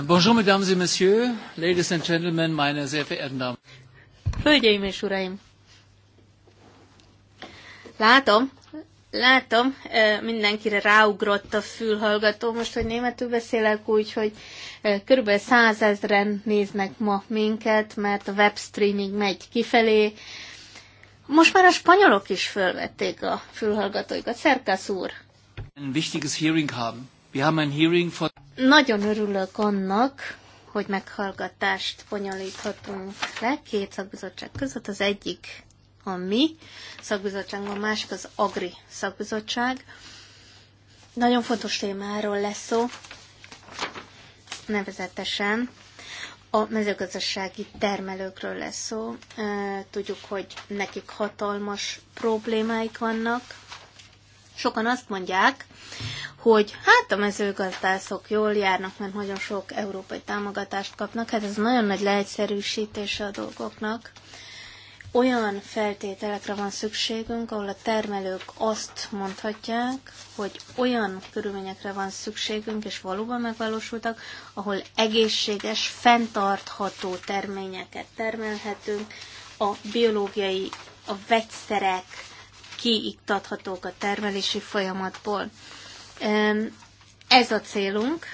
Äh, bonjour, mesdames et messieurs, ladies and gentlemen, meine sehr verehrten Damen. Hölgyeim és uraim! Látom, látom, mindenkire ráugrott a fülhallgató, most, hogy németül beszélek úgy, hogy körülbelül százezren néznek ma minket, mert a webstreaming megy kifelé. Most már a spanyolok is fölvették a fülhallgatóikat. Szerkász úr! Ein wichtiges hearing haben. Wir haben ein hearing for... Nagyon örülök annak, hogy meghallgatást bonyolíthatunk le két szakbizottság között. Az egyik a mi szakbizottság, a másik az Agri szakbizottság. Nagyon fontos témáról lesz szó, nevezetesen a mezőgazdasági termelőkről lesz szó. Tudjuk, hogy nekik hatalmas problémáik vannak, Sokan azt mondják, hogy hát a mezőgazdászok jól járnak, mert nagyon sok európai támogatást kapnak, hát ez nagyon nagy leegyszerűsítése a dolgoknak. Olyan feltételekre van szükségünk, ahol a termelők azt mondhatják, hogy olyan körülményekre van szükségünk, és valóban megvalósultak, ahol egészséges, fenntartható terményeket termelhetünk, a biológiai, a vegyszerek, kiiktathatók a termelési folyamatból. Ez a célunk,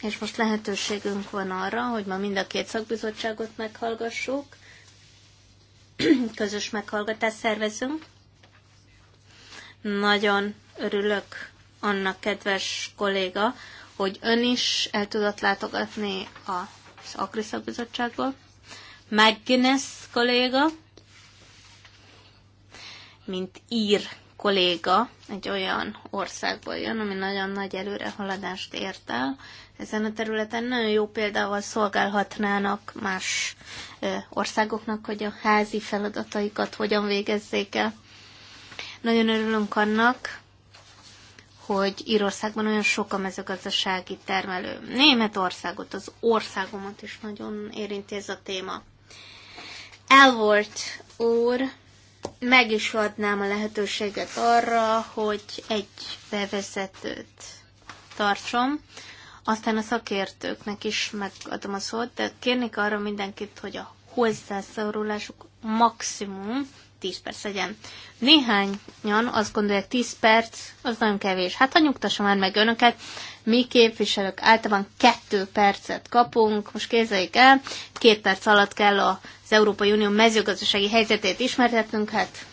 és most lehetőségünk van arra, hogy ma mind a két szakbizottságot meghallgassuk, közös meghallgatást szervezünk. Nagyon örülök annak, kedves kolléga, hogy ön is el tudott látogatni az Agri Szakbizottságból. Guinness kolléga, mint ír kolléga egy olyan országból jön, ami nagyon nagy előrehaladást ért el. Ezen a területen nagyon jó példával szolgálhatnának más országoknak, hogy a házi feladataikat hogyan végezzék el. Nagyon örülünk annak, hogy Írországban olyan sok a mezőgazdasági termelő. Németországot, az országomat is nagyon érinti ez a téma. Elvolt úr meg is adnám a lehetőséget arra, hogy egy bevezetőt tartsom, aztán a szakértőknek is megadom a szót, de kérnék arra mindenkit, hogy a hozzászorulásuk maximum 10 perc legyen. Néhányan azt gondolják, 10 perc az nagyon kevés. Hát ha nyugtassam már meg önöket, mi képviselők általában kettő percet kapunk, most képzeljük el, két perc alatt kell az Európai Unió mezőgazdasági helyzetét ismertetnünk, hát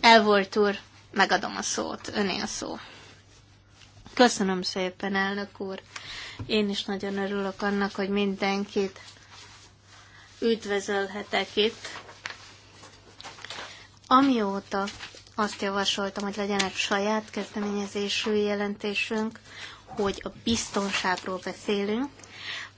el volt úr, megadom a szót, öné a szó. Köszönöm szépen, elnök úr. Én is nagyon örülök annak, hogy mindenkit üdvözölhetek itt. Amióta azt javasoltam, hogy legyen egy saját kezdeményezésű jelentésünk, hogy a biztonságról beszélünk,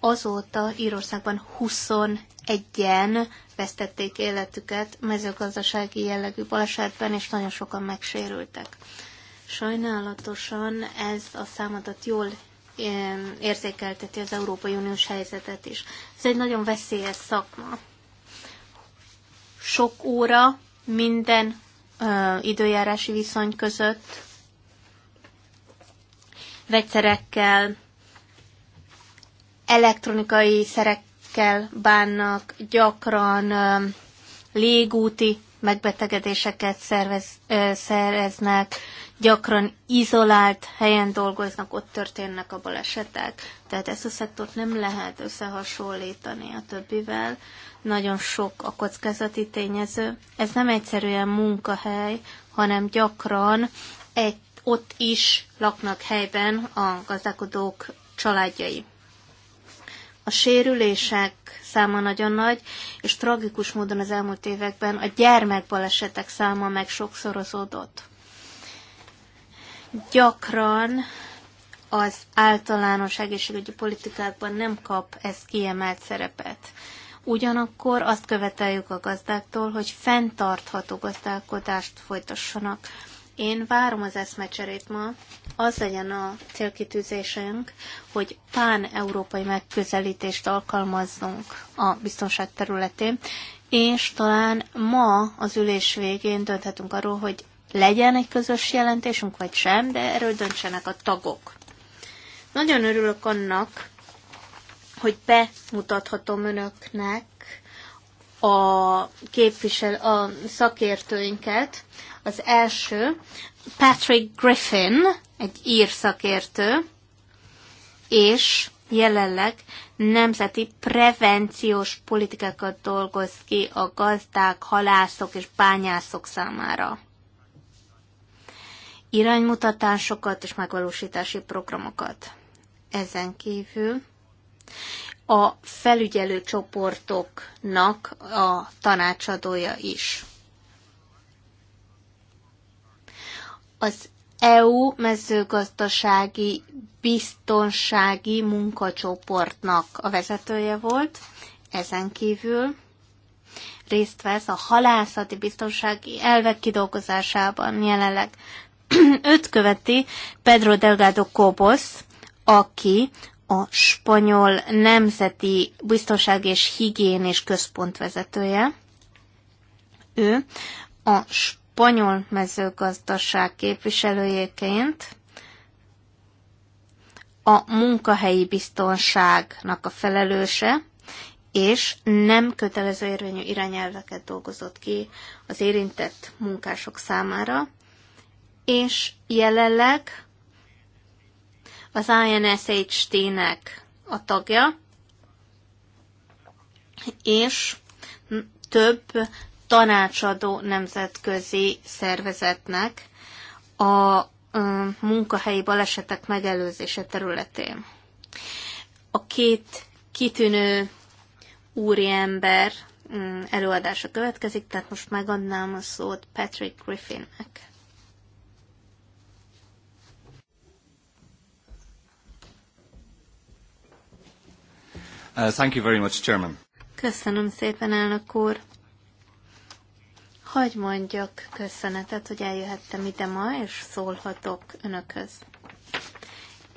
azóta Írországban 21-en vesztették életüket mezőgazdasági jellegű balesetben, és nagyon sokan megsérültek. Sajnálatosan ez a számadat jól érzékelteti az Európai Uniós helyzetet is. Ez egy nagyon veszélyes szakma. Sok óra minden ö, időjárási viszony között vegyszerekkel, elektronikai szerekkel bánnak, gyakran légúti megbetegedéseket szervez, szereznek, gyakran izolált helyen dolgoznak, ott történnek a balesetek. Tehát ezt a szektort nem lehet összehasonlítani a többivel. Nagyon sok a kockázati tényező. Ez nem egyszerűen munkahely, hanem gyakran egy ott is laknak helyben a gazdálkodók családjai. A sérülések száma nagyon nagy, és tragikus módon az elmúlt években a gyermekbalesetek száma meg sokszorozódott. Gyakran az általános egészségügyi politikákban nem kap ez kiemelt szerepet. Ugyanakkor azt követeljük a gazdáktól, hogy fenntartható gazdálkodást folytassanak. Én várom az eszmecserét ma. Az legyen a célkitűzésünk, hogy pán-európai megközelítést alkalmazzunk a biztonság területén, és talán ma az ülés végén dönthetünk arról, hogy legyen egy közös jelentésünk, vagy sem, de erről döntsenek a tagok. Nagyon örülök annak, hogy bemutathatom önöknek a, képvisel, a szakértőinket. Az első Patrick Griffin, egy ír szakértő, és jelenleg nemzeti prevenciós politikákat dolgoz ki a gazdák, halászok és bányászok számára. Iránymutatásokat és megvalósítási programokat. Ezen kívül a felügyelő csoportoknak a tanácsadója is. Az EU mezőgazdasági biztonsági munkacsoportnak a vezetője volt, ezen kívül részt vesz a halászati biztonsági elvek kidolgozásában jelenleg. Őt követi Pedro Delgado Cobos, aki a spanyol nemzeti biztonság és higiénés központ vezetője. Ő a spanyol mezőgazdaság képviselőjéként a munkahelyi biztonságnak a felelőse, és nem kötelező érvényű irányelveket dolgozott ki az érintett munkások számára, és jelenleg az INSHT-nek a tagja, és több tanácsadó nemzetközi szervezetnek a munkahelyi balesetek megelőzése területén. A két kitűnő úriember mm, előadása következik, tehát most megadnám a szót Patrick Griffinnek. Uh, thank you very much, Chairman. Köszönöm szépen, elnök úr. Hogy mondjak köszönetet, hogy eljöhettem ide ma, és szólhatok önökhöz.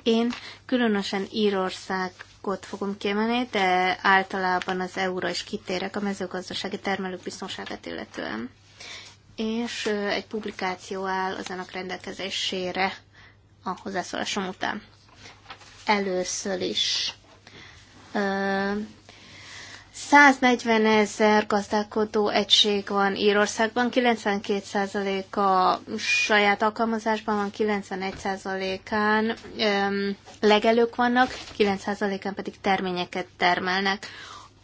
Én különösen Írországot fogom kiemelni, de általában az euró is kitérek a mezőgazdasági termelők biztonságát illetően. És egy publikáció áll az önök rendelkezésére a hozzászólásom után. Először is 140 ezer gazdálkodó egység van Írországban, 92% a saját alkalmazásban van, 91%-án legelők vannak, 9%-án pedig terményeket termelnek.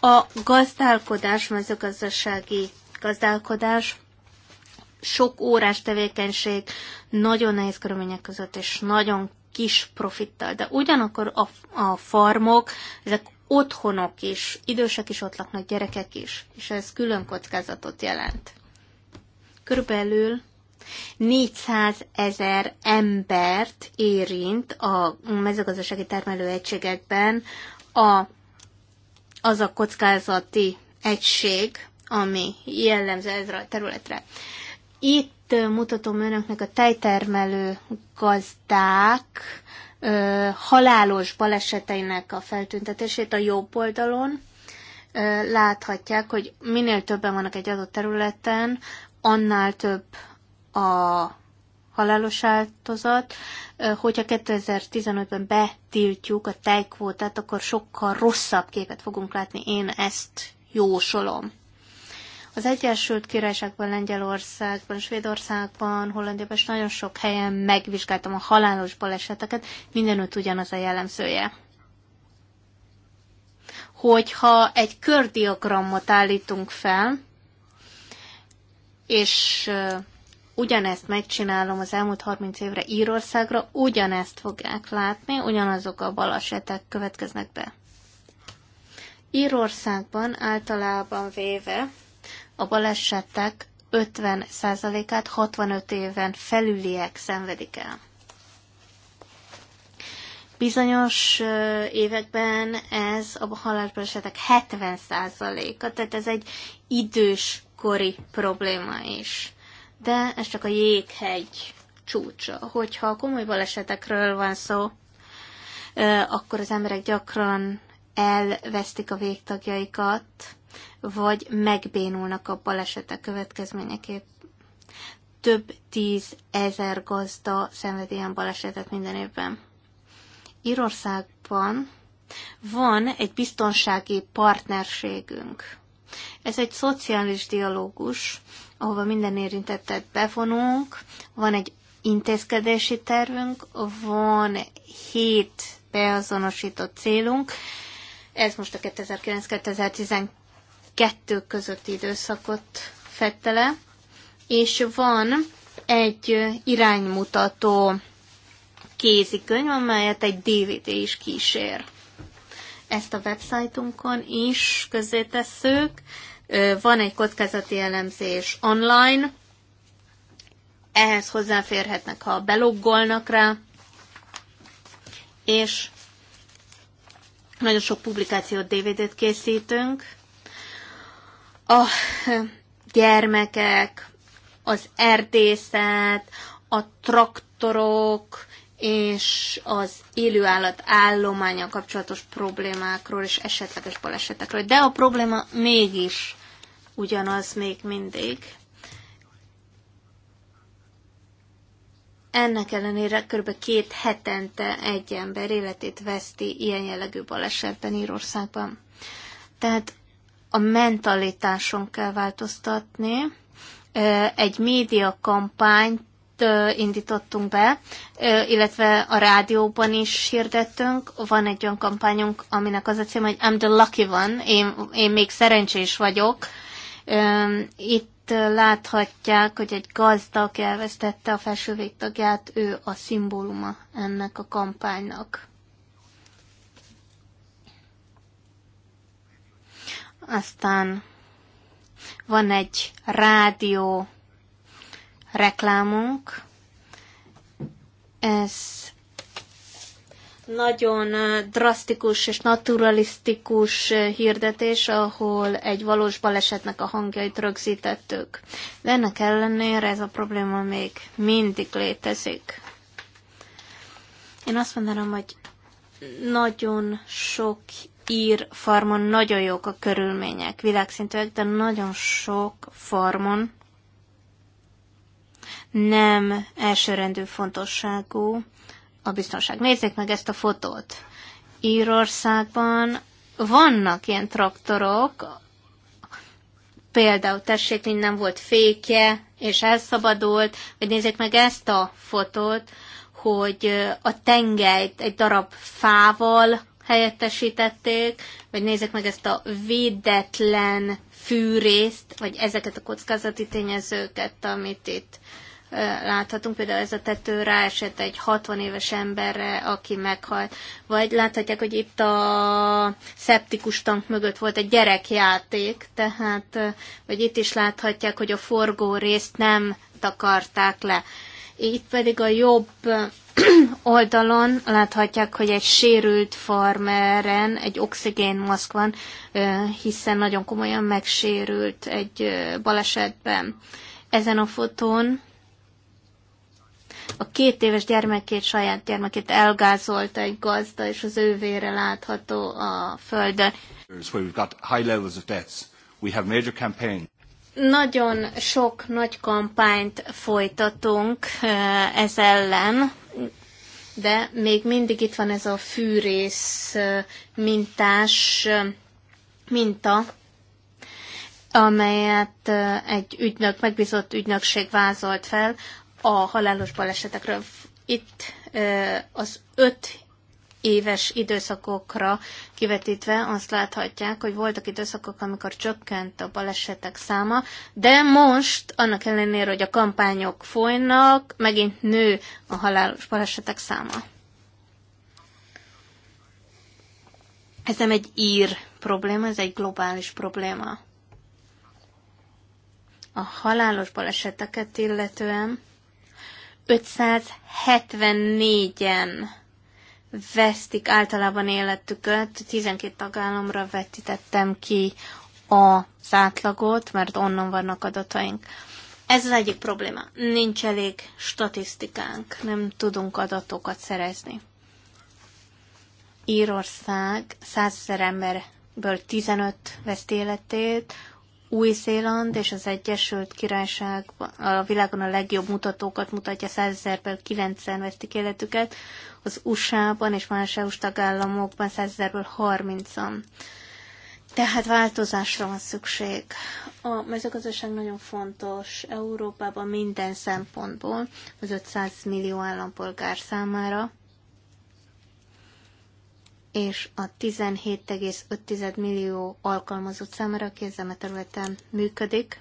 A gazdálkodás, mezőgazdasági gazdálkodás sok órás tevékenység, nagyon nehéz körülmények között, és nagyon kis profittal. De ugyanakkor a, a farmok, ezek otthonok is, idősek is ott laknak, gyerekek is, és ez külön kockázatot jelent. Körülbelül 400 ezer embert érint a mezőgazdasági termelőegységekben a, az a kockázati egység, ami jellemző ezre a területre. Itt mutatom önöknek a tejtermelő gazdák ö, halálos baleseteinek a feltüntetését a jobb oldalon, ö, láthatják, hogy minél többen vannak egy adott területen, annál több a halálos áltozat. Hogyha 2015-ben betiltjuk a tejkvótát, akkor sokkal rosszabb képet fogunk látni. Én ezt jósolom. Az Egyesült Királyságban, Lengyelországban, Svédországban, Hollandiában és nagyon sok helyen megvizsgáltam a halálos baleseteket, mindenütt ugyanaz a jellemzője. Hogyha egy kördiagramot állítunk fel, és ugyanezt megcsinálom az elmúlt 30 évre Írországra, ugyanezt fogják látni, ugyanazok a balesetek következnek be. Írországban általában véve a balesetek 50%-át 65 éven felüliek szenvedik el. Bizonyos években ez a halálbalesetek 70%-a, tehát ez egy időskori probléma is. De ez csak a jéghegy csúcsa. Hogyha komoly balesetekről van szó, akkor az emberek gyakran elvesztik a végtagjaikat, vagy megbénulnak a balesetek következményeképp. Több tíz ezer gazda szenved ilyen balesetet minden évben. Írországban van egy biztonsági partnerségünk. Ez egy szociális dialógus, ahova minden érintettet bevonunk, van egy intézkedési tervünk, van hét beazonosított célunk, ez most a kettő közötti időszakot fette le, és van egy iránymutató kézikönyv, amelyet egy DVD is kísér. Ezt a websájtunkon is közzétesszük. Van egy kockázati elemzés online, ehhez hozzáférhetnek, ha beloggolnak rá, és nagyon sok publikációt, DVD-t készítünk, a gyermekek, az erdészet, a traktorok és az élőállat állománya kapcsolatos problémákról és esetleges balesetekről. De a probléma mégis ugyanaz még mindig. Ennek ellenére kb. két hetente egy ember életét veszti ilyen jellegű balesetben Írországban. Tehát a mentalitáson kell változtatni. Egy média kampányt indítottunk be, illetve a rádióban is hirdettünk. Van egy olyan kampányunk, aminek az a cím, hogy I'm the lucky one, én, én még szerencsés vagyok. Itt láthatják, hogy egy gazdag elvesztette a felső végtagját, ő a szimbóluma ennek a kampánynak. Aztán van egy rádió reklámunk. Ez nagyon drasztikus és naturalisztikus hirdetés, ahol egy valós balesetnek a hangjait rögzítettük. De ennek ellenére ez a probléma még mindig létezik. Én azt mondanám, hogy nagyon sok ír farmon nagyon jók a körülmények, világszintűek, de nagyon sok farmon nem elsőrendű fontosságú a biztonság. Nézzék meg ezt a fotót. Írországban vannak ilyen traktorok, például tessék, nem volt fékje, és elszabadult, vagy nézzék meg ezt a fotót, hogy a tengelyt egy darab fával helyettesítették, vagy nézzük meg ezt a védetlen fűrészt, vagy ezeket a kockázati tényezőket, amit itt láthatunk, például ez a tető ráesett egy 60 éves emberre, aki meghalt, vagy láthatják, hogy itt a szeptikus tank mögött volt egy gyerekjáték, tehát, vagy itt is láthatják, hogy a forgó részt nem takarták le. Itt pedig a jobb oldalon láthatják, hogy egy sérült farmeren egy oxigénmaszk van, hiszen nagyon komolyan megsérült egy balesetben. Ezen a fotón a két éves gyermekét, saját gyermekét elgázolt egy gazda, és az ővére látható a földön. Nagyon sok nagy kampányt folytatunk ez ellen, de még mindig itt van ez a fűrész mintás minta, amelyet egy ügynök, megbízott ügynökség vázolt fel a halálos balesetekről. Itt az öt éves időszakokra kivetítve azt láthatják, hogy voltak időszakok, amikor csökkent a balesetek száma, de most, annak ellenére, hogy a kampányok folynak, megint nő a halálos balesetek száma. Ez nem egy ír probléma, ez egy globális probléma. A halálos baleseteket illetően 574-en vesztik általában életüket. 12 tagállamra vetítettem ki az átlagot, mert onnan vannak adataink. Ez az egyik probléma. Nincs elég statisztikánk, nem tudunk adatokat szerezni. Írország 100 ezer emberből 15 veszti életét, új-Zéland és az Egyesült Királyság a világon a legjobb mutatókat mutatja, 100 ezerből 90 vesztik életüket, az USA-ban és más EU tagállamokban 100 ezerből 30-an. Tehát változásra van szükség. A mezőgazdaság nagyon fontos Európában minden szempontból, az 500 millió állampolgár számára, és a 17,5 millió alkalmazott számára, aki ezen a területen működik.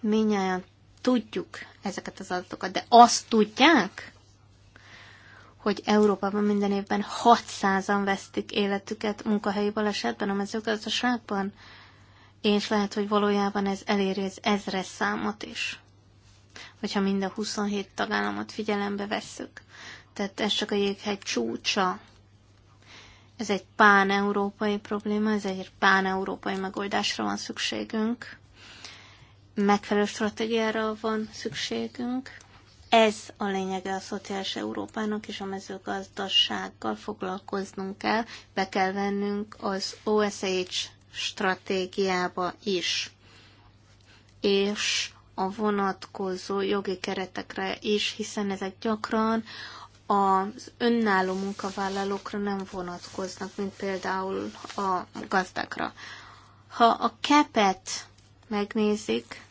Minnyáján tudjuk ezeket az adatokat, de azt tudják, hogy Európában minden évben 600-an vesztik életüket munkahelyi balesetben a mezőgazdaságban, és lehet, hogy valójában ez eléri az ezres számot is, hogyha mind a 27 tagállamot figyelembe vesszük. Tehát ez csak a jéghegy csúcsa ez egy pán-európai probléma, ez egy pán-európai megoldásra van szükségünk, megfelelő stratégiára van szükségünk. Ez a lényege a szociális Európának, és a mezőgazdasággal foglalkoznunk kell, be kell vennünk az OSH stratégiába is, és a vonatkozó jogi keretekre is, hiszen ezek gyakran az önálló munkavállalókra nem vonatkoznak, mint például a gazdákra. Ha a kepet megnézik,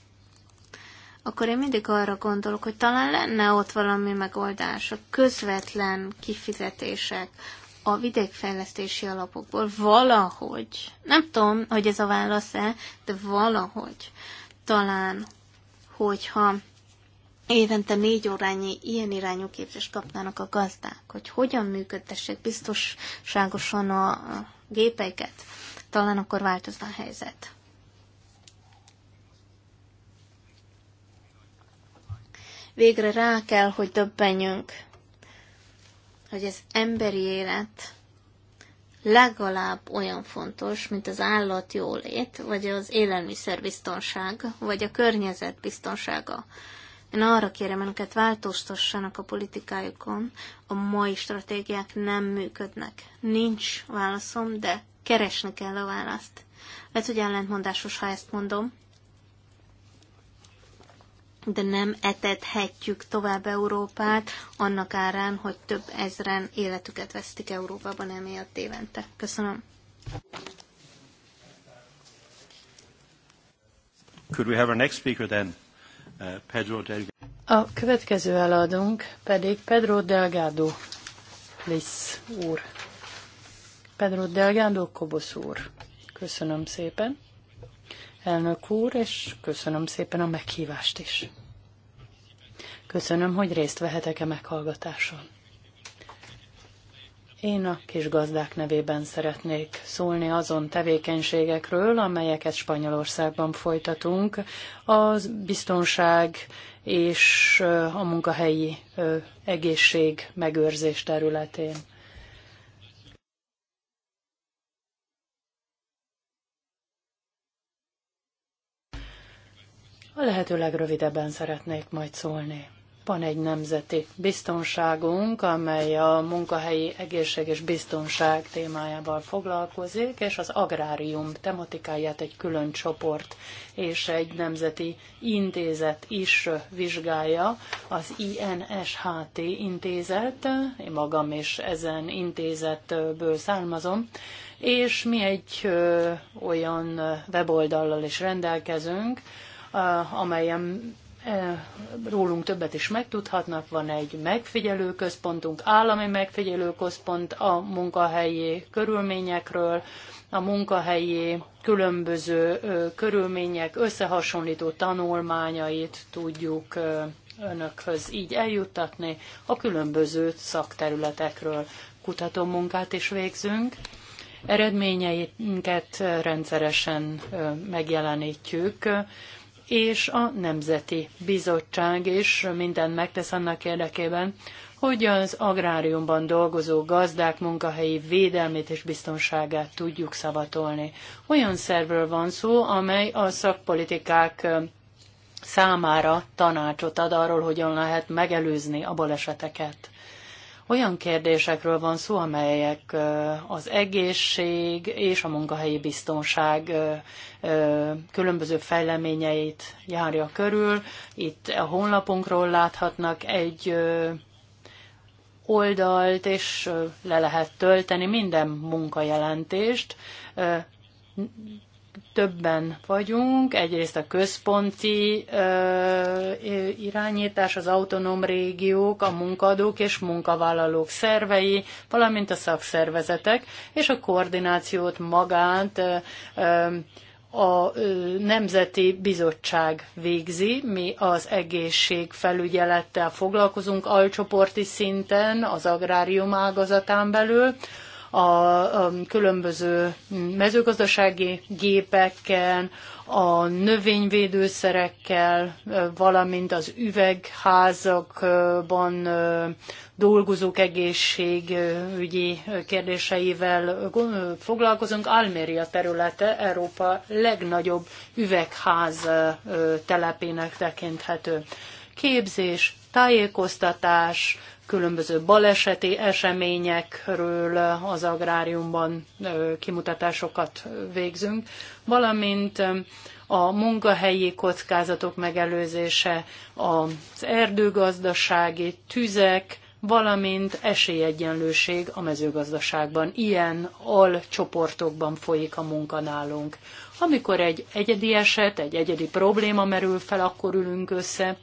akkor én mindig arra gondolok, hogy talán lenne ott valami megoldás, a közvetlen kifizetések a vidékfejlesztési alapokból valahogy, nem tudom, hogy ez a válasz-e, de valahogy talán, hogyha Évente négy órányi ilyen irányú képzést kapnának a gazdák, hogy hogyan működtessék biztonságosan a gépeiket. Talán akkor változna a helyzet. Végre rá kell, hogy döbbenjünk, hogy az emberi élet legalább olyan fontos, mint az állat jólét, vagy az élelmiszerbiztonság, vagy a környezet biztonsága. Én arra kérem önöket, változtassanak a politikájukon, a mai stratégiák nem működnek. Nincs válaszom, de keresni kell a választ. Lehet, hogy ellentmondásos, ha ezt mondom, de nem etethetjük tovább Európát annak árán, hogy több ezren életüket vesztik Európában emiatt évente. Köszönöm. Could we have our next speaker then? Pedro Delgado. A következő eladónk pedig Pedro Delgado Liss úr. Pedro Delgado Kobosz úr. Köszönöm szépen, elnök úr, és köszönöm szépen a meghívást is. Köszönöm, hogy részt vehetek-e meghallgatáson. Én a kis gazdák nevében szeretnék szólni azon tevékenységekről, amelyeket Spanyolországban folytatunk. A biztonság és a munkahelyi egészség megőrzés területén. A lehető legrövidebben szeretnék majd szólni. Van egy nemzeti biztonságunk, amely a munkahelyi egészség és biztonság témájával foglalkozik, és az agrárium tematikáját egy külön csoport és egy nemzeti intézet is vizsgálja, az INSHT intézet, én magam is ezen intézetből származom, és mi egy ö, olyan weboldallal is rendelkezünk, amelyen Eh, rólunk többet is megtudhatnak. Van egy megfigyelő központunk, állami megfigyelő központ a munkahelyi körülményekről, a munkahelyi különböző körülmények összehasonlító tanulmányait tudjuk önökhöz így eljuttatni. A különböző szakterületekről kutató munkát is végzünk. Eredményeinket rendszeresen megjelenítjük és a Nemzeti Bizottság is mindent megtesz annak érdekében, hogy az agráriumban dolgozó gazdák munkahelyi védelmét és biztonságát tudjuk szavatolni. Olyan szervről van szó, amely a szakpolitikák számára tanácsot ad arról, hogyan lehet megelőzni a baleseteket. Olyan kérdésekről van szó, amelyek az egészség és a munkahelyi biztonság különböző fejleményeit járja körül. Itt a honlapunkról láthatnak egy oldalt, és le lehet tölteni minden munkajelentést többen vagyunk. Egyrészt a központi ö, irányítás, az autonóm régiók, a munkadók és munkavállalók szervei, valamint a szakszervezetek, és a koordinációt magát ö, ö, a Nemzeti Bizottság végzi, mi az egészségfelügyelettel foglalkozunk alcsoporti szinten, az agrárium ágazatán belül, a különböző mezőgazdasági gépeken, a növényvédőszerekkel, valamint az üvegházakban dolgozók egészségügyi kérdéseivel foglalkozunk. Almeria területe Európa legnagyobb üvegház telepének tekinthető. Képzés, tájékoztatás, különböző baleseti eseményekről az agráriumban kimutatásokat végzünk, valamint a munkahelyi kockázatok megelőzése, az erdőgazdasági tüzek, valamint esélyegyenlőség a mezőgazdaságban. Ilyen alcsoportokban folyik a munka nálunk. Amikor egy egyedi eset, egy egyedi probléma merül fel, akkor ülünk össze,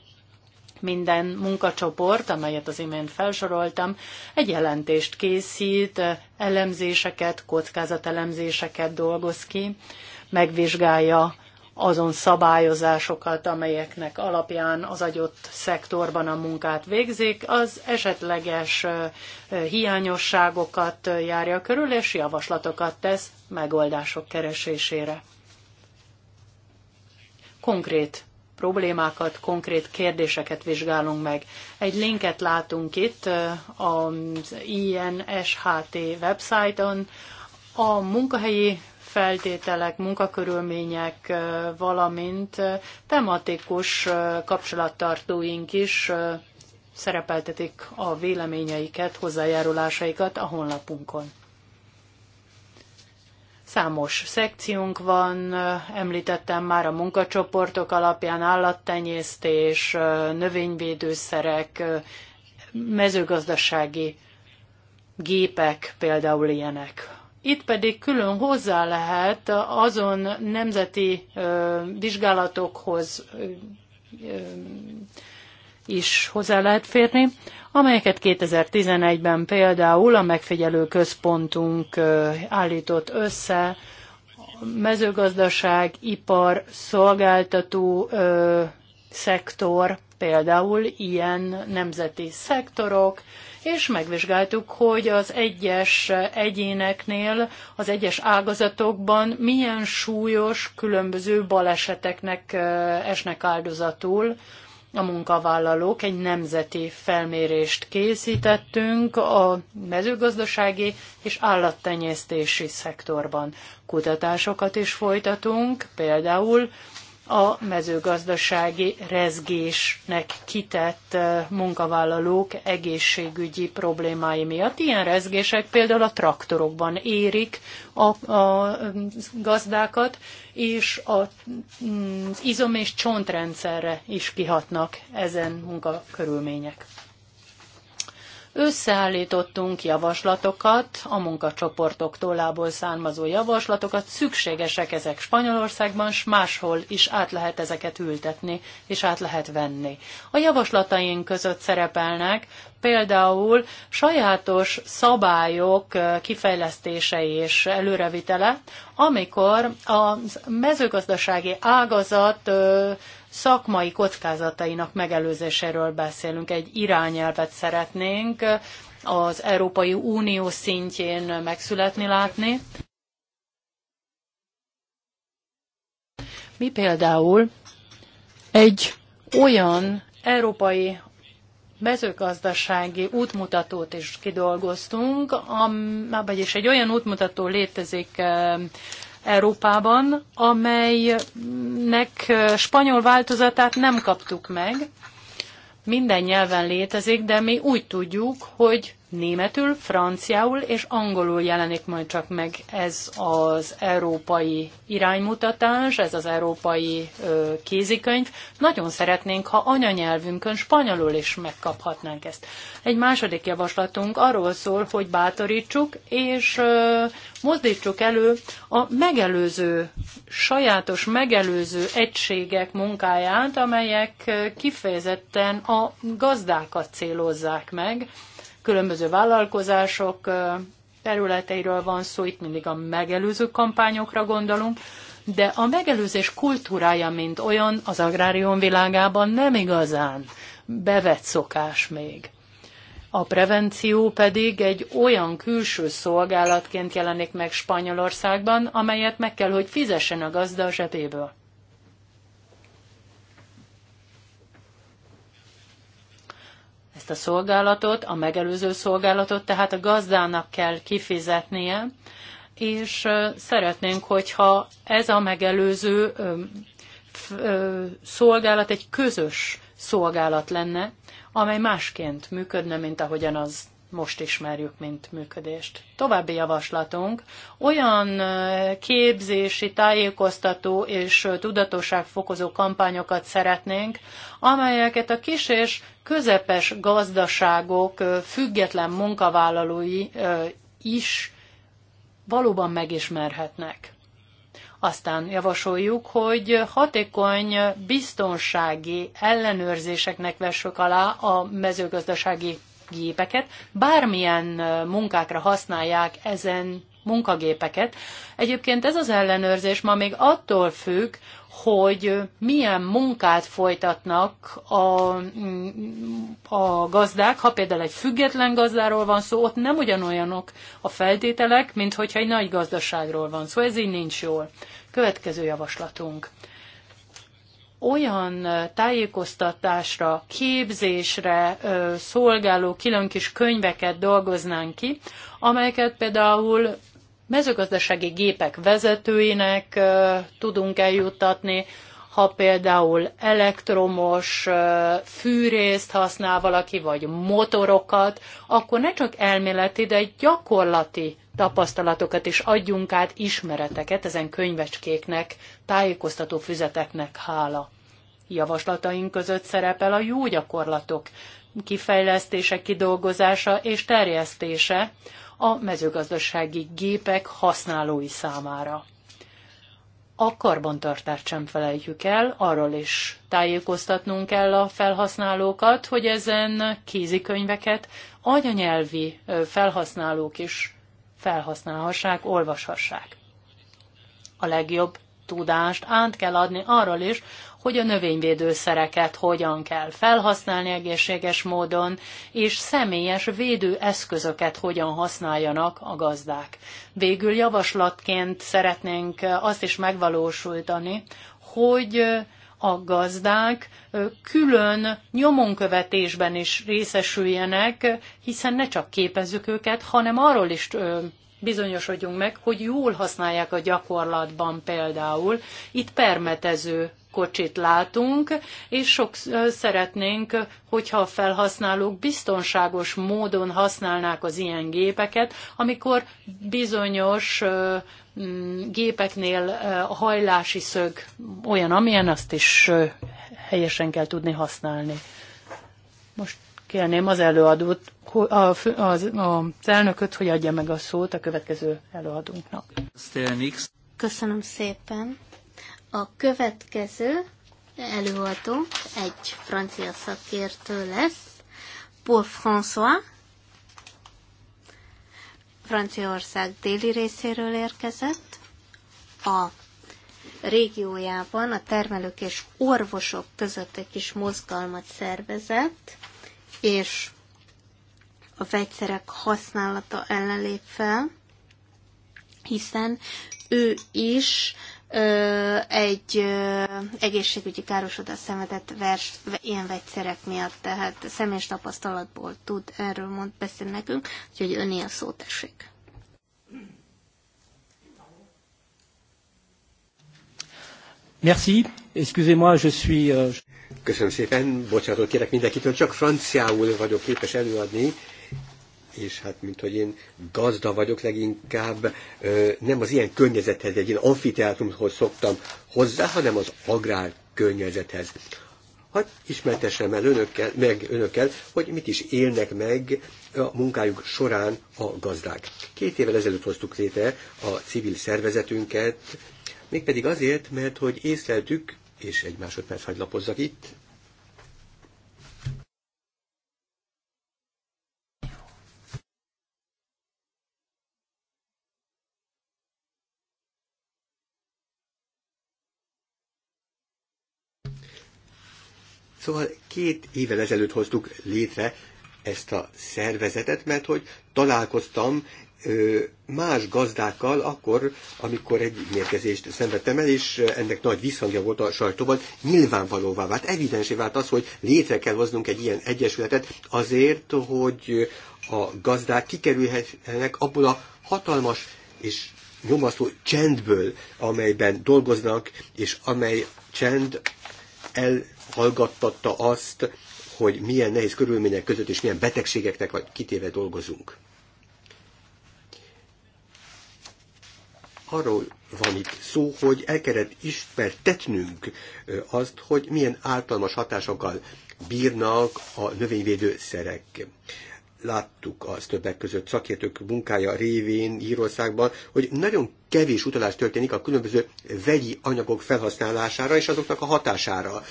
minden munkacsoport, amelyet az imént felsoroltam, egy jelentést készít, elemzéseket, kockázatelemzéseket dolgoz ki, megvizsgálja azon szabályozásokat, amelyeknek alapján az adott szektorban a munkát végzik, az esetleges hiányosságokat járja körül, és javaslatokat tesz megoldások keresésére. Konkrét problémákat, konkrét kérdéseket vizsgálunk meg. Egy linket látunk itt az INSHT websájton. A munkahelyi feltételek, munkakörülmények, valamint tematikus kapcsolattartóink is szerepeltetik a véleményeiket, hozzájárulásaikat a honlapunkon. Számos szekciónk van, említettem már a munkacsoportok alapján állattenyésztés, növényvédőszerek, mezőgazdasági gépek például ilyenek. Itt pedig külön hozzá lehet azon nemzeti vizsgálatokhoz is hozzá lehet férni, amelyeket 2011-ben például a megfigyelő központunk állított össze, mezőgazdaság, ipar, szolgáltató ö, szektor, például ilyen nemzeti szektorok, és megvizsgáltuk, hogy az egyes egyéneknél, az egyes ágazatokban milyen súlyos különböző baleseteknek esnek áldozatul a munkavállalók, egy nemzeti felmérést készítettünk a mezőgazdasági és állattenyésztési szektorban. Kutatásokat is folytatunk, például a mezőgazdasági rezgésnek kitett munkavállalók egészségügyi problémái miatt. Ilyen rezgések például a traktorokban érik a, a gazdákat, és mm, az izom- és csontrendszerre is kihatnak ezen munkakörülmények. Összeállítottunk javaslatokat, a munkacsoportok tollából származó javaslatokat, szükségesek ezek Spanyolországban, s máshol is át lehet ezeket ültetni, és át lehet venni. A javaslataink között szerepelnek például sajátos szabályok kifejlesztése és előrevitele, amikor a mezőgazdasági ágazat szakmai kockázatainak megelőzéséről beszélünk. Egy irányelvet szeretnénk az Európai Unió szintjén megszületni látni. Mi például egy olyan európai mezőgazdasági útmutatót is kidolgoztunk, am, vagyis egy olyan útmutató létezik Európában, amelynek spanyol változatát nem kaptuk meg. Minden nyelven létezik, de mi úgy tudjuk, hogy németül, franciául és angolul jelenik majd csak meg ez az európai iránymutatás, ez az európai ö, kézikönyv. Nagyon szeretnénk, ha anyanyelvünkön spanyolul is megkaphatnánk ezt. Egy második javaslatunk arról szól, hogy bátorítsuk és ö, mozdítsuk elő a megelőző, sajátos megelőző egységek munkáját, amelyek kifejezetten a gazdákat célozzák meg, különböző vállalkozások területeiről van szó, itt mindig a megelőző kampányokra gondolunk, de a megelőzés kultúrája, mint olyan, az agrárium világában nem igazán bevett szokás még. A prevenció pedig egy olyan külső szolgálatként jelenik meg Spanyolországban, amelyet meg kell, hogy fizessen a gazda a zsebéből. ezt a szolgálatot, a megelőző szolgálatot, tehát a gazdának kell kifizetnie, és szeretnénk, hogyha ez a megelőző szolgálat egy közös szolgálat lenne, amely másként működne, mint ahogyan az most ismerjük, mint működést. További javaslatunk olyan képzési, tájékoztató és tudatosságfokozó kampányokat szeretnénk, amelyeket a kis és közepes gazdaságok független munkavállalói is valóban megismerhetnek. Aztán javasoljuk, hogy hatékony biztonsági ellenőrzéseknek vessük alá a mezőgazdasági gépeket, bármilyen munkákra használják ezen munkagépeket. Egyébként ez az ellenőrzés ma még attól függ, hogy milyen munkát folytatnak a, mm, a gazdák, ha például egy független gazdáról van szó, ott nem ugyanolyanok a feltételek, mint hogyha egy nagy gazdaságról van szó, ez így nincs jól. Következő javaslatunk olyan tájékoztatásra, képzésre szolgáló külön kis könyveket dolgoznánk ki, amelyeket például mezőgazdasági gépek vezetőinek tudunk eljuttatni, ha például elektromos fűrészt használ valaki, vagy motorokat, akkor ne csak elméleti, de gyakorlati tapasztalatokat, és adjunk át ismereteket ezen könyvecskéknek, tájékoztató füzeteknek hála. Javaslataink között szerepel a jó gyakorlatok kifejlesztése, kidolgozása és terjesztése a mezőgazdasági gépek használói számára. A karbantartást sem felejtjük el, arról is tájékoztatnunk kell a felhasználókat, hogy ezen kézikönyveket anyanyelvi felhasználók is felhasználhassák, olvashassák. A legjobb tudást át kell adni arról is, hogy a növényvédőszereket hogyan kell felhasználni egészséges módon, és személyes védőeszközöket hogyan használjanak a gazdák. Végül javaslatként szeretnénk azt is megvalósultani, hogy a gazdák külön nyomonkövetésben is részesüljenek, hiszen ne csak képezzük őket, hanem arról is bizonyosodjunk meg, hogy jól használják a gyakorlatban például. Itt permetező kocsit látunk, és sok szeretnénk, hogyha a felhasználók biztonságos módon használnák az ilyen gépeket, amikor bizonyos gépeknél a hajlási szög olyan, amilyen, azt is helyesen kell tudni használni. Most kérném az előadót, az, az, elnököt, hogy adja meg a szót a következő előadónknak. Köszönöm szépen. A következő előadónk egy francia szakértő lesz, Paul François, Franciaország déli részéről érkezett, a régiójában a termelők és orvosok között egy kis mozgalmat szervezett, és a vegyszerek használata ellen lép fel, hiszen ő is egy egészségügyi károsodás szenvedett vers, ilyen vegyszerek miatt, tehát személyes tapasztalatból tud erről mond beszél nekünk, úgyhogy öné a szót esik. Merci, excusez-moi, je suis... Euh, Köszönöm szépen, bocsánatot kérek mindenkitől, csak franciául vagyok képes előadni, és hát mint hogy én gazda vagyok leginkább, nem az ilyen környezethez, egy ilyen amfiteátrumhoz szoktam hozzá, hanem az agrár környezethez. Hát ismertessem el önökkel, meg önökkel, hogy mit is élnek meg a munkájuk során a gazdák. Két évvel ezelőtt hoztuk létre a civil szervezetünket, mégpedig azért, mert hogy észleltük, és egy másodperc hagylapozzak itt, Szóval két évvel ezelőtt hoztuk létre ezt a szervezetet, mert hogy találkoztam más gazdákkal akkor, amikor egy mérkezést szenvedtem el, és ennek nagy visszhangja volt a sajtóban, nyilvánvalóvá vált, evidensé vált az, hogy létre kell hoznunk egy ilyen egyesületet azért, hogy a gazdák kikerülhetnek abból a hatalmas és nyomasztó csendből, amelyben dolgoznak, és amely csend elhallgattatta azt, hogy milyen nehéz körülmények között és milyen betegségeknek vagy kitéve dolgozunk. arról van itt szó, hogy el kellett ismertetnünk azt, hogy milyen általmas hatásokkal bírnak a növényvédőszerek láttuk az többek között szakértők munkája révén Írországban, hogy nagyon kevés utalás történik a különböző vegyi anyagok felhasználására és azoknak a hatására.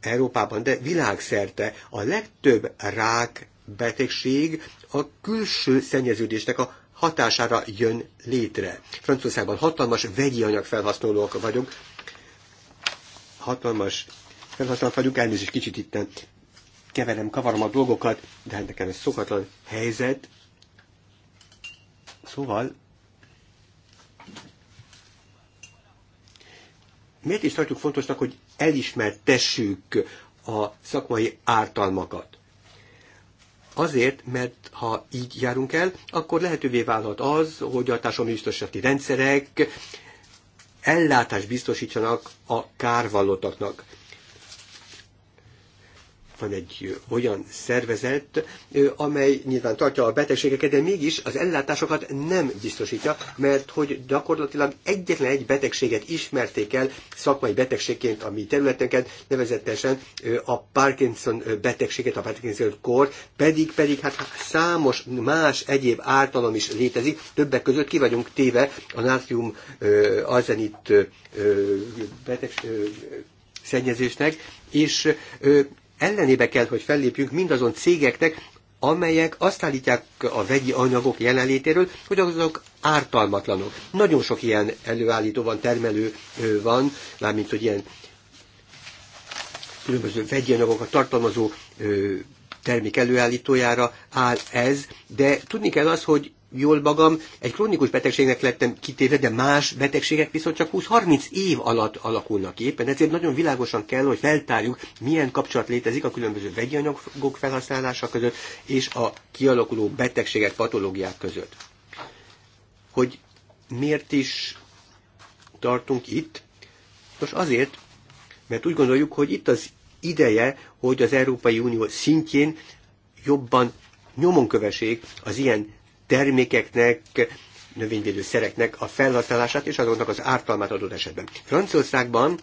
Európában, de világszerte a legtöbb rák betegség a külső szennyeződésnek a hatására jön létre. Franciaországban hatalmas vegyi anyag felhasználók vagyunk, hatalmas felhasználók vagyunk, elnézést kicsit itt keverem, kavarom a dolgokat, de hát nekem ez szokatlan helyzet. Szóval, miért is tartjuk fontosnak, hogy elismertessük a szakmai ártalmakat? Azért, mert ha így járunk el, akkor lehetővé válhat az, hogy a társadalmi biztosítási rendszerek ellátást biztosítsanak a kárvallottaknak van egy olyan szervezet, amely nyilván tartja a betegségeket, de mégis az ellátásokat nem biztosítja, mert hogy gyakorlatilag egyetlen egy betegséget ismerték el szakmai betegségként a mi területeket, nevezetesen a Parkinson betegséget, a Parkinson kor, pedig pedig hát számos más egyéb ártalom is létezik, többek között ki vagyunk téve a nátrium arzenit betegség szennyezésnek, és ellenébe kell, hogy fellépjünk mindazon cégeknek, amelyek azt állítják a vegyi anyagok jelenlétéről, hogy azok ártalmatlanok. Nagyon sok ilyen előállító van, termelő van, mármint hogy ilyen különböző vegyi anyagokat tartalmazó termék előállítójára áll ez, de tudni kell az, hogy jól magam, egy krónikus betegségnek lettem kitéve, de más betegségek viszont csak 20-30 év alatt alakulnak éppen, ezért nagyon világosan kell, hogy feltárjuk, milyen kapcsolat létezik a különböző vegyi anyagok felhasználása között és a kialakuló betegségek, patológiák között. Hogy miért is tartunk itt? Nos azért, mert úgy gondoljuk, hogy itt az ideje, hogy az Európai Unió szintjén jobban nyomon kövessék az ilyen termékeknek, növényvédőszereknek a felhasználását és azoknak az ártalmát adott esetben. Franciaországban,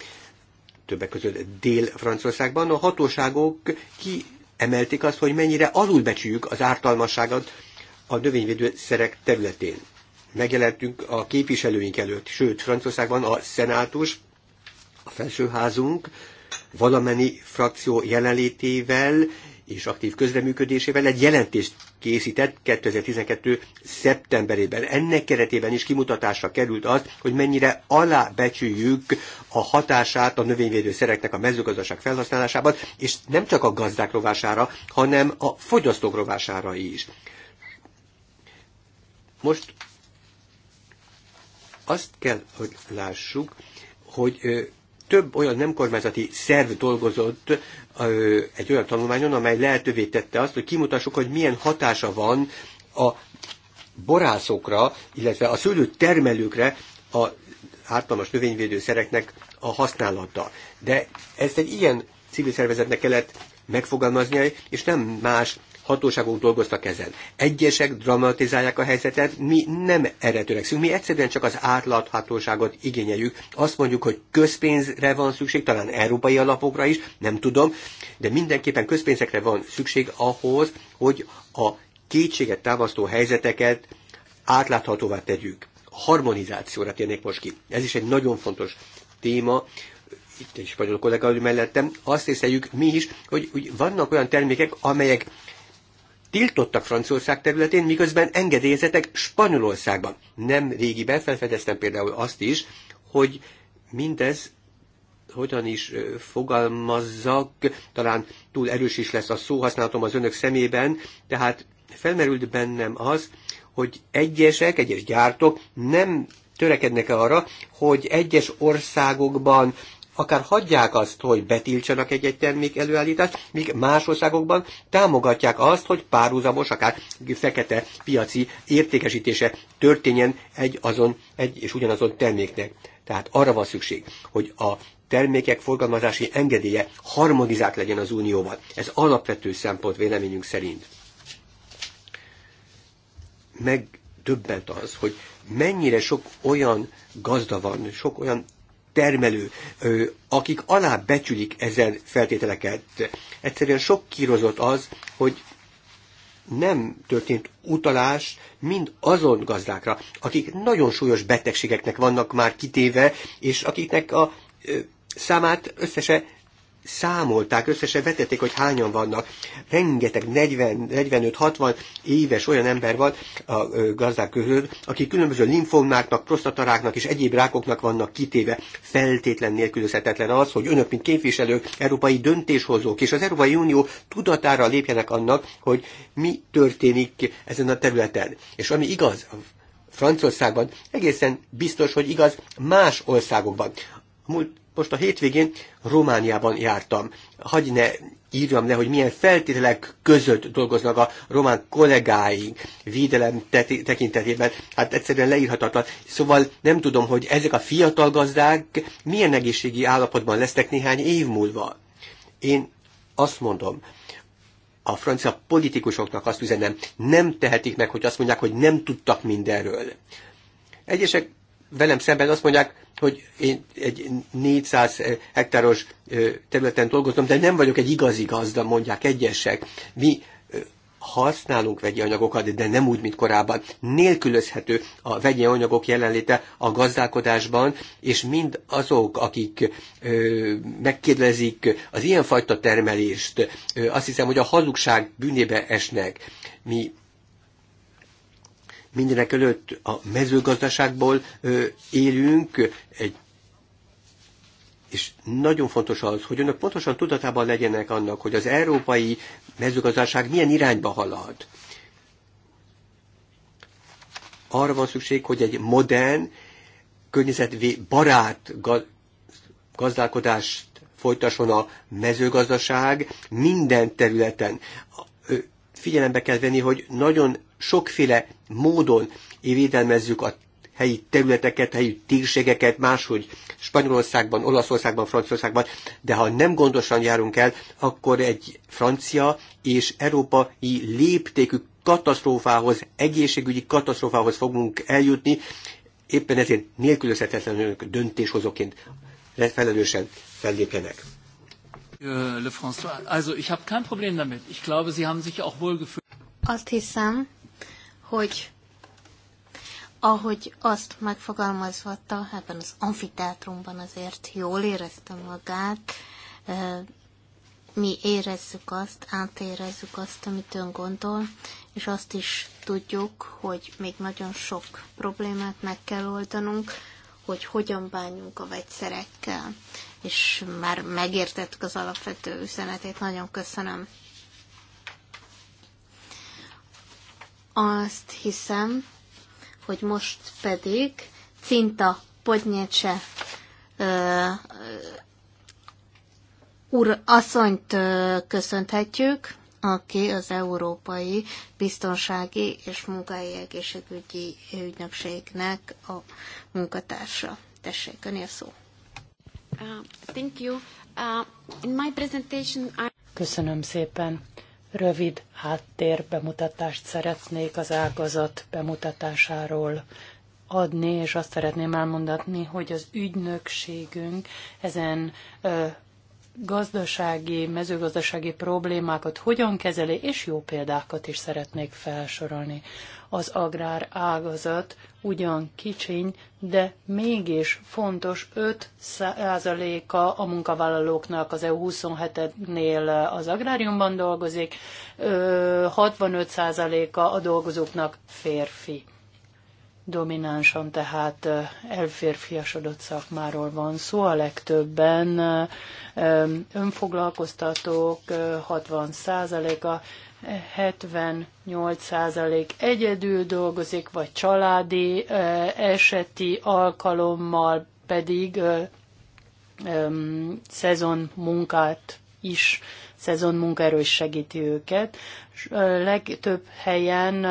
többek között Dél-Franciaországban a hatóságok kiemelték azt, hogy mennyire alulbecsüljük az ártalmasságot a növényvédőszerek területén. Megjelentünk a képviselőink előtt, sőt, Franciaországban a szenátus, a felsőházunk valamennyi frakció jelenlétével és aktív közreműködésével egy jelentést készített 2012. szeptemberében. Ennek keretében is kimutatásra került az, hogy mennyire alábecsüljük a hatását a növényvédőszereknek a mezőgazdaság felhasználásában, és nem csak a gazdák rovására, hanem a fogyasztók rovására is. Most azt kell, hogy lássuk, hogy több olyan nem kormányzati szerv dolgozott egy olyan tanulmányon, amely lehetővé tette azt, hogy kimutassuk, hogy milyen hatása van a borászokra, illetve a szőlő termelőkre a ártalmas növényvédőszereknek a használata. De ezt egy ilyen civil szervezetnek kellett megfogalmaznia, és nem más Hatóságunk dolgoztak ezen. Egyesek dramatizálják a helyzetet, mi nem erre törekszünk, mi egyszerűen csak az átláthatóságot igényeljük. Azt mondjuk, hogy közpénzre van szükség, talán európai alapokra is, nem tudom, de mindenképpen közpénzekre van szükség ahhoz, hogy a kétséget támasztó helyzeteket átláthatóvá tegyük. A harmonizációra térnék most ki. Ez is egy nagyon fontos téma, itt is spanyol kollega mellettem, azt észleljük mi is, hogy hogy vannak olyan termékek, amelyek tiltottak Franciaország területén, miközben engedélyezetek Spanyolországban. Nem régiben felfedeztem például azt is, hogy mindez hogyan is fogalmazzak, talán túl erős is lesz a szóhasználatom az önök szemében, tehát felmerült bennem az, hogy egyesek, egyes gyártók nem törekednek arra, hogy egyes országokban akár hagyják azt, hogy betiltsanak egy-egy termék előállítást, míg más országokban támogatják azt, hogy párhuzamos, akár fekete piaci értékesítése történjen egy, azon, egy és ugyanazon terméknek. Tehát arra van szükség, hogy a termékek forgalmazási engedélye harmonizált legyen az unióval. Ez alapvető szempont véleményünk szerint. Megdöbbent az, hogy mennyire sok olyan gazda van, sok olyan termelő, akik becsülik ezen feltételeket. Egyszerűen sok kírozott az, hogy nem történt utalás mind azon gazdákra, akik nagyon súlyos betegségeknek vannak már kitéve, és akiknek a számát összesen számolták, összesen vetették, hogy hányan vannak. Rengeteg 45-60 éves olyan ember van a gazdák között, aki különböző linfomáknak, prostataráknak és egyéb rákoknak vannak kitéve. Feltétlen nélkülözhetetlen az, hogy önök, mint képviselők, európai döntéshozók és az Európai Unió tudatára lépjenek annak, hogy mi történik ezen a területen. És ami igaz, Franciaországban egészen biztos, hogy igaz más országokban. múlt most a hétvégén Romániában jártam. Hagy ne írjam le, hogy milyen feltételek között dolgoznak a román kollégáink védelem tekintetében. Hát egyszerűen leírhatatlan. Szóval nem tudom, hogy ezek a fiatal gazdák milyen egészségi állapotban lesznek néhány év múlva. Én azt mondom, a francia politikusoknak azt üzenem, nem tehetik meg, hogy azt mondják, hogy nem tudtak mindenről. Egyesek velem szemben azt mondják, hogy én egy 400 hektáros területen dolgozom, de nem vagyok egy igazi gazda, mondják egyesek. Mi használunk vegyi anyagokat, de nem úgy, mint korábban. Nélkülözhető a vegyi anyagok jelenléte a gazdálkodásban, és mind azok, akik ö, megkérdezik az ilyenfajta termelést, ö, azt hiszem, hogy a hazugság bűnébe esnek. Mi Mindenek előtt a mezőgazdaságból élünk, egy és nagyon fontos az, hogy önök pontosan tudatában legyenek annak, hogy az európai mezőgazdaság milyen irányba halad. Arra van szükség, hogy egy modern, környezetvé barát gazdálkodást folytasson a mezőgazdaság minden területen figyelembe kell venni, hogy nagyon sokféle módon védelmezzük a helyi területeket, helyi térségeket, máshogy Spanyolországban, Olaszországban, Franciaországban, de ha nem gondosan járunk el, akkor egy francia és európai léptékű katasztrófához, egészségügyi katasztrófához fogunk eljutni, éppen ezért nélkülözhetetlenül döntéshozóként felelősen fellépjenek. Le also ich habe kein Problem damit. Ich glaube, Sie haben sich auch wohl gefühlt. Azt hiszem, hogy ahogy azt megfogalmazhatta, ebben az amfiteátrumban azért jól érezte magát, mi érezzük azt, átérezzük azt, amit ön gondol, és azt is tudjuk, hogy még nagyon sok problémát meg kell oldanunk, hogy hogyan bánjunk a vegyszerekkel és már megértettük az alapvető üzenetét. Nagyon köszönöm. Azt hiszem, hogy most pedig Cinta Podnyecse úr asszonyt köszönhetjük, aki az Európai Biztonsági és Munkai Egészségügyi Ügynökségnek a munkatársa. Tessék, a szó. Uh, uh, Köszönöm szépen. Rövid háttér bemutatást szeretnék az ágazat bemutatásáról adni, és azt szeretném elmondatni, hogy az ügynökségünk ezen gazdasági, mezőgazdasági problémákat hogyan kezeli, és jó példákat is szeretnék felsorolni. Az agrár ágazat ugyan kicsiny, de mégis fontos 5%-a a munkavállalóknak az EU27-nél az agráriumban dolgozik, 65%-a a dolgozóknak férfi dominánsan tehát elférfiasodott szakmáról van szó, a legtöbben önfoglalkoztatók 60%-a, 78% egyedül dolgozik, vagy családi eseti alkalommal pedig szezon munkát is szezon munkaerő is segíti őket. Legtöbb helyen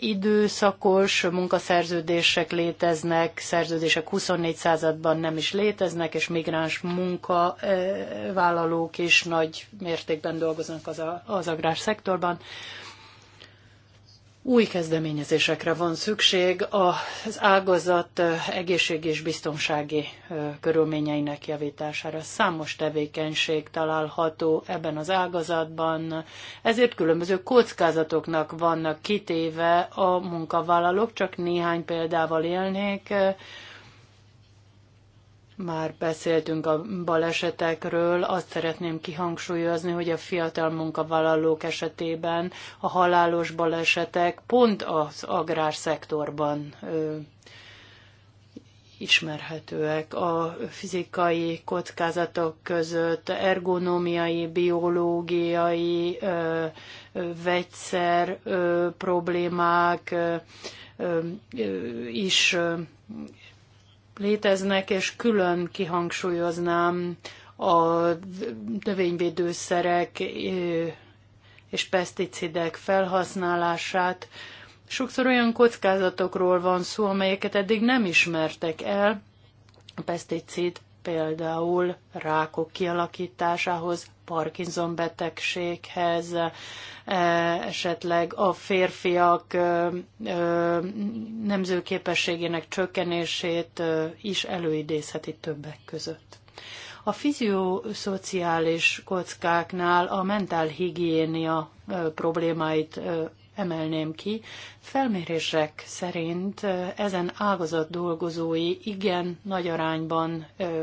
időszakos munkaszerződések léteznek, szerződések 24 században nem is léteznek, és migráns munkavállalók is nagy mértékben dolgoznak az, a, az agrárszektorban. szektorban új kezdeményezésekre van szükség az ágazat egészség és biztonsági körülményeinek javítására. Számos tevékenység található ebben az ágazatban, ezért különböző kockázatoknak vannak kitéve a munkavállalók, csak néhány példával élnék már beszéltünk a balesetekről, azt szeretném kihangsúlyozni, hogy a fiatal munkavállalók esetében a halálos balesetek pont az agrárszektorban ö, ismerhetőek. A fizikai kockázatok között ergonómiai, biológiai, ö, vegyszer ö, problémák ö, is léteznek, és külön kihangsúlyoznám a növényvédőszerek és peszticidek felhasználását. Sokszor olyan kockázatokról van szó, amelyeket eddig nem ismertek el, a peszticid például rákok kialakításához, Parkinson betegséghez, e, esetleg a férfiak e, e, nemzőképességének csökkenését is előidézheti többek között. A fiziószociális kockáknál a mentálhigiénia problémáit emelném ki. Felmérések szerint ezen ágazat dolgozói igen nagy arányban ö,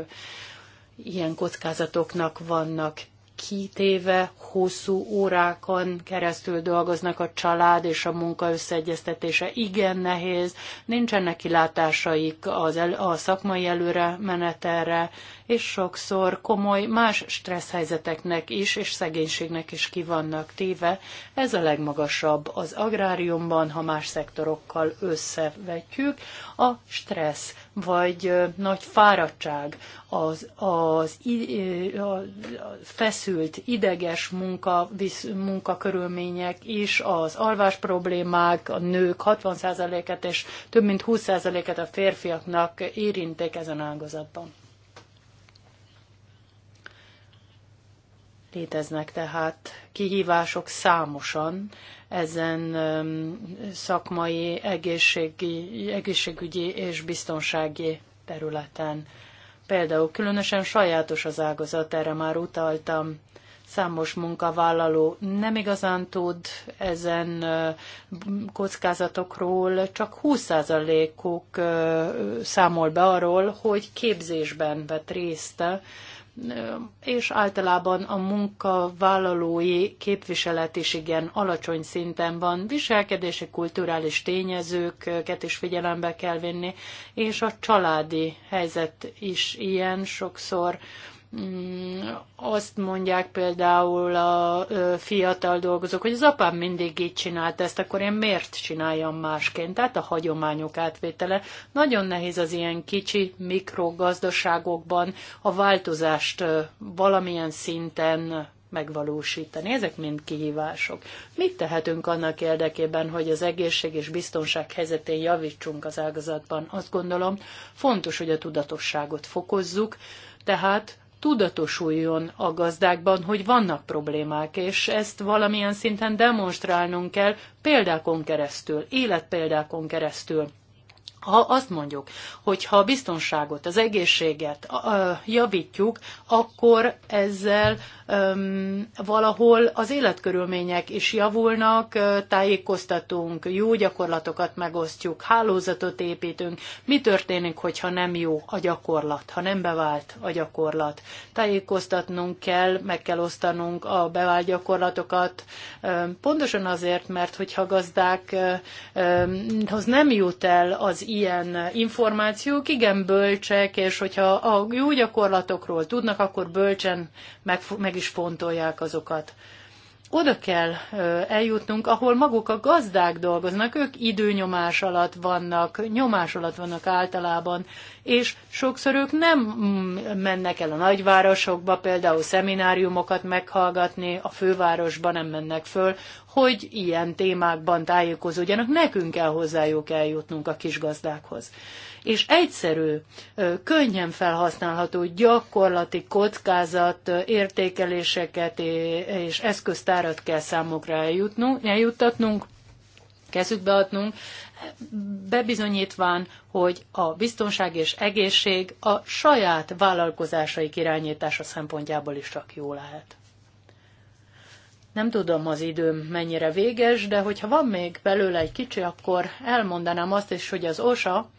ilyen kockázatoknak vannak kitéve, hosszú órákon keresztül dolgoznak a család és a munka összeegyeztetése. Igen nehéz, nincsenek kilátásaik az el, a szakmai előre menetelre, és sokszor komoly más stressz helyzeteknek is, és szegénységnek is kivannak téve. Ez a legmagasabb az agráriumban, ha más szektorokkal összevetjük. A stressz vagy nagy fáradtság, az, az, a feszült, ideges munka, visz, munkakörülmények és az alvás problémák, a nők 60%-et és több mint 20%-et a férfiaknak érinték ezen ágazatban. Léteznek tehát kihívások számosan ezen szakmai, egészségi, egészségügyi és biztonsági területen. Például különösen sajátos az ágazat, erre már utaltam. Számos munkavállaló nem igazán tud ezen kockázatokról, csak 20%-uk számol be arról, hogy képzésben vett részt és általában a munkavállalói képviselet is igen alacsony szinten van. Viselkedési kulturális tényezőket is figyelembe kell venni, és a családi helyzet is ilyen sokszor Mm, azt mondják például a fiatal dolgozók, hogy az apám mindig így csinált ezt, akkor én miért csináljam másként? Tehát a hagyományok átvétele. Nagyon nehéz az ilyen kicsi mikrogazdaságokban a változást valamilyen szinten megvalósítani. Ezek mind kihívások. Mit tehetünk annak érdekében, hogy az egészség és biztonság helyzetén javítsunk az ágazatban? Azt gondolom, fontos, hogy a tudatosságot fokozzuk, tehát tudatosuljon a gazdákban, hogy vannak problémák, és ezt valamilyen szinten demonstrálnunk kell példákon keresztül, életpéldákon keresztül ha azt mondjuk, hogy ha a biztonságot, az egészséget javítjuk, akkor ezzel valahol az életkörülmények is javulnak, tájékoztatunk, jó gyakorlatokat megosztjuk, hálózatot építünk. Mi történik, hogyha nem jó a gyakorlat, ha nem bevált a gyakorlat? Tájékoztatnunk kell, meg kell osztanunk a bevált gyakorlatokat, pontosan azért, mert hogyha gazdák, um, nem jut el az ilyen információk igen bölcsek, és hogyha a jó gyakorlatokról tudnak, akkor bölcsen meg, meg is fontolják azokat oda kell eljutnunk, ahol maguk a gazdák dolgoznak, ők időnyomás alatt vannak, nyomás alatt vannak általában, és sokszor ők nem mm, mennek el a nagyvárosokba, például szemináriumokat meghallgatni, a fővárosba nem mennek föl, hogy ilyen témákban tájékozódjanak, nekünk kell hozzájuk eljutnunk a kisgazdákhoz és egyszerű, könnyen felhasználható gyakorlati kockázat értékeléseket és eszköztárat kell számokra eljutnunk, eljuttatnunk, kezükbe adnunk, bebizonyítván, hogy a biztonság és egészség a saját vállalkozásaik irányítása szempontjából is csak jó lehet. Nem tudom az időm mennyire véges, de hogyha van még belőle egy kicsi, akkor elmondanám azt is, hogy az OSA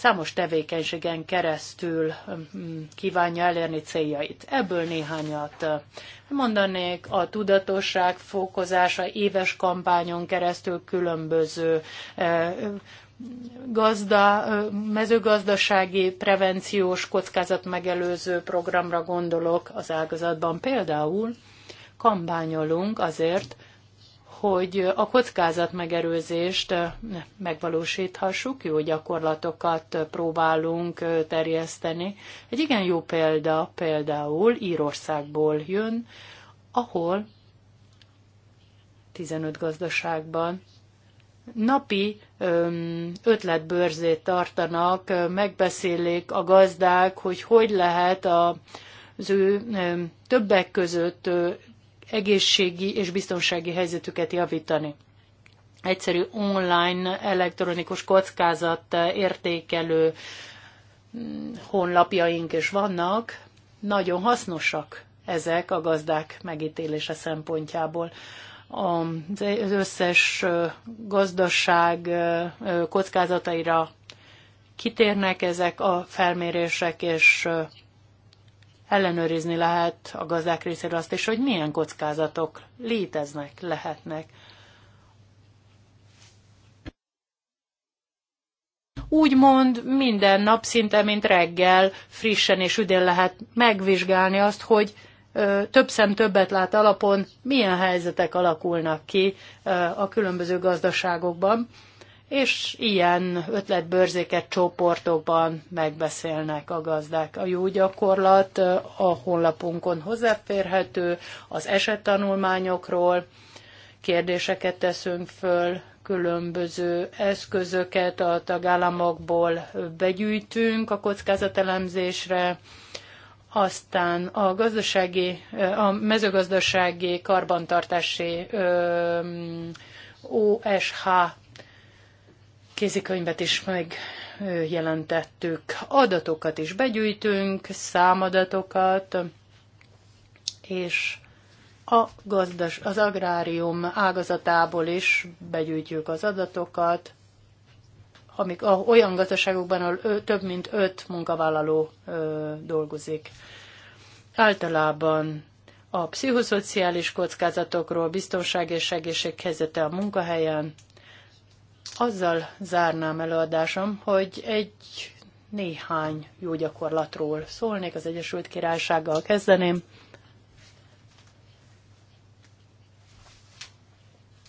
számos tevékenységen keresztül mm, kívánja elérni céljait. Ebből néhányat eh, mondanék, a tudatosság fokozása éves kampányon keresztül különböző eh, gazda, eh, mezőgazdasági prevenciós megelőző programra gondolok az ágazatban. Például kampányolunk azért, hogy a kockázat megerőzést eh, megvalósíthassuk, jó gyakorlatokat eh, próbálunk eh, terjeszteni. Egy igen jó példa például Írországból jön, ahol 15 gazdaságban napi ötletbörzét tartanak, megbeszélik a gazdák, hogy hogy lehet a, az ő többek között egészségi és biztonsági helyzetüket javítani. Egyszerű online elektronikus kockázat értékelő mm, honlapjaink is vannak, nagyon hasznosak ezek a gazdák megítélése szempontjából az összes gazdaság kockázataira kitérnek ezek a felmérések, és ellenőrizni lehet a gazdák részéről azt is, hogy milyen kockázatok léteznek, lehetnek. Úgymond minden nap, szinte mint reggel, frissen és üdén lehet megvizsgálni azt, hogy több szem többet lát alapon milyen helyzetek alakulnak ki a különböző gazdaságokban és ilyen ötletbörzéket csoportokban megbeszélnek a gazdák. A jó gyakorlat a honlapunkon hozzáférhető, az esettanulmányokról kérdéseket teszünk föl, különböző eszközöket a tagállamokból begyűjtünk a kockázatelemzésre, aztán a gazdasági, a mezőgazdasági karbantartási OSH kézikönyvet is megjelentettük. Adatokat is begyűjtünk, számadatokat, és a gazdas, az agrárium ágazatából is begyűjtjük az adatokat, amik a, olyan gazdaságokban, ahol ö, több mint öt munkavállaló ö, dolgozik. Általában a pszichoszociális kockázatokról, biztonság és egészséghelyzete a munkahelyen, azzal zárnám előadásom, hogy egy néhány jó gyakorlatról szólnék, az Egyesült Királysággal kezdeném.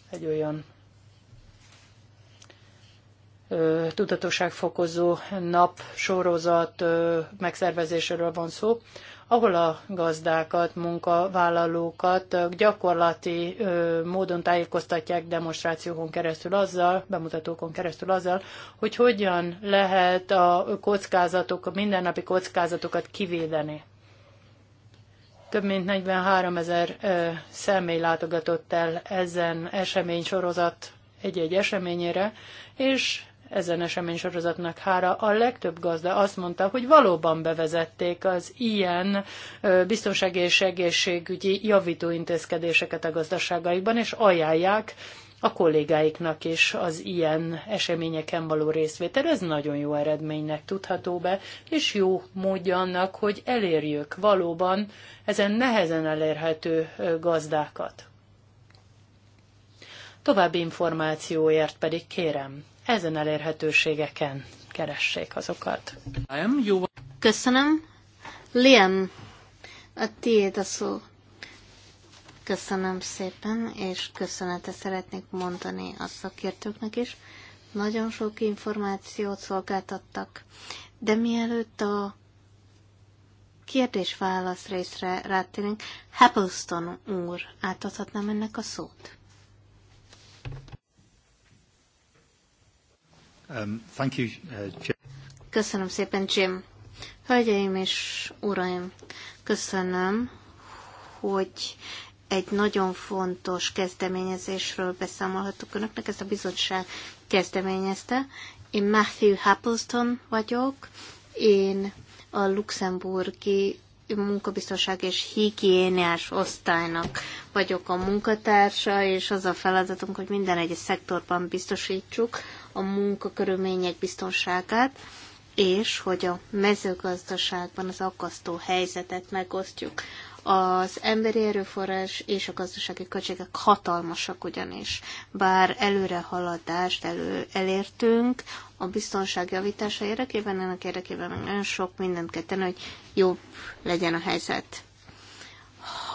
Egy olyan tudatosságfokozó nap sorozat megszervezéséről van szó, ahol a gazdákat, munkavállalókat gyakorlati módon tájékoztatják demonstrációkon keresztül azzal, bemutatókon keresztül azzal, hogy hogyan lehet a kockázatok, a mindennapi kockázatokat kivédeni. Több mint 43 ezer személy látogatott el ezen esemény sorozat egy-egy eseményére, és ezen eseménysorozatnak hára. A legtöbb gazda azt mondta, hogy valóban bevezették az ilyen biztonsági és egészségügyi javító intézkedéseket a gazdaságaikban, és ajánlják a kollégáiknak is az ilyen eseményeken való részvétel. Ez nagyon jó eredménynek tudható be, és jó módja annak, hogy elérjük valóban ezen nehezen elérhető gazdákat. További információért pedig kérem, ezen elérhetőségeken keressék azokat. Köszönöm. Liam, a tiéd a szó. Köszönöm szépen, és köszönetet szeretnék mondani a szakértőknek is. Nagyon sok információt szolgáltattak, de mielőtt a kérdés-válasz részre rátérünk, Happleston úr, átadhatnám ennek a szót? Um, thank you, uh, Köszönöm szépen, Jim. Hölgyeim és uraim, köszönöm, hogy egy nagyon fontos kezdeményezésről beszámolhatok önöknek. Ezt a bizottság kezdeményezte. Én Matthew Happleston vagyok. Én a luxemburgi munkabiztonság és higiéniás osztálynak vagyok a munkatársa, és az a feladatunk, hogy minden egyes szektorban biztosítsuk, a munkakörülmények biztonságát, és hogy a mezőgazdaságban az akasztó helyzetet megosztjuk. Az emberi erőforrás és a gazdasági költségek hatalmasak ugyanis. Bár haladást elő, elértünk, a biztonság javítása érdekében, ennek érdekében meg nagyon sok mindent kell tenni, hogy jobb legyen a helyzet.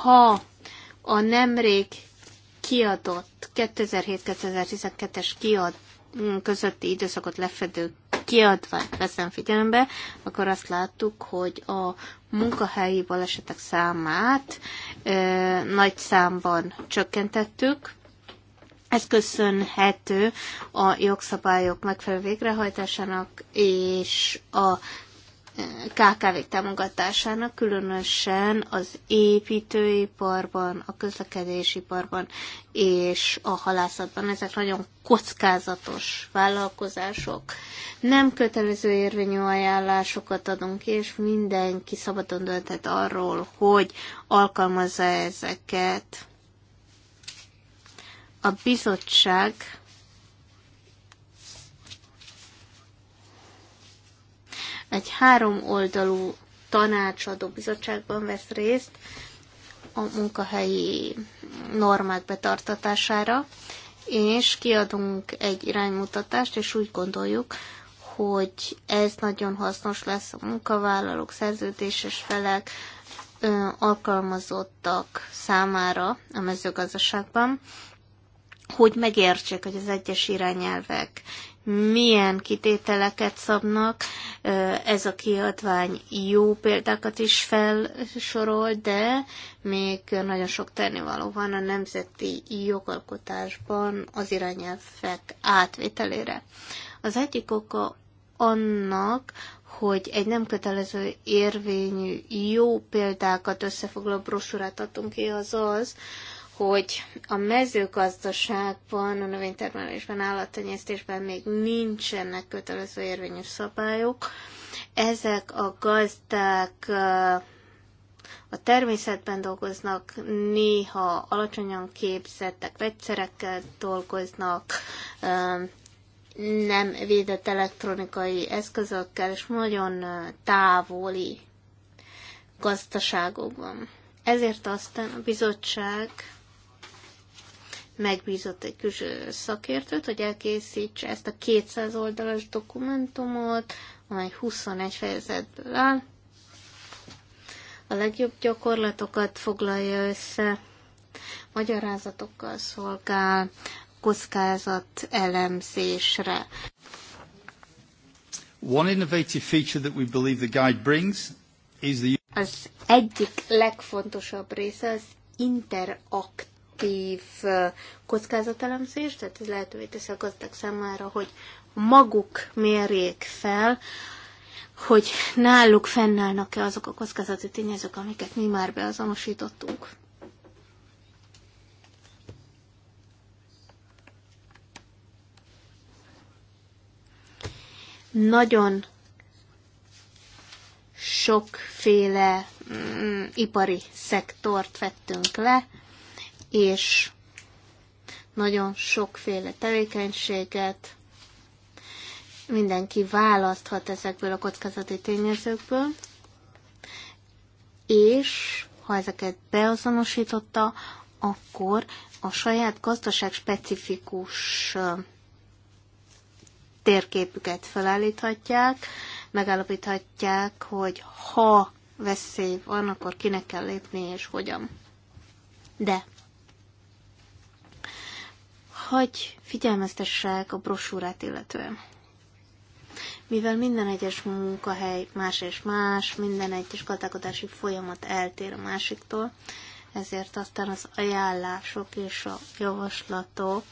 Ha a nemrég kiadott 2007-2012-es kiadott közötti időszakot lefedő kiadványt veszem figyelembe, akkor azt láttuk, hogy a munkahelyi balesetek számát ö, nagy számban csökkentettük. Ez köszönhető a jogszabályok megfelelő végrehajtásának és a KKV támogatásának, különösen az építőiparban, a közlekedésiparban és a halászatban. Ezek nagyon kockázatos vállalkozások. Nem kötelező érvényű ajánlásokat adunk, és mindenki szabadon dönthet arról, hogy alkalmazza ezeket. A bizottság egy három oldalú tanácsadó bizottságban vesz részt a munkahelyi normák betartatására, és kiadunk egy iránymutatást, és úgy gondoljuk, hogy ez nagyon hasznos lesz a munkavállalók, szerződéses felek, alkalmazottak számára a mezőgazdaságban, hogy megértsék, hogy az egyes irányelvek milyen kitételeket szabnak. Ez a kiadvány jó példákat is felsorol, de még nagyon sok tennivaló van a nemzeti jogalkotásban az irányelvek átvételére. Az egyik oka annak, hogy egy nem kötelező érvényű jó példákat összefoglaló brosúrát adtunk ki, az az, hogy a mezőgazdaságban, a növénytermelésben, állattenyésztésben még nincsenek kötelező érvényű szabályok. Ezek a gazdák a természetben dolgoznak, néha alacsonyan képzettek vegyszerekkel dolgoznak, nem védett elektronikai eszközökkel, és nagyon távoli gazdaságokban. Ezért aztán a bizottság megbízott egy külső szakértőt, hogy elkészítse ezt a 200 oldalas dokumentumot, amely 21 fejezetből áll. A legjobb gyakorlatokat foglalja össze, magyarázatokkal szolgál, kockázat elemzésre. One innovative feature that we believe the guide brings is the... Az egyik legfontosabb része az interakt aktív kockázatelemzés, tehát ez lehetővé teszi a gazdák számára, hogy maguk mérjék fel, hogy náluk fennállnak-e azok a kockázati tényezők, amiket mi már beazonosítottunk. Nagyon sokféle mm, ipari szektort vettünk le, és nagyon sokféle tevékenységet, mindenki választhat ezekből a kockázati tényezőkből, és ha ezeket beazonosította, akkor a saját gazdaság specifikus térképüket felállíthatják, megállapíthatják, hogy ha veszély van, akkor kinek kell lépni és hogyan. De hagy figyelmeztessek a brosúrát illetően. Mivel minden egyes munkahely más és más, minden egyes gazdálkodási folyamat eltér a másiktól, ezért aztán az ajánlások és a javaslatok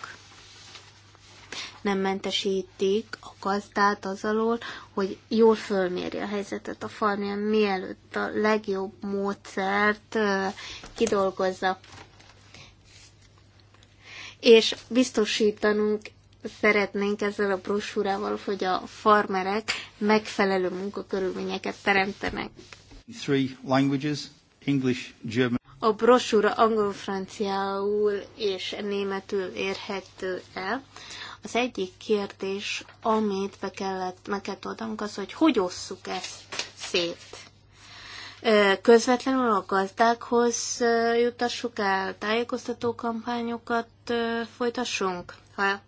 nem mentesítik a gazdát az alól, hogy jól fölméri a helyzetet a farmján, mielőtt a legjobb módszert kidolgozza és biztosítanunk szeretnénk ezzel a brosúrával, hogy a farmerek megfelelő munkakörülményeket teremtenek. Three languages, English, German. A brosúra angol, franciául és németül érhető el. Az egyik kérdés, amit be kellett, meg kellett az, hogy hogy osszuk ezt szét közvetlenül a gazdákhoz jutassuk el, tájékoztató kampányokat folytassunk. Ha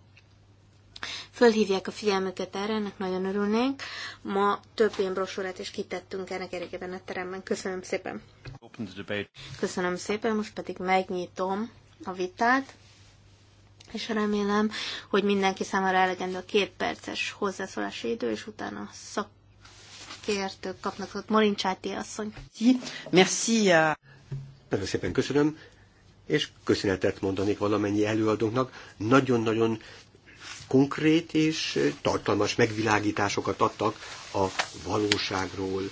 fölhívják a figyelmüket erre, ennek nagyon örülnénk. Ma több ilyen brosúrát is kitettünk ennek érdekében a teremben. Köszönöm szépen. Köszönöm szépen, most pedig megnyitom a vitát és remélem, hogy mindenki számára elegendő a két perces hozzászólási idő, és utána szak kapnak ott. Marincsáti asszony. Merci. Eh. Nagyon szépen köszönöm, és köszönetet mondanék valamennyi előadónknak. Nagyon-nagyon konkrét és tartalmas megvilágításokat adtak a valóságról.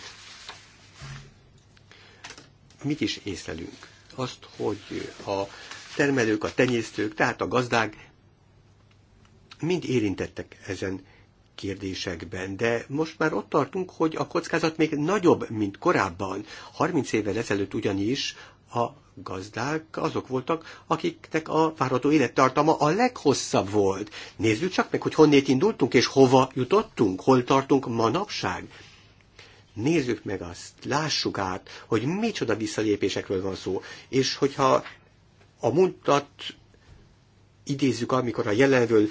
Mit is észlelünk? Azt, hogy a termelők, a tenyésztők, tehát a gazdák mind érintettek ezen kérdésekben, de most már ott tartunk, hogy a kockázat még nagyobb, mint korábban. 30 évvel ezelőtt ugyanis a gazdák azok voltak, akiknek a várható élettartama a leghosszabb volt. Nézzük csak meg, hogy honnét indultunk, és hova jutottunk, hol tartunk manapság. Nézzük meg azt, lássuk át, hogy micsoda visszalépésekről van szó, és hogyha a mutat idézzük, amikor a jelenről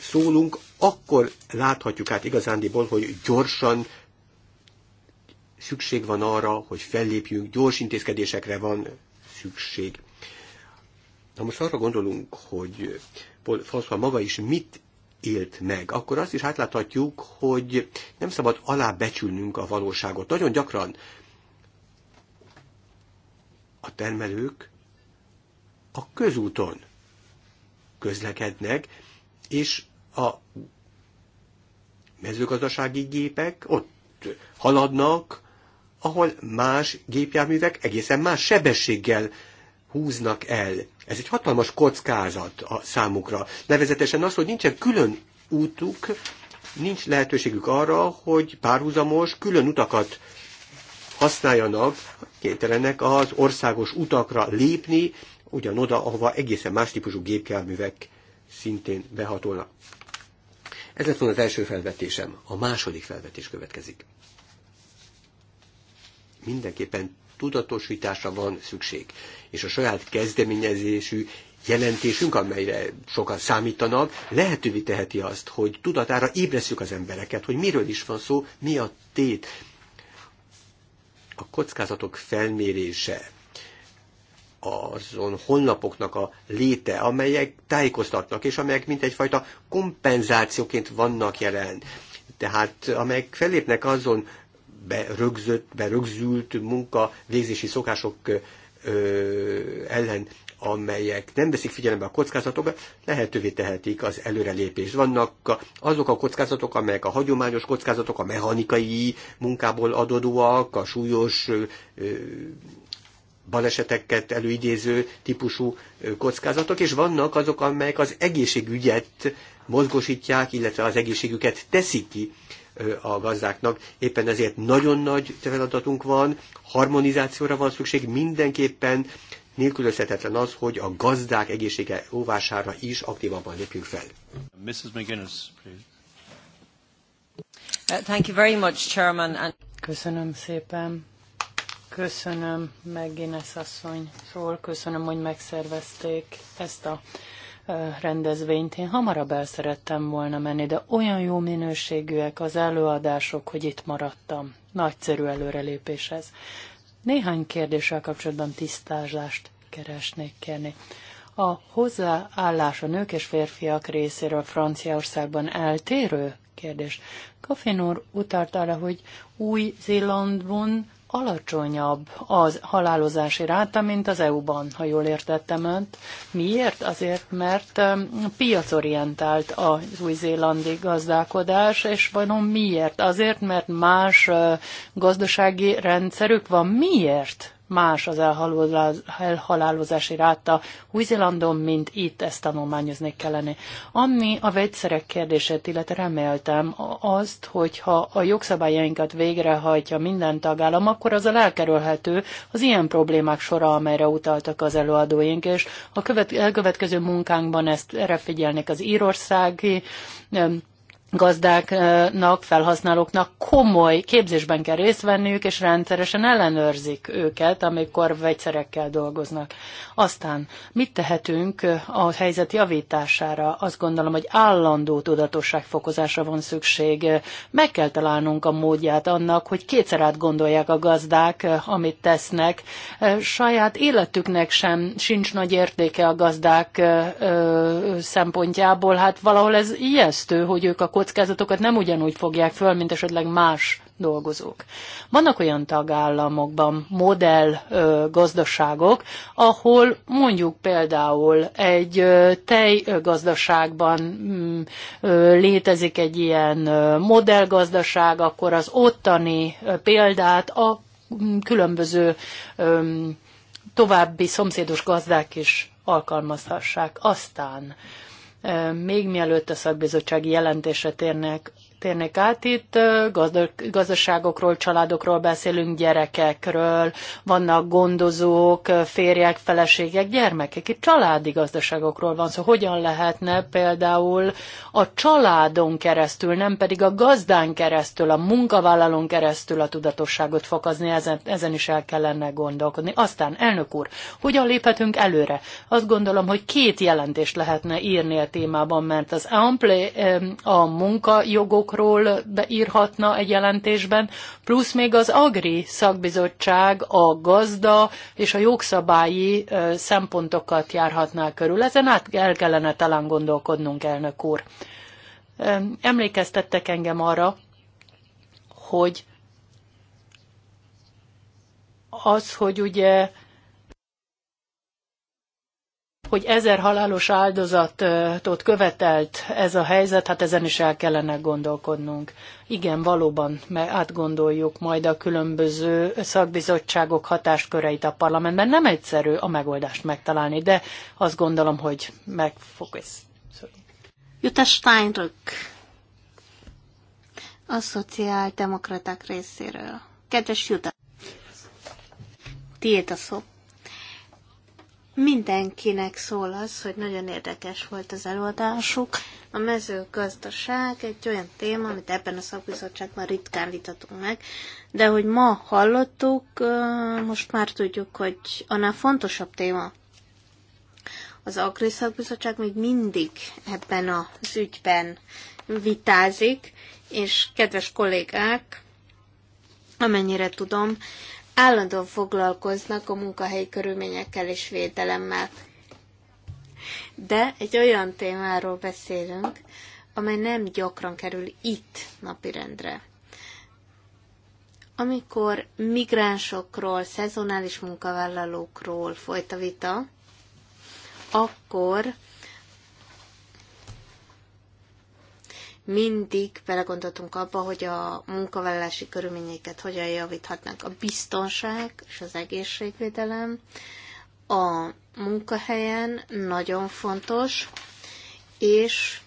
szólunk, akkor láthatjuk át igazándiból, hogy gyorsan szükség van arra, hogy fellépjünk, gyors intézkedésekre van szükség. Na most arra gondolunk, hogy Paul François maga is mit élt meg, akkor azt is átláthatjuk, hogy nem szabad alábecsülnünk a valóságot. Nagyon gyakran a termelők a közúton közlekednek, és a mezőgazdasági gépek ott haladnak, ahol más gépjárművek egészen más sebességgel húznak el. Ez egy hatalmas kockázat a számukra. Nevezetesen az, hogy nincsen külön útuk, nincs lehetőségük arra, hogy párhuzamos, külön utakat használjanak, kénytelenek az országos utakra lépni, ugyanoda, ahova egészen más típusú gépjárművek szintén behatolnak. Ez lett volna az első felvetésem. A második felvetés következik. Mindenképpen tudatosításra van szükség. És a saját kezdeményezésű jelentésünk, amelyre sokan számítanak, lehetővé teheti azt, hogy tudatára ébresztjük az embereket, hogy miről is van szó, mi a tét. A kockázatok felmérése azon honlapoknak a léte, amelyek tájékoztatnak, és amelyek mint egyfajta kompenzációként vannak jelen. Tehát amelyek felépnek azon berögzött, berögzült munka végzési szokások ö, ellen, amelyek nem veszik figyelembe a kockázatokat, lehetővé tehetik az előrelépést. Vannak azok a kockázatok, amelyek a hagyományos kockázatok, a mechanikai munkából adódóak, a súlyos ö, baleseteket előidéző típusú kockázatok, és vannak azok, amelyek az egészségügyet mozgosítják, illetve az egészségüket teszik ki a gazdáknak. Éppen ezért nagyon nagy feladatunk van, harmonizációra van szükség, mindenképpen nélkülözhetetlen az, hogy a gazdák egészsége óvására is aktívabban lépjünk fel. Mrs. McGinnis, please. Uh, thank you very much, Chairman. Köszönöm szépen. Köszönöm, Megines asszony szól, köszönöm, hogy megszervezték ezt a rendezvényt. Én hamarabb el szerettem volna menni, de olyan jó minőségűek az előadások, hogy itt maradtam. Nagyszerű előrelépés ez. Néhány kérdéssel kapcsolatban tisztázást keresnék kérni. A hozzáállás a nők és férfiak részéről Franciaországban eltérő kérdés. Kafénor utalt arra, hogy új Zélandban alacsonyabb az halálozási ráta, mint az EU-ban, ha jól értettem önt. Miért? Azért, mert um, piacorientált az új-zélandi gazdálkodás, és vajon miért? Azért, mert más uh, gazdasági rendszerük van. Miért? más az elhalálozási ráta Új-Zélandon, mint itt, ezt tanulmányozni kellene. Ami a vegyszerek kérdését, illetve reméltem azt, hogyha a jogszabályainkat végrehajtja minden tagállam, akkor az a elkerülhető az ilyen problémák sora, amelyre utaltak az előadóink, és a követ, elkövetkező munkánkban ezt erre figyelnek az írországi gazdáknak, felhasználóknak komoly képzésben kell részt venniük, és rendszeresen ellenőrzik őket, amikor vegyszerekkel dolgoznak. Aztán mit tehetünk a helyzet javítására? Azt gondolom, hogy állandó tudatosságfokozásra van szükség. Meg kell találnunk a módját annak, hogy kétszer átgondolják a gazdák, amit tesznek. Saját életüknek sem sincs nagy értéke a gazdák szempontjából. Hát valahol ez ijesztő, hogy ők a kockázatokat nem ugyanúgy fogják föl, mint esetleg más dolgozók. Vannak olyan tagállamokban modell ö, gazdaságok, ahol mondjuk például egy ö, tejgazdaságban mm, ö, létezik egy ilyen ö, modellgazdaság, akkor az ottani ö, példát a mm, különböző ö, további szomszédos gazdák is alkalmazhassák. Aztán még mielőtt a szakbizottsági jelentésre térnek, térnék át itt, gazdaságokról, családokról beszélünk, gyerekekről, vannak gondozók, férjek, feleségek, gyermekek, itt családi gazdaságokról van szó. Szóval hogyan lehetne például a családon keresztül, nem pedig a gazdán keresztül, a munkavállalón keresztül a tudatosságot fokozni, ezen, ezen is el kellene gondolkodni. Aztán, elnök úr, hogyan léphetünk előre? Azt gondolom, hogy két jelentést lehetne írni a témában, mert az ample a munkajogok országokról beírhatna egy jelentésben, plusz még az Agri szakbizottság, a gazda és a jogszabályi szempontokat járhatná körül. Ezen át el kellene talán gondolkodnunk, elnök úr. Emlékeztettek engem arra, hogy az, hogy ugye hogy ezer halálos áldozatot követelt ez a helyzet, hát ezen is el kellene gondolkodnunk. Igen, valóban mert átgondoljuk majd a különböző szakbizottságok hatásköreit a parlamentben. Nem egyszerű a megoldást megtalálni, de azt gondolom, hogy meg fog ez. Jutta Steinrück, a szociáldemokraták részéről. Kedves Jutta, tiéd a szó. Mindenkinek szól az, hogy nagyon érdekes volt az előadásuk. A mezőgazdaság egy olyan téma, amit ebben a szakbizottságban ritkán vitatunk meg, de hogy ma hallottuk, most már tudjuk, hogy annál fontosabb téma. Az Agri Szakbizottság még mindig ebben az ügyben vitázik, és kedves kollégák, amennyire tudom, állandóan foglalkoznak a munkahelyi körülményekkel és védelemmel. De egy olyan témáról beszélünk, amely nem gyakran kerül itt napirendre. Amikor migránsokról, szezonális munkavállalókról folyt a vita, akkor mindig belegondoltunk abba, hogy a munkavállalási körülményeket hogyan javíthatnak A biztonság és az egészségvédelem a munkahelyen nagyon fontos, és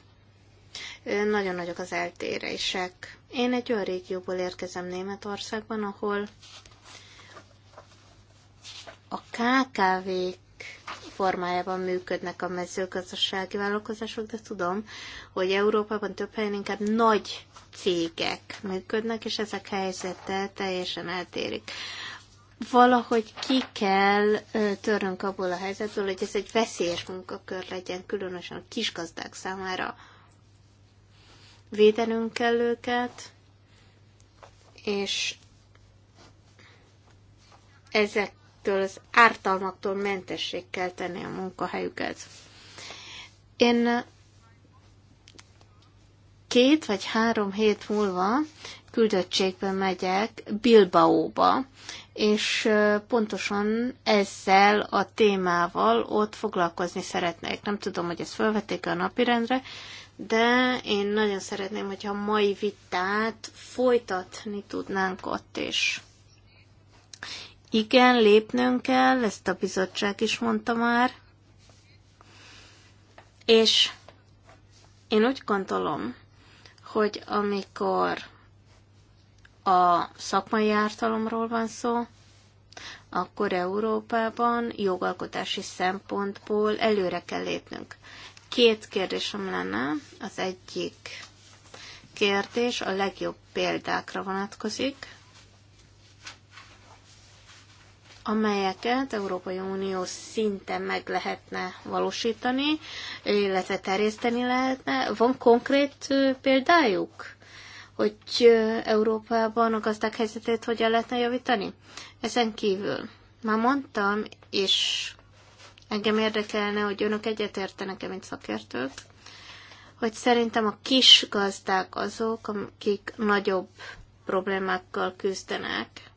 nagyon nagyok az eltérések. Én egy olyan régióból érkezem Németországban, ahol a KKV formájában működnek a mezőgazdasági vállalkozások, de tudom, hogy Európában több helyen inkább nagy cégek működnek, és ezek helyzete teljesen eltérik. Valahogy ki kell törnünk abból a helyzetből, hogy ez egy veszélyes munkakör legyen, különösen a kisgazdák számára. Védenünk kell őket, és ezek ezektől az ártalmaktól mentesség kell tenni a munkahelyüket. Én két vagy három hét múlva küldöttségbe megyek Bilbaóba, és pontosan ezzel a témával ott foglalkozni szeretnék. Nem tudom, hogy ezt felvették a napirendre, de én nagyon szeretném, hogyha a mai vitát folytatni tudnánk ott is. Igen, lépnünk kell, ezt a bizottság is mondta már. És én úgy gondolom, hogy amikor a szakmai ártalomról van szó, akkor Európában jogalkotási szempontból előre kell lépnünk. Két kérdésem lenne. Az egyik kérdés a legjobb példákra vonatkozik amelyeket Európai Unió szinten meg lehetne valósítani, illetve terjeszteni lehetne. Van konkrét példájuk, hogy Európában a gazdák helyzetét hogyan lehetne javítani? Ezen kívül már mondtam, és engem érdekelne, hogy önök egyetértenek-e, mint szakértők, hogy szerintem a kis gazdák azok, akik nagyobb problémákkal küzdenek,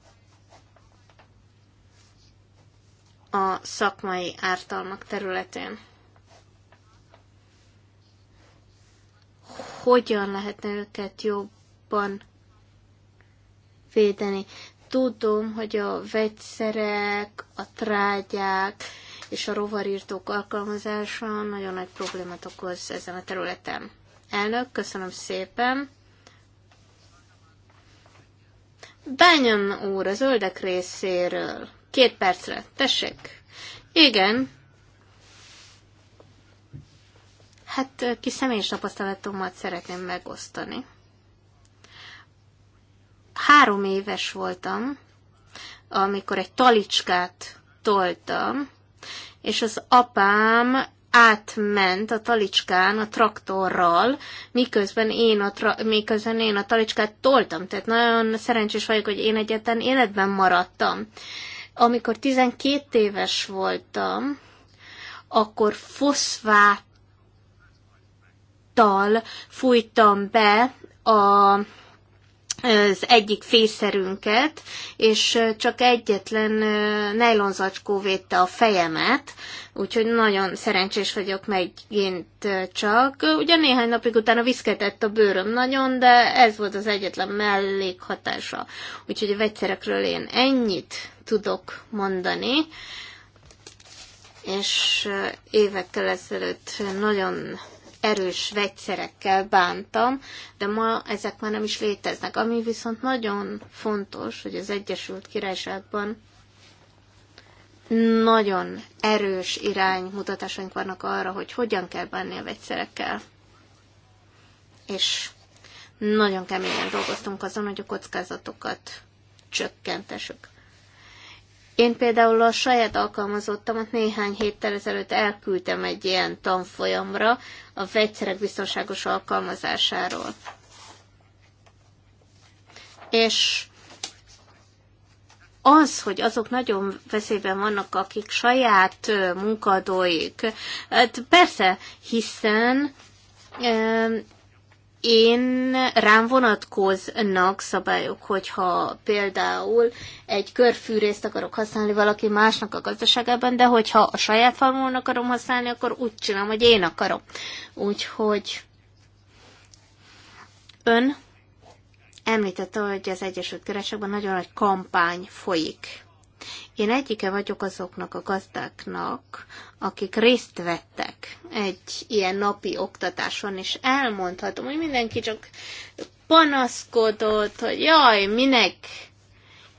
a szakmai ártalmak területén. Hogyan lehetne őket jobban védeni? Tudom, hogy a vegyszerek, a trágyák és a rovarírtók alkalmazása nagyon nagy problémát okoz ezen a területen. Elnök, köszönöm szépen! Bányan úr, a zöldek részéről. Két percre. Tessék. Igen. Hát ki személyes tapasztalatomat szeretném megosztani. Három éves voltam, amikor egy talicskát toltam, és az apám átment a talicskán a traktorral, miközben én a, tra- miközben én a talicskát toltam. Tehát nagyon szerencsés vagyok, hogy én egyetlen életben maradtam. Amikor 12 éves voltam, akkor foszfáttal fújtam be a az egyik fészerünket, és csak egyetlen nejlonzacskó védte a fejemet, úgyhogy nagyon szerencsés vagyok megint csak. Ugye néhány napig utána viszketett a bőröm nagyon, de ez volt az egyetlen mellékhatása. Úgyhogy a vegyszerekről én ennyit tudok mondani, és évekkel ezelőtt nagyon erős vegyszerekkel bántam, de ma ezek már nem is léteznek. Ami viszont nagyon fontos, hogy az Egyesült Királyságban nagyon erős iránymutatásaink vannak arra, hogy hogyan kell bánni a vegyszerekkel. És nagyon keményen dolgoztunk azon, hogy a kockázatokat csökkentessük. Én például a saját alkalmazottamat néhány héttel ezelőtt elküldtem egy ilyen tanfolyamra a vegyszerek biztonságos alkalmazásáról. És az, hogy azok nagyon veszélyben vannak, akik saját munkadóik, hát persze, hiszen én rám vonatkoznak szabályok, hogyha például egy körfűrészt akarok használni valaki másnak a gazdaságában, de hogyha a saját falmon akarom használni, akkor úgy csinálom, hogy én akarom. Úgyhogy ön említette, hogy az Egyesült Királyságban nagyon nagy kampány folyik én egyike vagyok azoknak a gazdáknak, akik részt vettek egy ilyen napi oktatáson, és elmondhatom, hogy mindenki csak panaszkodott, hogy jaj, minek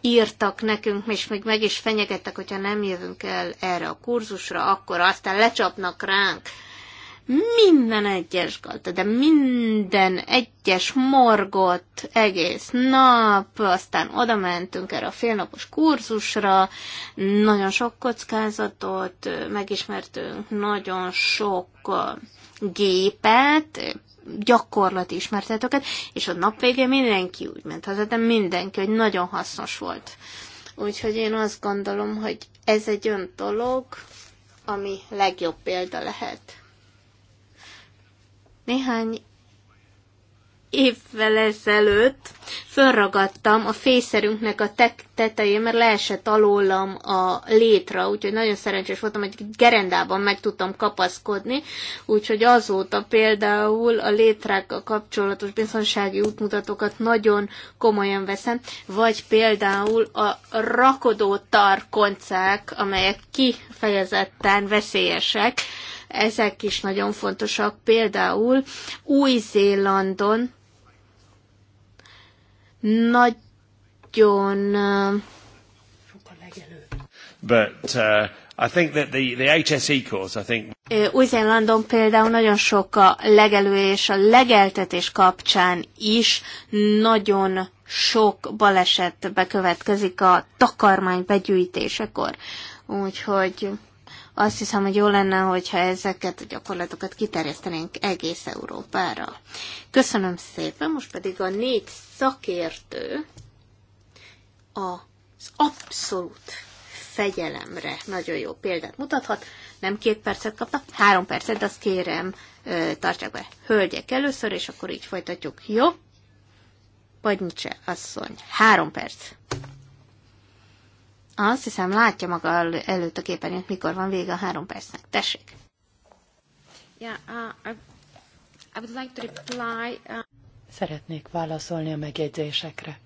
írtak nekünk, és még meg is fenyegettek, hogyha nem jövünk el erre a kurzusra, akkor aztán lecsapnak ránk, minden egyes gazda, de minden egyes morgott egész nap, aztán oda mentünk erre a félnapos kurzusra, nagyon sok kockázatot megismertünk, nagyon sok gépet, gyakorlati ismertetőket, és a nap végén mindenki úgy ment haza, de mindenki, hogy nagyon hasznos volt. Úgyhogy én azt gondolom, hogy ez egy olyan dolog, ami legjobb példa lehet néhány évvel ezelőtt fölragadtam a fészerünknek a te- tetején, mert leesett alólam a létra, úgyhogy nagyon szerencsés voltam, hogy gerendában meg tudtam kapaszkodni, úgyhogy azóta például a létrákkal kapcsolatos biztonsági útmutatókat nagyon komolyan veszem, vagy például a rakodó tarkoncák, amelyek kifejezetten veszélyesek, ezek is nagyon fontosak. Például Új-Zélandon nagyon But uh, I think that the, the HSE course, I think... Új-Zélandon például nagyon sok a legelő és a legeltetés kapcsán is nagyon sok baleset bekövetkezik a takarmány begyűjtésekor. Úgyhogy azt hiszem, hogy jó lenne, hogyha ezeket a gyakorlatokat kiterjesztenénk egész Európára. Köszönöm szépen, most pedig a négy szakértő az abszolút fegyelemre nagyon jó példát mutathat. Nem két percet kaptak, három percet, de azt kérem, tartsák be. Hölgyek először, és akkor így folytatjuk. Jó? Pagynicse asszony, három perc. Azt hiszem, látja maga előtt a képernyőt, mikor van vége a három percnek. Tessék! Yeah, uh, I would like to reply, uh... Szeretnék válaszolni a megjegyzésekre.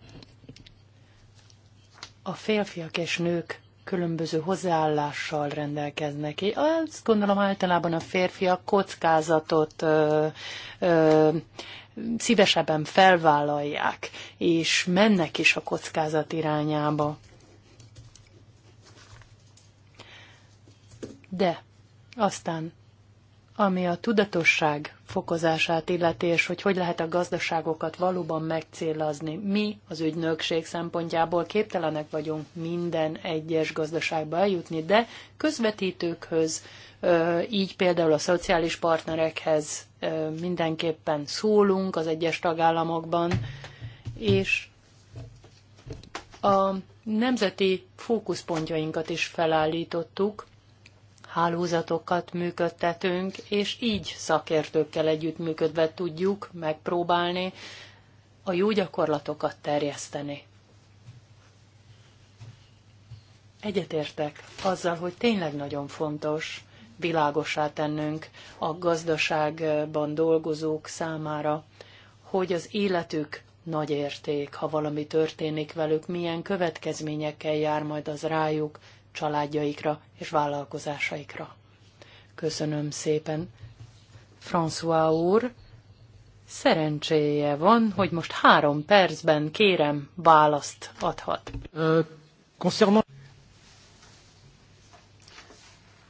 A férfiak és nők különböző hozzáállással rendelkeznek. Én Azt gondolom általában a férfiak kockázatot ö, ö, szívesebben felvállalják, és mennek is a kockázat irányába. De aztán, ami a tudatosság fokozását illeti, és hogy hogy lehet a gazdaságokat valóban megcélozni. Mi az ügynökség szempontjából képtelenek vagyunk minden egyes gazdaságba eljutni, de közvetítőkhöz, így például a szociális partnerekhez mindenképpen szólunk az egyes tagállamokban, és a nemzeti fókuszpontjainkat is felállítottuk, hálózatokat működtetünk, és így szakértőkkel együttműködve tudjuk megpróbálni a jó gyakorlatokat terjeszteni. Egyetértek azzal, hogy tényleg nagyon fontos világosá tennünk a gazdaságban dolgozók számára, hogy az életük nagy érték, ha valami történik velük, milyen következményekkel jár majd az rájuk, családjaikra és vállalkozásaikra. Köszönöm szépen, François úr. Szerencséje van, hogy most három percben kérem választ adhat.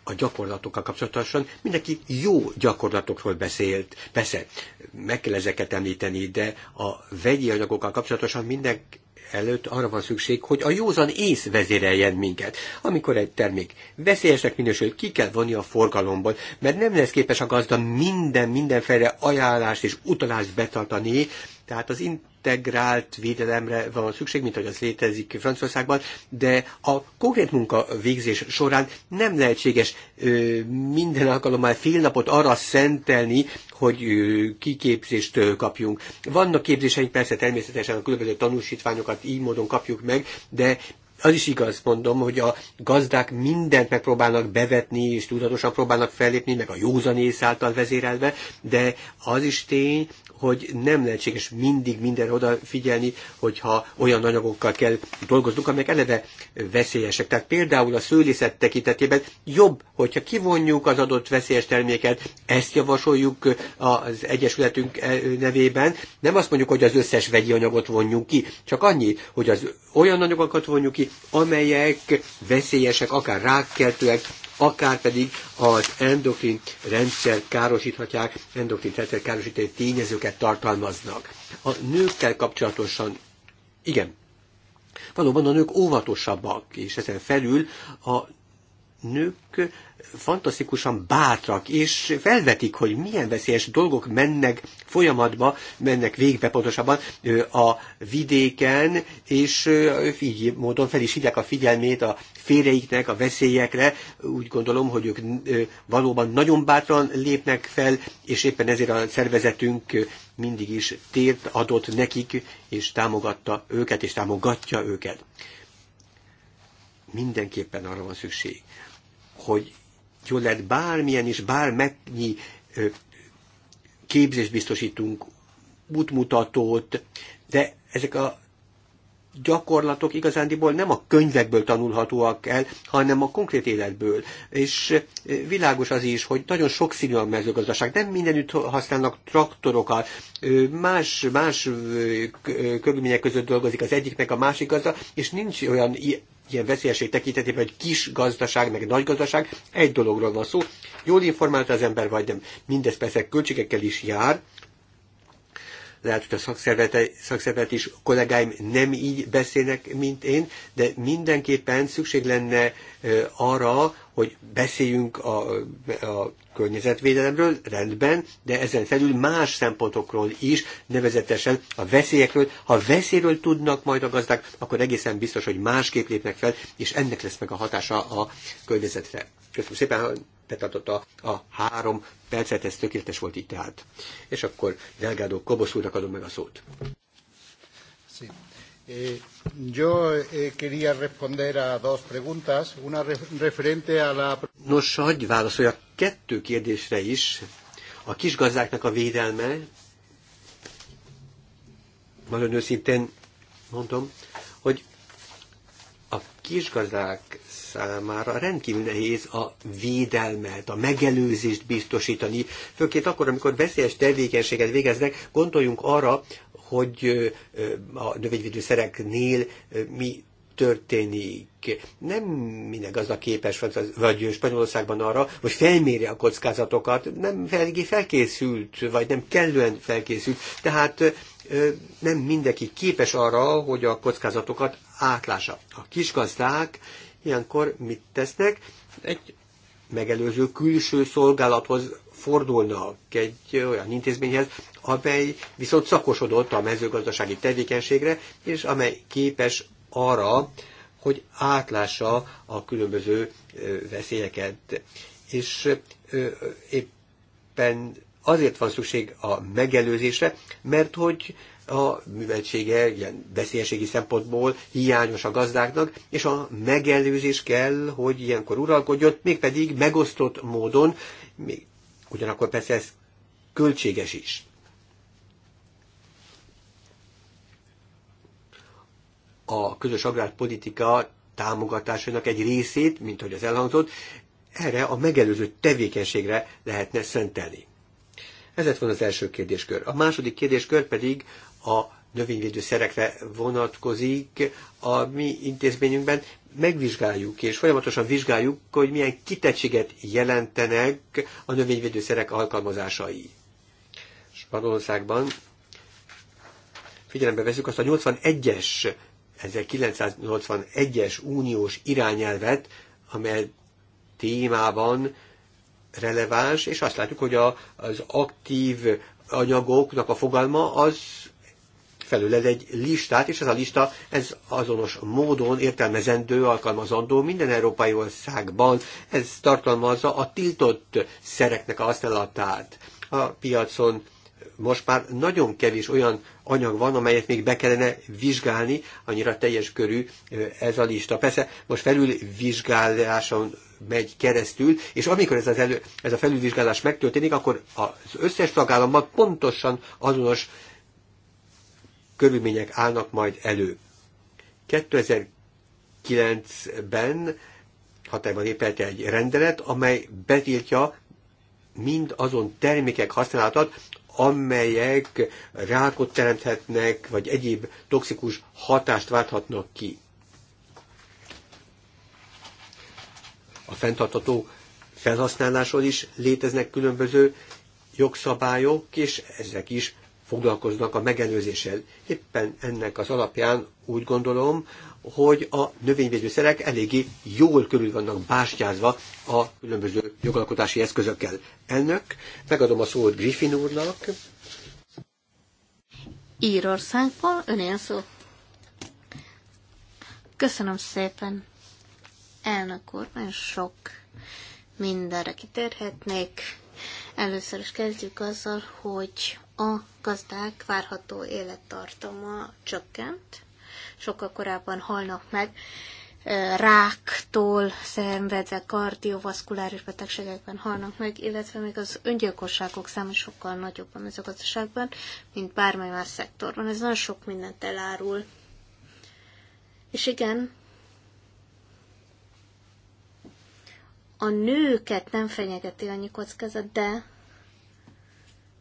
a gyakorlatokkal kapcsolatosan mindenki jó gyakorlatokról beszélt. Persze, meg kell ezeket említeni, de a vegyi anyagokkal kapcsolatosan mindenki előtt arra van szükség, hogy a józan ész vezéreljen minket. Amikor egy termék veszélyesnek minősül, ki kell vonni a forgalomból, mert nem lesz képes a gazda minden, mindenfelre ajánlást és utalást betartani, tehát az integrált védelemre van szükség, mint hogy az létezik Franciaországban, de a konkrét munka végzés során nem lehetséges ö, minden alkalommal fél napot arra szentelni, hogy ö, kiképzést ö, kapjunk. Vannak képzéseink, persze természetesen a különböző tanúsítványokat így módon kapjuk meg, de az is igaz, mondom, hogy a gazdák mindent megpróbálnak bevetni, és tudatosan próbálnak fellépni, meg a józanész által vezérelve, de az is tény, hogy nem lehetséges mindig mindenre odafigyelni, hogyha olyan anyagokkal kell dolgoznunk, amelyek eleve veszélyesek. Tehát például a szőlészet tekintetében jobb, hogyha kivonjuk az adott veszélyes terméket, ezt javasoljuk az Egyesületünk nevében. Nem azt mondjuk, hogy az összes vegyi anyagot vonjunk ki, csak annyi, hogy az olyan anyagokat vonjuk ki, amelyek veszélyesek, akár rákkeltőek, akár pedig az endokrin rendszer károsíthatják, endokrin rendszer károsító tényezőket tartalmaznak. A nőkkel kapcsolatosan, igen, valóban a nők óvatosabbak, és ezen felül a nők fantasztikusan bátrak, és felvetik, hogy milyen veszélyes dolgok mennek folyamatba, mennek végbe pontosabban a vidéken, és így módon fel is hívják a figyelmét a féreiknek, a veszélyekre. Úgy gondolom, hogy ők valóban nagyon bátran lépnek fel, és éppen ezért a szervezetünk mindig is tért adott nekik, és támogatta őket, és támogatja őket. Mindenképpen arra van szükség, hogy jó lehet bármilyen és bármennyi képzést biztosítunk, útmutatót, de ezek a gyakorlatok igazándiból nem a könyvekből tanulhatóak el, hanem a konkrét életből. És világos az is, hogy nagyon sok színű a mezőgazdaság. Nem mindenütt használnak traktorokat, más, más körülmények között dolgozik az egyiknek a másik gazda, és nincs olyan ilyen veszélyeség tekintetében, hogy kis gazdaság, meg nagy gazdaság, egy dologról van szó. Jól informált az ember vagy nem. Mindez persze költségekkel is jár, lehet, hogy a szakszervezet, is kollégáim nem így beszélnek, mint én, de mindenképpen szükség lenne arra, hogy beszéljünk a, a környezetvédelemről, rendben, de ezen felül más szempontokról is, nevezetesen a veszélyekről. Ha veszélyről tudnak majd a gazdák, akkor egészen biztos, hogy másképp lépnek fel, és ennek lesz meg a hatása a környezetre. Köszönöm szépen! betartotta a három percet, ez tökéletes volt itt tehát. És akkor Delgado Kobosz úrnak adom meg a szót. Sí. Eh, yo eh, quería responder a dos preguntas, una referente a la... Nos, hagyj válaszoljak kettő kérdésre is. A kisgazdáknak a védelme, nagyon őszintén mondom, hogy a kisgazdák számára rendkívül nehéz a védelmet, a megelőzést biztosítani, főként akkor, amikor veszélyes tevékenységet végeznek, gondoljunk arra, hogy a növényvédőszereknél mi történik. Nem minden gazda képes, vagy Spanyolországban arra, hogy felmérje a kockázatokat, nem eléggé felkészült, vagy nem kellően felkészült. Tehát nem mindenki képes arra, hogy a kockázatokat átlássa. A kisgazdák ilyenkor mit tesznek? Egy megelőző külső szolgálathoz fordulnak egy olyan intézményhez, amely viszont szakosodott a mezőgazdasági tevékenységre, és amely képes arra, hogy átlássa a különböző veszélyeket. És éppen azért van szükség a megelőzésre, mert hogy a műveltsége ilyen veszélyeségi szempontból hiányos a gazdáknak, és a megelőzés kell, hogy ilyenkor uralkodjon, mégpedig megosztott módon, még, ugyanakkor persze ez költséges is. A közös agrárpolitika támogatásának egy részét, mint ahogy az elhangzott, erre a megelőző tevékenységre lehetne szentelni. Ez lett volna az első kérdéskör. A második kérdéskör pedig a növényvédő szerekre vonatkozik, a mi intézményünkben megvizsgáljuk, és folyamatosan vizsgáljuk, hogy milyen kitettséget jelentenek a növényvédő szerek alkalmazásai. Spanyolországban figyelembe veszük azt a 81-es, 1981-es uniós irányelvet, amely témában releváns, és azt látjuk, hogy a, az aktív anyagoknak a fogalma az felőled egy listát, és ez a lista ez azonos módon értelmezendő, alkalmazandó minden európai országban. Ez tartalmazza a tiltott szereknek a használatát a piacon. Most már nagyon kevés olyan anyag van, amelyet még be kellene vizsgálni, annyira teljes körű ez a lista. Persze most felülvizsgáláson megy keresztül, és amikor ez, az elő, ez a felülvizsgálás megtörténik, akkor az összes tagállamban pontosan azonos körülmények állnak majd elő. 2009-ben hatályban lépett egy rendelet, amely betiltja mind azon termékek használatát, amelyek rákot teremthetnek, vagy egyéb toxikus hatást válthatnak ki. A fenntartató felhasználásról is léteznek különböző jogszabályok, és ezek is foglalkoznak a megelőzéssel. Éppen ennek az alapján úgy gondolom, hogy a növényvédőszerek eléggé jól körül vannak bástyázva a különböző jogalkotási eszközökkel. Elnök, megadom a szót Griffin úrnak. Írországból önél szó. Köszönöm szépen, elnök úr, nagyon sok mindenre kitérhetnék. Először is kezdjük azzal, hogy a gazdák várható élettartama csökkent, sokkal korábban halnak meg, ráktól szenvedve kardiovaszkuláris betegségekben halnak meg, illetve még az öngyilkosságok száma sokkal nagyobb a mezőgazdaságban, mint bármely más szektorban. Ez nagyon sok mindent elárul. És igen, a nőket nem fenyegeti annyi kockázat, de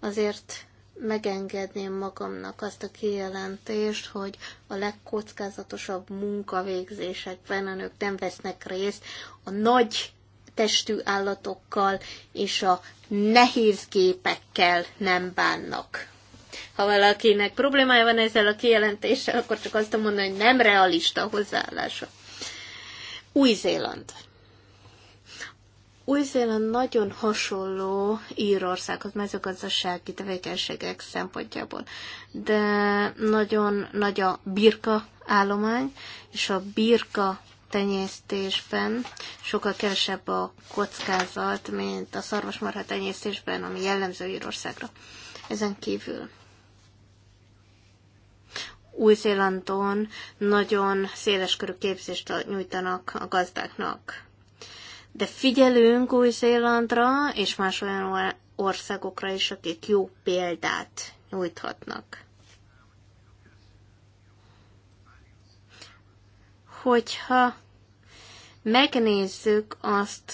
azért megengedném magamnak azt a kijelentést, hogy a legkockázatosabb munkavégzésekben a nők nem vesznek részt a nagy testű állatokkal és a nehéz gépekkel nem bánnak. Ha valakinek problémája van ezzel a kijelentéssel, akkor csak azt mondom, hogy nem realista hozzáállása. Új-Zéland. Új-Zéland nagyon hasonló Írországhoz mezőgazdasági tevékenységek szempontjából, de nagyon nagy a birka állomány, és a birka tenyésztésben sokkal kevesebb a kockázat, mint a szarvasmarha tenyésztésben, ami jellemző Írországra. Ezen kívül új-Zélandon nagyon széleskörű képzést nyújtanak a gazdáknak de figyelünk Új-Zélandra és más olyan országokra is, akik jó példát nyújthatnak. Hogyha megnézzük azt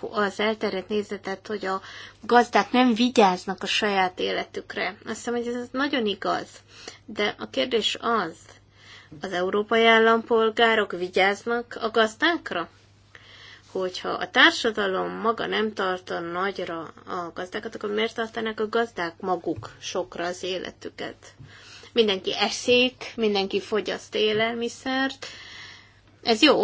az elterjedt nézetet, hogy a gazdák nem vigyáznak a saját életükre. Azt hiszem, hogy ez nagyon igaz. De a kérdés az, az európai állampolgárok vigyáznak a gazdákra? hogyha a társadalom maga nem a nagyra a gazdákat, akkor miért tartanak a gazdák maguk sokra az életüket? Mindenki eszik, mindenki fogyaszt élelmiszert. Ez jó,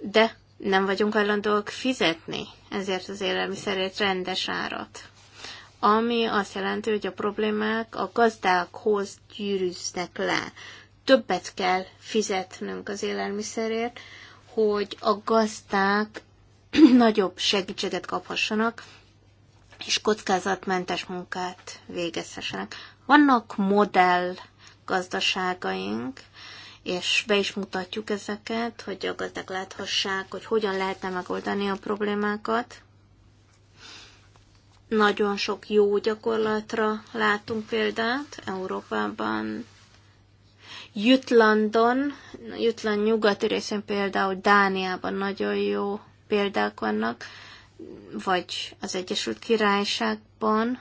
de nem vagyunk hajlandóak fizetni ezért az élelmiszerért rendes árat. Ami azt jelenti, hogy a problémák a gazdákhoz gyűrűznek le. Többet kell fizetnünk az élelmiszerért, hogy a gazdák nagyobb segítséget kaphassanak, és kockázatmentes munkát végezhessenek. Vannak modell gazdaságaink, és be is mutatjuk ezeket, hogy a gazdák láthassák, hogy hogyan lehetne megoldani a problémákat. Nagyon sok jó gyakorlatra látunk példát Európában. Jutlandon, Jutland nyugati részén például Dániában nagyon jó példák vannak, vagy az Egyesült Királyságban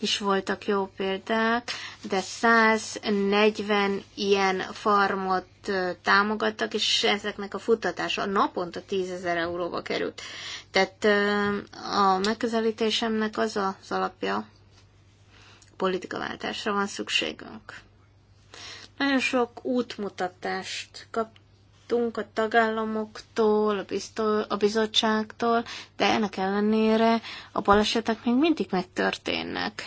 is voltak jó példák, de 140 ilyen farmot támogattak, és ezeknek a futtatása naponta 10 ezer euróba került. Tehát a megközelítésemnek az az alapja, politikaváltásra van szükségünk. Nagyon sok útmutatást kaptam, kaptunk a tagállamoktól, a, biztol, a bizottságtól, de ennek ellenére a balesetek még mindig megtörténnek.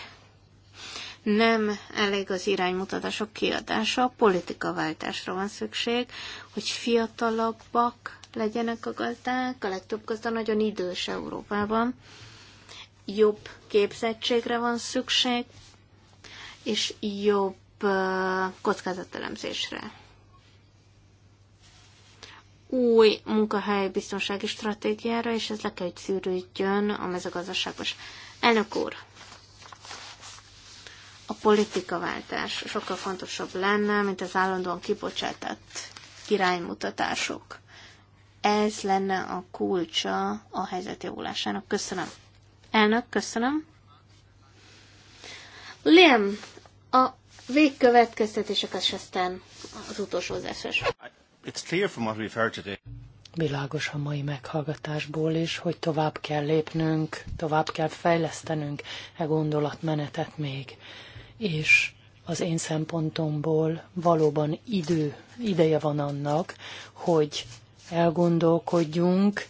Nem elég az iránymutatások kiadása, a politikaváltásra van szükség, hogy fiatalabbak legyenek a gazdák, a legtöbb gazda nagyon idős Európában. Jobb képzettségre van szükség, és jobb kockázatelemzésre új munkahely biztonsági stratégiára, és ez le kell, hogy szűrődjön a mezőgazdaságos. Elnök úr, a politikaváltás sokkal fontosabb lenne, mint az állandóan kibocsátott iránymutatások. Ez lenne a kulcsa a helyzet javulásának. Köszönöm. Elnök, köszönöm. Liam, a végkövetkeztetések, és aztán az utolsó hozzászás. It's clear from what we've heard today. Világos a mai meghallgatásból is, hogy tovább kell lépnünk, tovább kell fejlesztenünk e gondolatmenetet még. És az én szempontomból valóban idő, ideje van annak, hogy elgondolkodjunk,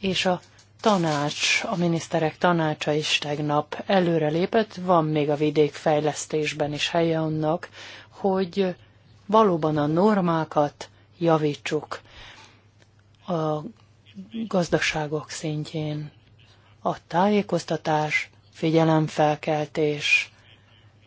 és a tanács, a miniszterek tanácsa is tegnap előre lépett, van még a vidék fejlesztésben is helye annak, hogy valóban a normákat javítsuk a gazdaságok szintjén. A tájékoztatás, figyelemfelkeltés,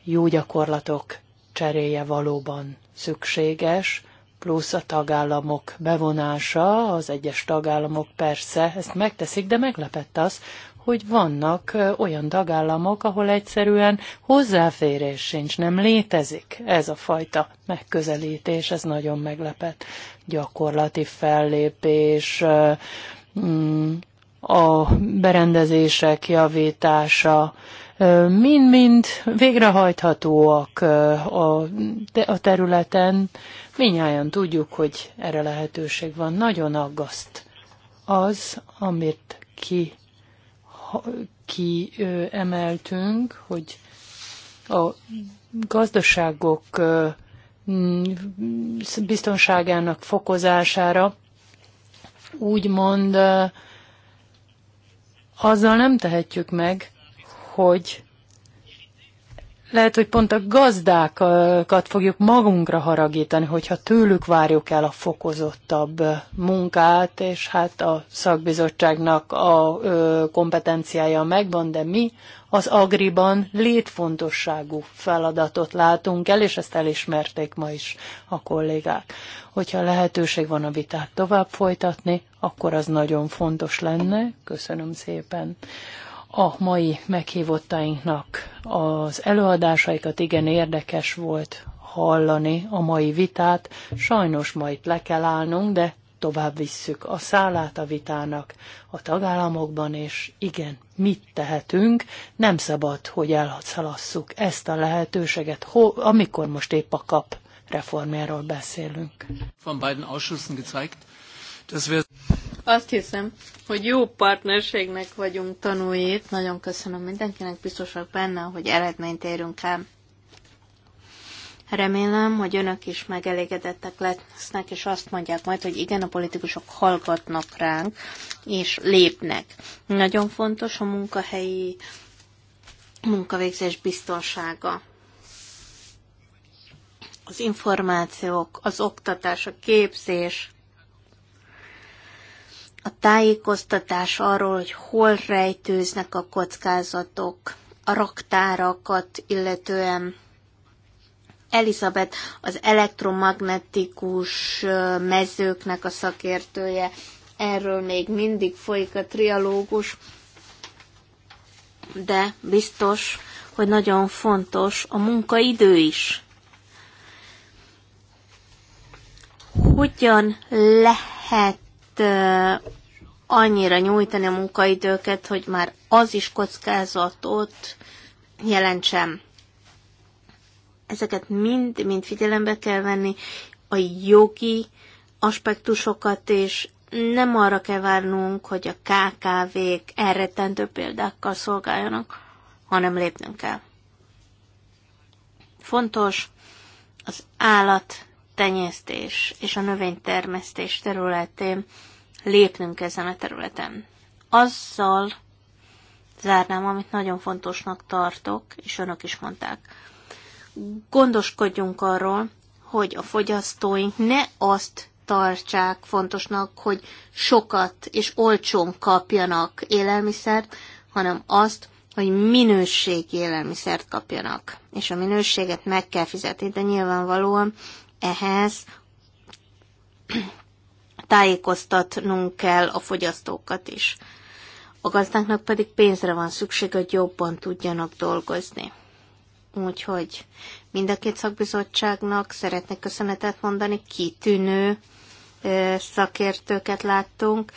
jó gyakorlatok cseréje valóban szükséges, plusz a tagállamok bevonása, az egyes tagállamok persze ezt megteszik, de meglepett az, hogy vannak olyan tagállamok, ahol egyszerűen hozzáférés sincs, nem létezik ez a fajta megközelítés, ez nagyon meglepet. Gyakorlati fellépés, mm, a berendezések javítása, mind-mind végrehajthatóak a területen. Minnyáján tudjuk, hogy erre lehetőség van. Nagyon aggaszt az, amit ki kiemeltünk, hogy a gazdaságok biztonságának fokozására úgymond azzal nem tehetjük meg, hogy lehet, hogy pont a gazdákat fogjuk magunkra haragítani, hogyha tőlük várjuk el a fokozottabb munkát, és hát a szakbizottságnak a kompetenciája megvan, de mi az agriban létfontosságú feladatot látunk el, és ezt elismerték ma is a kollégák. Hogyha lehetőség van a vitát tovább folytatni, akkor az nagyon fontos lenne. Köszönöm szépen a mai meghívottainknak az előadásaikat. Igen érdekes volt hallani a mai vitát. Sajnos ma itt le kell állnunk, de tovább visszük a szálát a vitának a tagállamokban, és igen, mit tehetünk, nem szabad, hogy elhatszalasszuk ezt a lehetőséget, ho, amikor most épp a kap reformjáról beszélünk. Von beiden Ausschüssen gezeigt, dass wir azt hiszem, hogy jó partnerségnek vagyunk tanújét. Nagyon köszönöm mindenkinek, biztosak benne, hogy eredményt érünk el. Remélem, hogy önök is megelégedettek lesznek, és azt mondják majd, hogy igen, a politikusok hallgatnak ránk, és lépnek. Nagyon fontos a munkahelyi munkavégzés biztonsága. Az információk, az oktatás, a képzés, a tájékoztatás arról, hogy hol rejtőznek a kockázatok, a raktárakat illetően. Elizabeth az elektromagnetikus mezőknek a szakértője, erről még mindig folyik a trialógus, de biztos, hogy nagyon fontos a munkaidő is. Hogyan lehet annyira nyújtani a munkaidőket, hogy már az is kockázatot jelentsem. Ezeket mind-mind figyelembe kell venni, a jogi aspektusokat, és nem arra kell várnunk, hogy a KKV-k elrettentő példákkal szolgáljanak, hanem lépnünk kell. Fontos az állat tenyésztés és a növénytermesztés területén lépnünk ezen a területen. Azzal zárnám, amit nagyon fontosnak tartok, és önök is mondták. Gondoskodjunk arról, hogy a fogyasztóink ne azt tartsák fontosnak, hogy sokat és olcsón kapjanak élelmiszert, hanem azt, hogy minőségi élelmiszert kapjanak. És a minőséget meg kell fizetni, de nyilvánvalóan ehhez tájékoztatnunk kell a fogyasztókat is. A gazdáknak pedig pénzre van szükség, hogy jobban tudjanak dolgozni. Úgyhogy mind a két szakbizottságnak szeretnék köszönetet mondani, kitűnő szakértőket láttunk,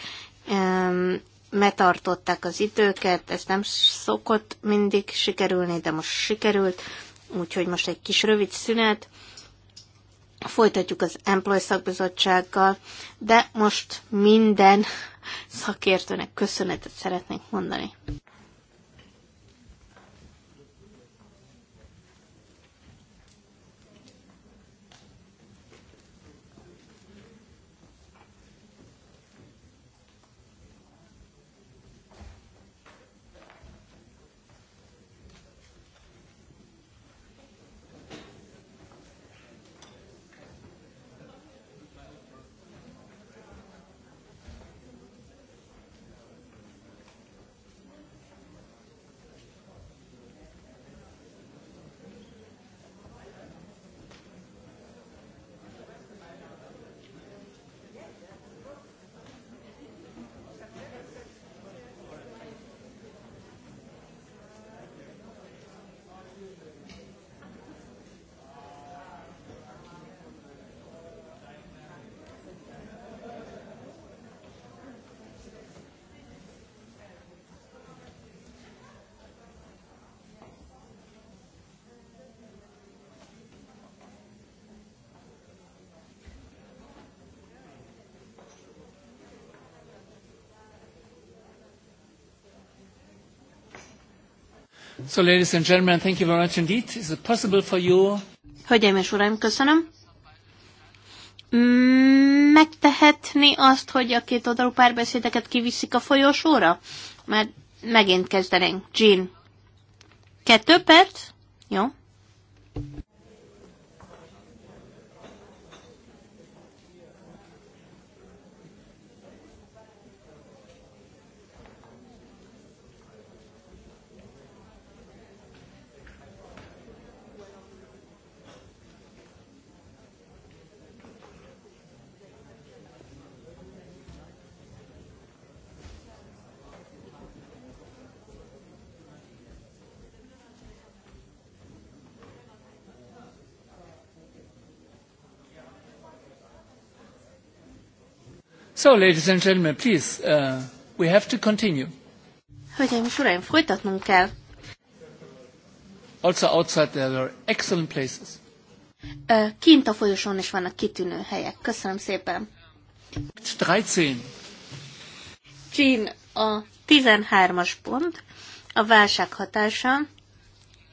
metartották az időket, ez nem szokott mindig sikerülni, de most sikerült, úgyhogy most egy kis rövid szünet, folytatjuk az Employ szakbizottsággal, de most minden szakértőnek köszönetet szeretnék mondani. So, ladies and gentlemen, thank you very much indeed. Is it possible for you? Hölgyeim és uraim, köszönöm. Mm, megtehetni azt, hogy a két oldalú párbeszédeket kiviszik a folyosóra? Mert megint kezdenénk. Jean. Kettő perc? Jó. So, ladies and gentlemen, please, uh, we have to continue. Hölgyeim és uraim, folytatnunk kell. Also outside there are excellent places. Uh, kint a folyosón is vannak kitűnő helyek. Köszönöm szépen. 13. Jean, a 13-as pont, a válság hatása,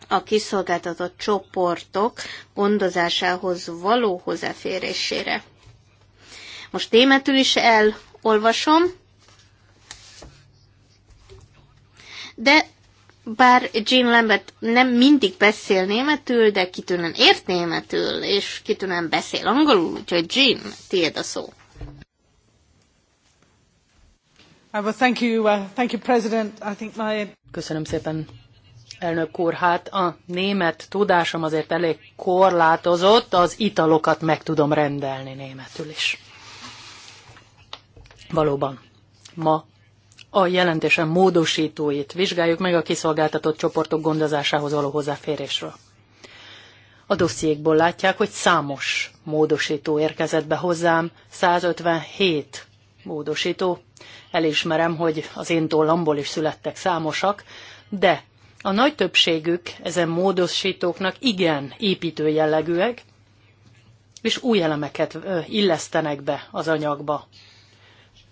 a kiszolgáltatott csoportok gondozásához való hozzáférésére. Most németül is elolvasom, de bár Jean Lambert nem mindig beszél németül, de kitűnően ért németül, és kitűnően beszél angolul, úgyhogy Jean, tiéd a szó. Uh, uh, Köszönöm szépen, elnök úr. Hát a német tudásom azért elég korlátozott, az italokat meg tudom rendelni németül is. Valóban, ma a jelentésen módosítóit vizsgáljuk meg a kiszolgáltatott csoportok gondozásához való hozzáférésről. A dossziékból látják, hogy számos módosító érkezett be hozzám, 157 módosító. Elismerem, hogy az én tollamból is születtek számosak, de a nagy többségük ezen módosítóknak igen építő jellegűek, és új elemeket illesztenek be az anyagba,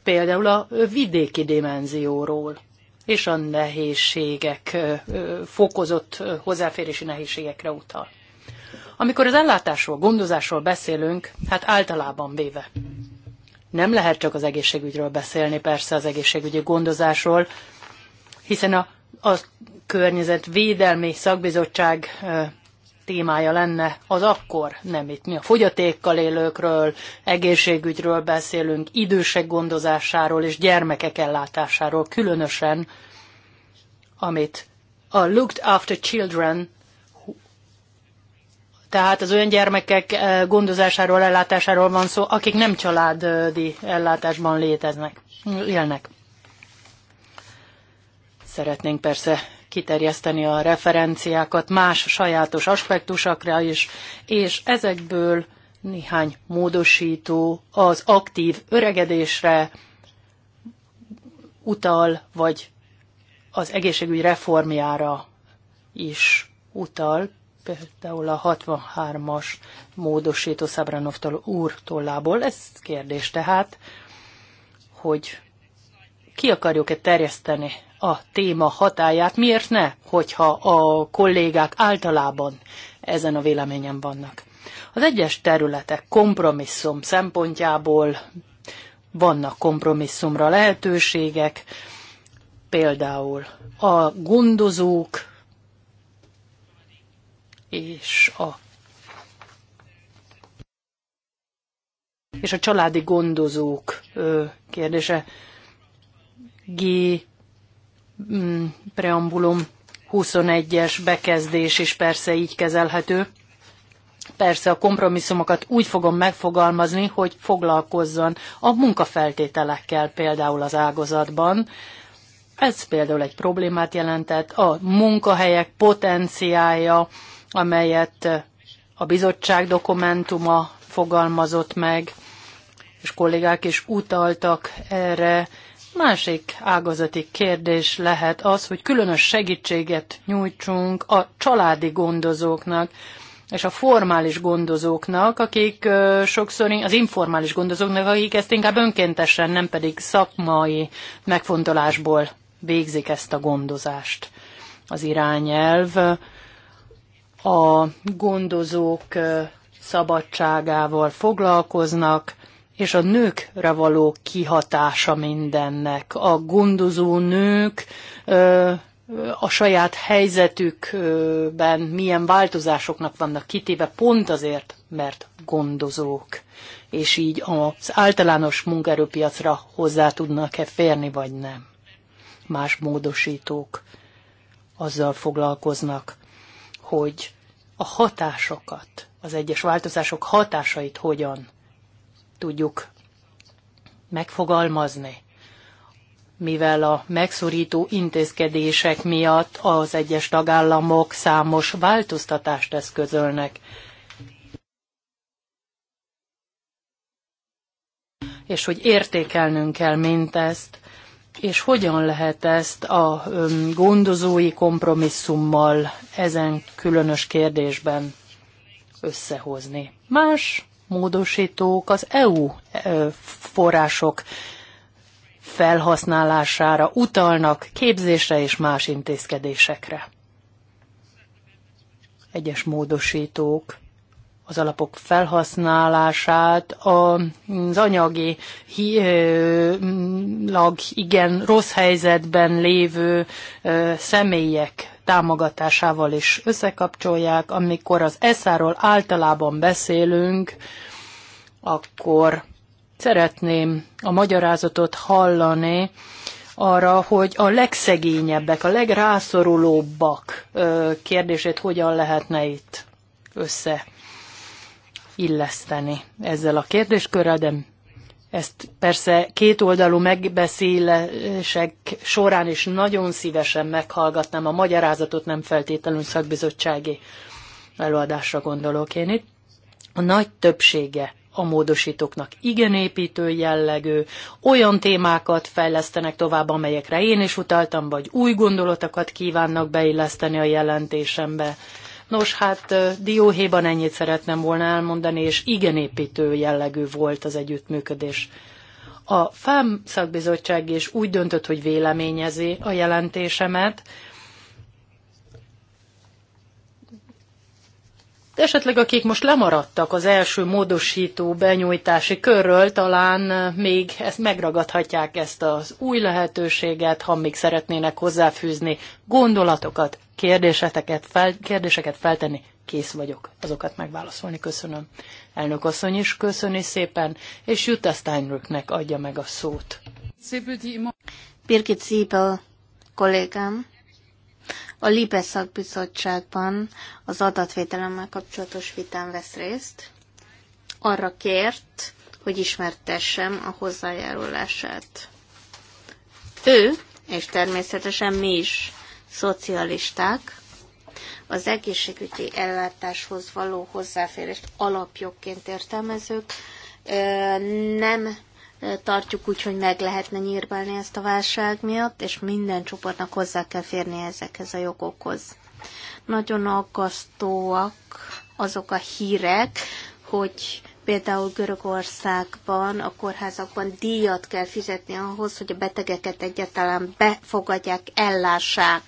például a vidéki dimenzióról és a nehézségek, fokozott hozzáférési nehézségekre utal. Amikor az ellátásról, gondozásról beszélünk, hát általában véve nem lehet csak az egészségügyről beszélni, persze az egészségügyi gondozásról, hiszen a, a környezetvédelmi szakbizottság témája lenne, az akkor nem itt. Mi a fogyatékkal élőkről, egészségügyről beszélünk, idősek gondozásáról és gyermekek ellátásáról, különösen, amit a Looked After Children tehát az olyan gyermekek eh, gondozásáról, ellátásáról van szó, akik nem családi eh, ellátásban léteznek, élnek. Szeretnénk persze kiterjeszteni a referenciákat más sajátos aspektusokra is, és ezekből néhány módosító az aktív öregedésre utal, vagy az egészségügy reformjára is utal, például a 63-as módosító Szabranovtól úr tollából. Ez kérdés tehát, hogy ki akarjuk-e terjeszteni a téma hatáját. Miért ne, hogyha a kollégák általában ezen a véleményen vannak? Az egyes területek kompromisszum szempontjából vannak kompromisszumra lehetőségek, például a gondozók és a és a családi gondozók kérdése G Mm, preambulum 21-es bekezdés is persze így kezelhető. Persze a kompromisszumokat úgy fogom megfogalmazni, hogy foglalkozzon a munkafeltételekkel például az ágazatban. Ez például egy problémát jelentett, a munkahelyek potenciája, amelyet a bizottság dokumentuma fogalmazott meg, és kollégák is utaltak erre, Másik ágazati kérdés lehet az, hogy különös segítséget nyújtsunk a családi gondozóknak, és a formális gondozóknak, akik sokszor az informális gondozóknak, akik ezt inkább önkéntesen, nem pedig szakmai megfontolásból végzik ezt a gondozást. Az irányelv a gondozók szabadságával foglalkoznak, és a nőkre való kihatása mindennek. A gondozó nők a saját helyzetükben milyen változásoknak vannak kitéve, pont azért, mert gondozók, és így az általános munkaerőpiacra hozzá tudnak-e férni, vagy nem. Más módosítók azzal foglalkoznak, hogy a hatásokat, az egyes változások hatásait hogyan tudjuk megfogalmazni mivel a megszorító intézkedések miatt az egyes tagállamok számos változtatást eszközölnek. És hogy értékelnünk kell mindezt, és hogyan lehet ezt a gondozói kompromisszummal ezen különös kérdésben összehozni. Más módosítók az EU e, források felhasználására utalnak képzésre és más intézkedésekre. Egyes módosítók az alapok felhasználását az anyagi lag igen rossz helyzetben lévő személyek támogatásával is összekapcsolják. Amikor az ESZÁ-ról általában beszélünk, akkor szeretném a magyarázatot hallani arra, hogy a legszegényebbek, a legrászorulóbbak kérdését hogyan lehetne itt összeilleszteni ezzel a kérdéskörrel, de ezt persze kétoldalú megbeszélések során is nagyon szívesen meghallgatnám a magyarázatot, nem feltétlenül szakbizottsági előadásra gondolok én itt. A nagy többsége a módosítóknak igen építő jellegű, olyan témákat fejlesztenek tovább, amelyekre én is utaltam, vagy új gondolatokat kívánnak beilleszteni a jelentésembe Nos, hát dióhéjban ennyit szeretném volna elmondani, és igen építő jellegű volt az együttműködés. A FAM szakbizottság is úgy döntött, hogy véleményezi a jelentésemet, De esetleg akik most lemaradtak az első módosító benyújtási körről, talán eh, még ezt megragadhatják ezt az új lehetőséget, ha még szeretnének hozzáfűzni gondolatokat, kérdéseket fel, kérdéseket feltenni. Kész vagyok azokat megválaszolni. Köszönöm. Elnök asszony is köszöni szépen, és Jutta Steinrücknek adja meg a szót. Birgit Siebel kollégám a LIBE szakbizottságban az adatvételemmel kapcsolatos vitán vesz részt. Arra kért, hogy ismertessem a hozzájárulását. Ő, és természetesen mi is szocialisták, az egészségügyi ellátáshoz való hozzáférést alapjogként értelmezők, nem tartjuk úgy, hogy meg lehetne nyírbálni ezt a válság miatt, és minden csoportnak hozzá kell férni ezekhez a jogokhoz. Nagyon aggasztóak azok a hírek, hogy Például Görögországban a kórházakban díjat kell fizetni ahhoz, hogy a betegeket egyáltalán befogadják, ellássák,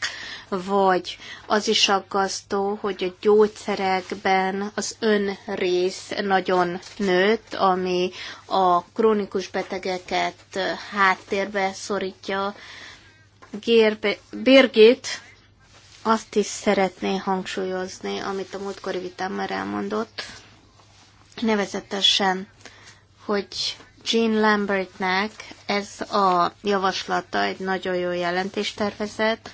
vagy az is aggasztó, hogy a gyógyszerekben az önrész nagyon nőtt, ami a krónikus betegeket háttérbe szorítja. Gérbe, Birgit azt is szeretné hangsúlyozni, amit a múltkori vitám már elmondott, nevezetesen, hogy Jean Lambertnek ez a javaslata egy nagyon jó jelentéstervezet.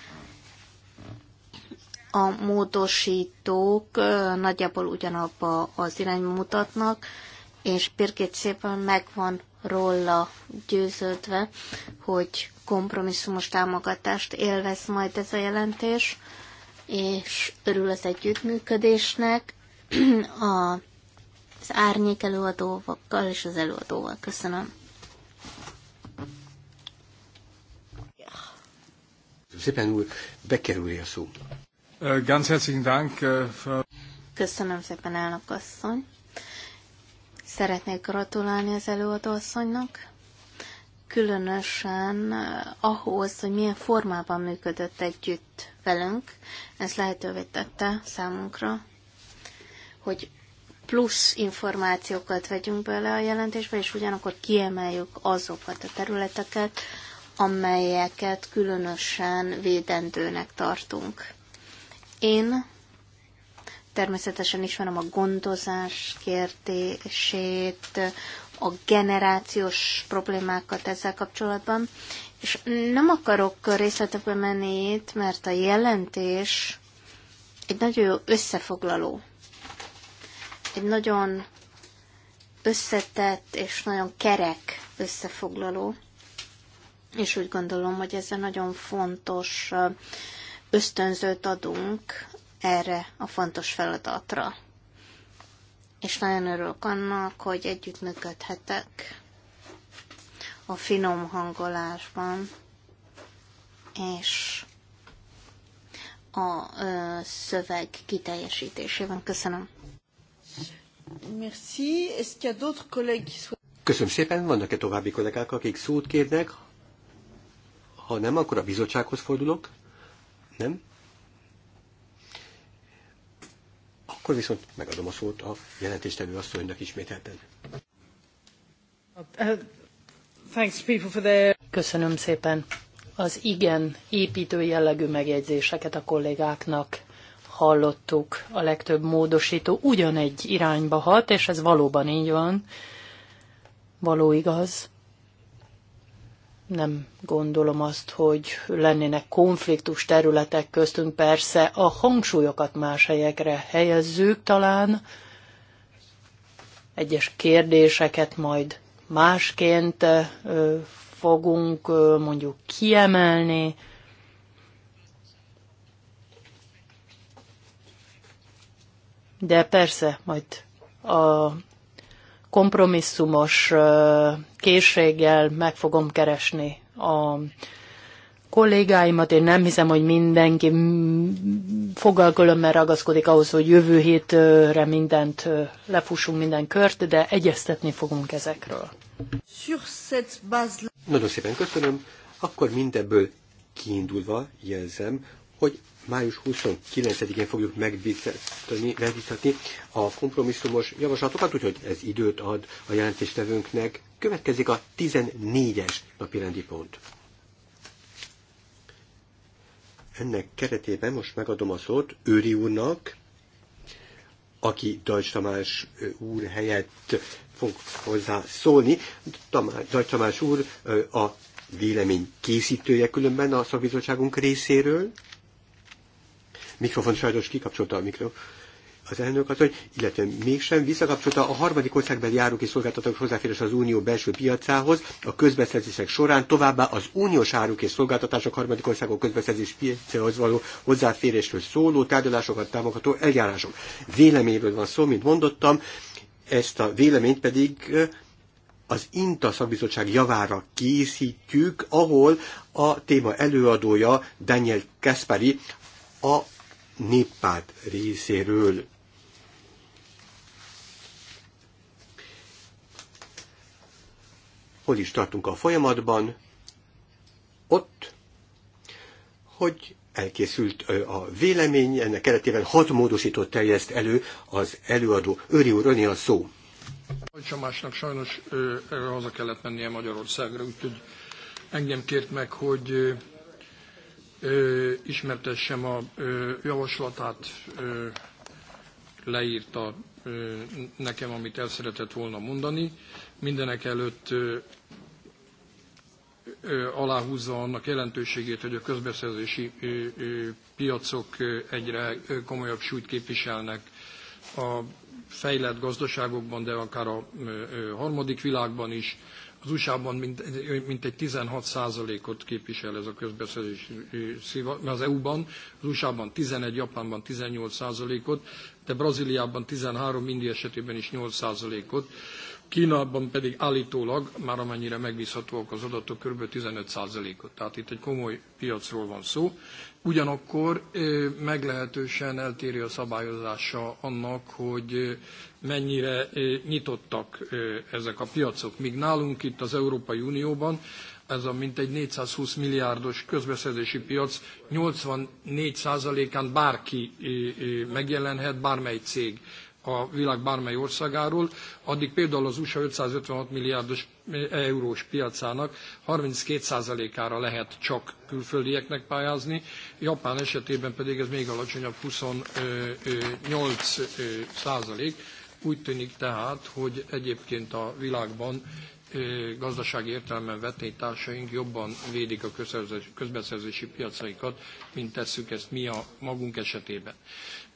A módosítók nagyjából ugyanabba az irányba mutatnak, és Birgit szépen meg van róla győződve, hogy kompromisszumos támogatást élvez majd ez a jelentés, és örül az együttműködésnek. A az árnyék előadóval és az előadóval. Köszönöm. Szépen úr, bekerülj a szó. Ganz herzlichen Dank. Äh, Köszönöm szépen, elnök asszony. Szeretnék gratulálni az előadó asszonynak, különösen eh, ahhoz, hogy milyen formában működött együtt velünk. Ez lehetővé tette számunkra, hogy plusz információkat vegyünk bele a jelentésbe, és ugyanakkor kiemeljük azokat a területeket, amelyeket különösen védendőnek tartunk. Én természetesen ismerem a gondozás kérdését, a generációs problémákat ezzel kapcsolatban, és nem akarok részletekbe menni itt, mert a jelentés egy nagyon jó összefoglaló egy nagyon összetett és nagyon kerek összefoglaló, és úgy gondolom, hogy ezzel nagyon fontos ösztönzőt adunk erre a fontos feladatra. És nagyon örülök annak, hogy együttműködhetek a finom hangolásban, és a szöveg kiteljesítésében. Köszönöm. Merci. Est-ce qu'il y a d'autres collègues qui souhaitent... Köszönöm szépen. Vannak-e további kollégák, akik szót kérnek? Ha nem, akkor a bizottsághoz fordulok. Nem? Akkor viszont megadom a szót a jelentéstevő asszonynak ismételten. Uh, Köszönöm szépen az igen építő jellegű megjegyzéseket a kollégáknak hallottuk, a legtöbb módosító ugyanegy irányba hat, és ez valóban így van. Való igaz. Nem gondolom azt, hogy lennének konfliktus területek köztünk. Persze a hangsúlyokat más helyekre helyezzük talán. Egyes kérdéseket majd másként fogunk mondjuk kiemelni, de persze majd a kompromisszumos készséggel meg fogom keresni a kollégáimat. Én nem hiszem, hogy mindenki fogalkölömmel ragaszkodik ahhoz, hogy jövő hétre mindent lefussunk minden kört, de egyeztetni fogunk ezekről. Nagyon szépen köszönöm. Akkor mindebből kiindulva jelzem, hogy május 29-én fogjuk megbízhatni a kompromisszumos javaslatokat, úgyhogy ez időt ad a jelentéstevőnknek. Következik a 14-es napirendi pont. Ennek keretében most megadom a szót Őri úrnak, aki Dajcs Tamás úr helyett fog hozzá szólni. Dajcs Tamás úr a vélemény készítője különben a szakbizottságunk részéről mikrofon sajnos kikapcsolta a mikro. Az elnök az, hogy illetve mégsem visszakapcsolta a harmadik országbeli járók és szolgáltatók hozzáférés az unió belső piacához a közbeszerzések során, továbbá az uniós áruk és szolgáltatások harmadik országok közbeszerzés piacához való hozzáférésről szóló tárgyalásokat támogató eljárások. Véleményről van szó, mint mondottam, ezt a véleményt pedig eh, az INTA szakbizottság javára készítjük, ahol a téma előadója Daniel Kaspari a néppárt részéről. Hol is tartunk a folyamatban? Ott, hogy elkészült a vélemény, ennek keretében hat módosított terjeszt elő az előadó. Őri úr, a szó. Csamásnak sajnos haza kellett mennie Magyarországra, úgyhogy engem kért meg, hogy ö, ismertessem a ö, javaslatát, ö, leírta ö, nekem, amit el szeretett volna mondani. Mindenek előtt ö, ö, aláhúzza annak jelentőségét, hogy a közbeszerzési ö, ö, piacok egyre komolyabb súlyt képviselnek a fejlett gazdaságokban, de akár a harmadik világban is az USA-ban mint, 16%-ot képvisel ez a közbeszerzés szíva, az EU-ban, az USA-ban 11, Japánban 18%-ot, de Brazíliában 13, India esetében is 8%-ot. Kínában pedig állítólag, már amennyire megbízhatóak az adatok, kb. 15%-ot. Tehát itt egy komoly piacról van szó. Ugyanakkor meglehetősen eltéri a szabályozása annak, hogy mennyire nyitottak ezek a piacok. Míg nálunk itt az Európai Unióban ez a mintegy 420 milliárdos közbeszerzési piac 84%-án bárki megjelenhet, bármely cég a világ bármely országáról, addig például az USA 556 milliárdos eh, eurós piacának 32%-ára lehet csak külföldieknek pályázni, Japán esetében pedig ez még alacsonyabb 28%. Eh, eh, Úgy tűnik tehát, hogy egyébként a világban gazdasági értelemben vetné társaink jobban védik a közbeszerzési piacaikat, mint tesszük ezt mi a magunk esetében.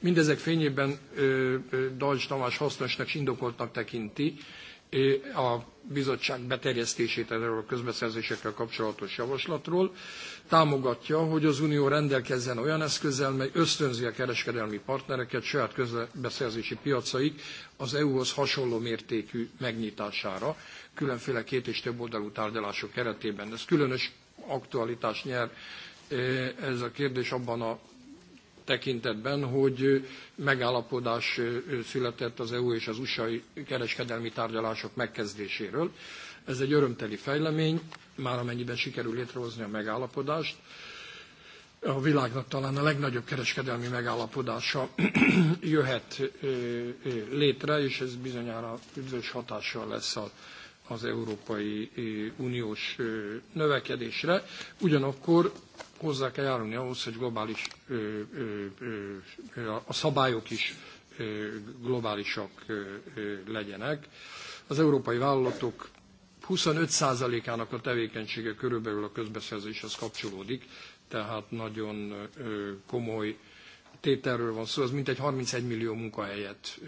Mindezek fényében Dajcs Tamás hasznosnak és indokoltnak tekinti a bizottság beterjesztését erről a közbeszerzésekkel kapcsolatos javaslatról, támogatja, hogy az Unió rendelkezzen olyan eszközzel, mely ösztönzi a kereskedelmi partnereket saját közbeszerzési piacaik az EU-hoz hasonló mértékű megnyitására különféle két és több oldalú tárgyalások keretében. Ez különös aktualitás nyer e, ez a kérdés abban a tekintetben, hogy megállapodás e, született az EU és az USA kereskedelmi tárgyalások megkezdéséről. Ez egy örömteli fejlemény, már amennyiben sikerül létrehozni a megállapodást. A világnak talán a legnagyobb kereskedelmi megállapodása jöhet e, létre, és ez bizonyára üdvös hatással lesz a az Európai Uniós növekedésre. Ugyanakkor hozzá kell járulni ahhoz, hogy globális, a szabályok is globálisak legyenek. Az európai vállalatok 25%-ának a tevékenysége körülbelül a közbeszerzéshez kapcsolódik, tehát nagyon komoly tételről van szó, az mintegy 31 millió munkahelyet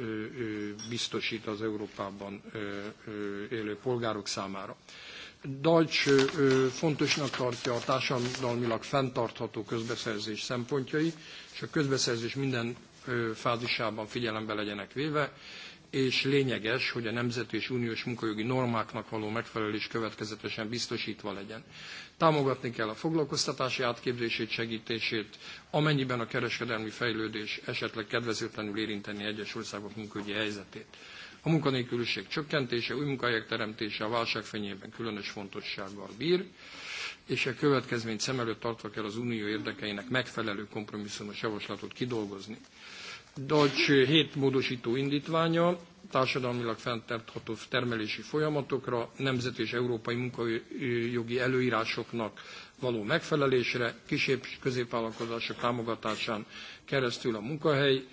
biztosít az Európában élő polgárok számára. Deutsch fontosnak tartja a társadalmilag fenntartható közbeszerzés szempontjai, és a közbeszerzés minden fázisában figyelembe legyenek véve, és lényeges, hogy a nemzeti és uniós munkajogi normáknak való megfelelés következetesen biztosítva legyen. Támogatni kell a foglalkoztatási átképzését, segítését, amennyiben a kereskedelmi fejlődés esetleg kedvezőtlenül érinteni egyes országok munkaügyi helyzetét. A munkanélküliség csökkentése, új munkahelyek teremtése a válság fényében különös fontossággal bír, és a következményt szem előtt tartva kell az unió érdekeinek megfelelő kompromisszumos javaslatot kidolgozni. Deutsch 7 módosító indítványa, társadalmilag fenntartható termelési folyamatokra, nemzet és európai munkajogi előírásoknak való megfelelésre, kisebb középvállalkozások támogatásán keresztül a munkahely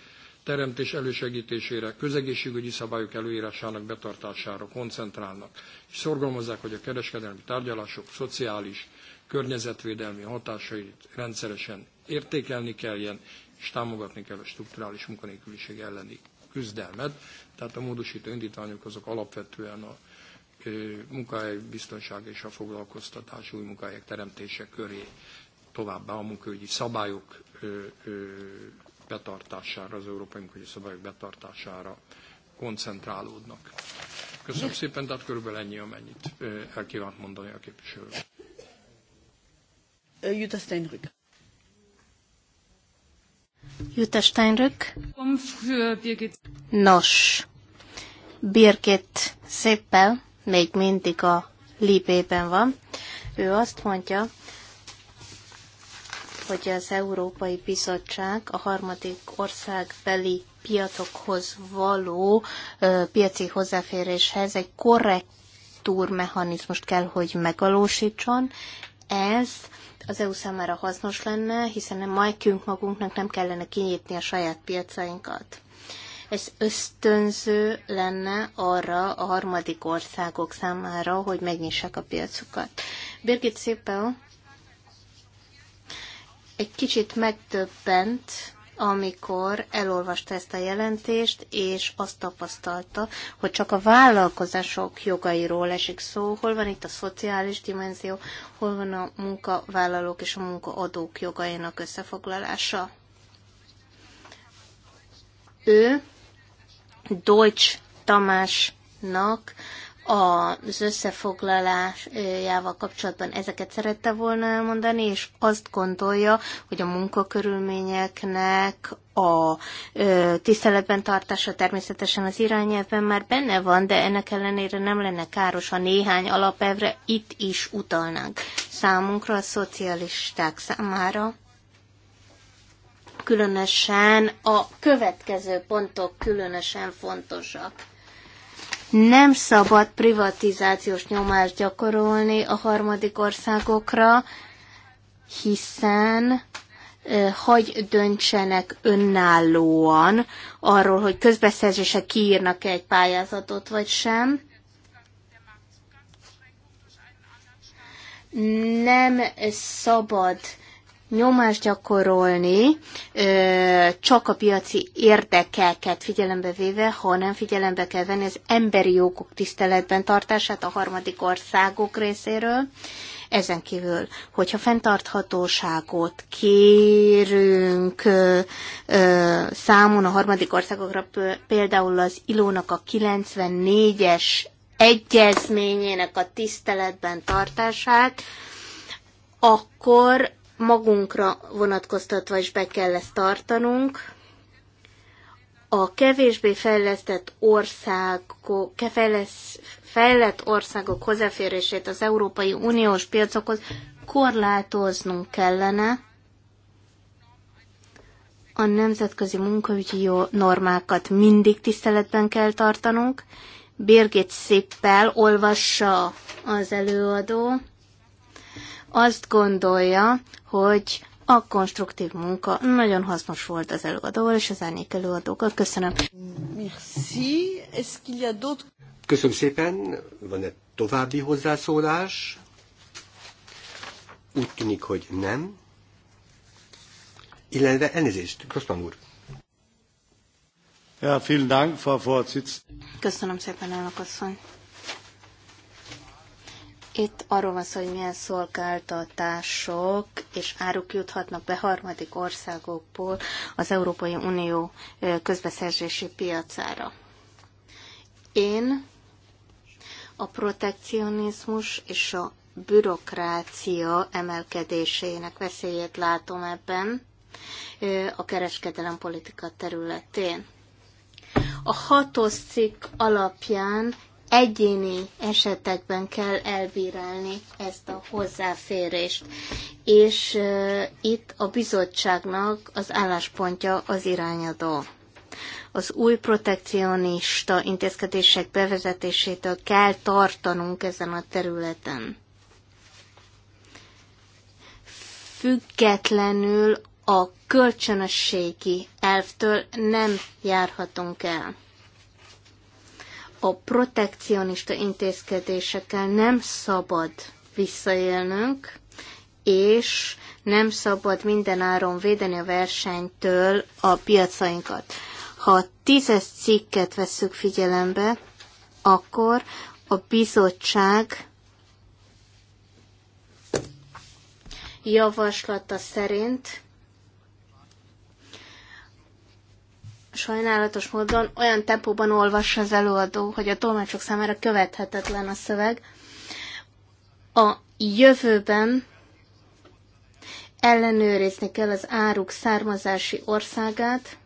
teremtés elősegítésére, közegészségügyi szabályok előírásának betartására koncentrálnak, és szorgalmazzák, hogy a kereskedelmi tárgyalások szociális, környezetvédelmi hatásait rendszeresen értékelni kelljen, és támogatni kell a strukturális munkanélküliség elleni küzdelmet. Tehát a módosító indítványok azok alapvetően a munkahely biztonság és a foglalkoztatás új munkahelyek teremtése köré továbbá a munkaügyi szabályok betartására, az európai munkahelyi szabályok betartására koncentrálódnak. Köszönöm szépen, tehát körülbelül ennyi, amennyit el kívánt mondani a képviselő. Jutta Steinrück. Jutta Steinrück. Nos, Birgit szépen még mindig a Libében van. Ő azt mondja, hogy az Európai Bizottság a harmadik országbeli piacokhoz való ö, piaci hozzáféréshez egy korrektúrmechanizmust kell, hogy megvalósítson. Ez az EU számára hasznos lenne, hiszen nem majkünk magunknak nem kellene kinyitni a saját piacainkat. Ez ösztönző lenne arra a harmadik országok számára, hogy megnyissák a piacukat. Birgit Szépel egy kicsit megtöbbent, amikor elolvasta ezt a jelentést, és azt tapasztalta, hogy csak a vállalkozások jogairól esik szó, hol van itt a szociális dimenzió, hol van a munkavállalók és a munkaadók jogainak összefoglalása. Ő Deutsch Tamásnak az összefoglalásjával kapcsolatban ezeket szerette volna elmondani, és azt gondolja, hogy a munkakörülményeknek a tiszteletben tartása természetesen az irányelvben már benne van, de ennek ellenére nem lenne káros, ha néhány alapelvre itt is utalnánk. Számunkra, a szocialisták számára különösen a következő pontok különösen fontosak nem szabad privatizációs nyomást gyakorolni a harmadik országokra, hiszen hagy döntsenek önállóan arról, hogy közbeszerzése kiírnak-e egy pályázatot vagy sem. Nem szabad nyomást gyakorolni, csak a piaci érdekeket figyelembe véve, hanem figyelembe kell venni az emberi jogok tiszteletben tartását a harmadik országok részéről. Ezen kívül, hogyha fenntarthatóságot kérünk ö, ö, számon a harmadik országokra, például az Ilónak a 94-es egyezményének a tiszteletben tartását, akkor magunkra vonatkoztatva is be kell ezt tartanunk. A kevésbé fejlesztett országok, fejlett országok hozzáférését az Európai Uniós piacokhoz korlátoznunk kellene a nemzetközi munkaügyi normákat mindig tiszteletben kell tartanunk. Birgit Szippel olvassa az előadó, azt gondolja, hogy a konstruktív munka nagyon hasznos volt az előadóval és az árnyék előadókkal. Köszönöm. Merci. Est-ce qu'il y a Köszönöm szépen. Van-e további hozzászólás? Úgy tűnik, hogy nem. Illetve elnézést, Grossman úr. Ja, vielen Dank, Frau Vorsitz. Köszönöm szépen, elnök asszony. Itt arról van szó, hogy milyen szolgáltatások és áruk juthatnak be harmadik országokból az Európai Unió közbeszerzési piacára. Én a protekcionizmus és a bürokrácia emelkedésének veszélyét látom ebben a kereskedelem politika területén. A hatos cikk alapján egyéni esetekben kell elbírálni ezt a hozzáférést. És uh, itt a bizottságnak az álláspontja az irányadó. Az új protekcionista intézkedések bevezetésétől kell tartanunk ezen a területen. Függetlenül a kölcsönösségi elvtől nem járhatunk el a protekcionista intézkedésekkel nem szabad visszaélnünk, és nem szabad mindenáron védeni a versenytől a piacainkat. Ha tízes cikket veszük figyelembe, akkor a bizottság javaslata szerint sajnálatos módon olyan tempóban olvassa az előadó, hogy a tolmácsok számára követhetetlen a szöveg. A jövőben ellenőrizni kell az áruk származási országát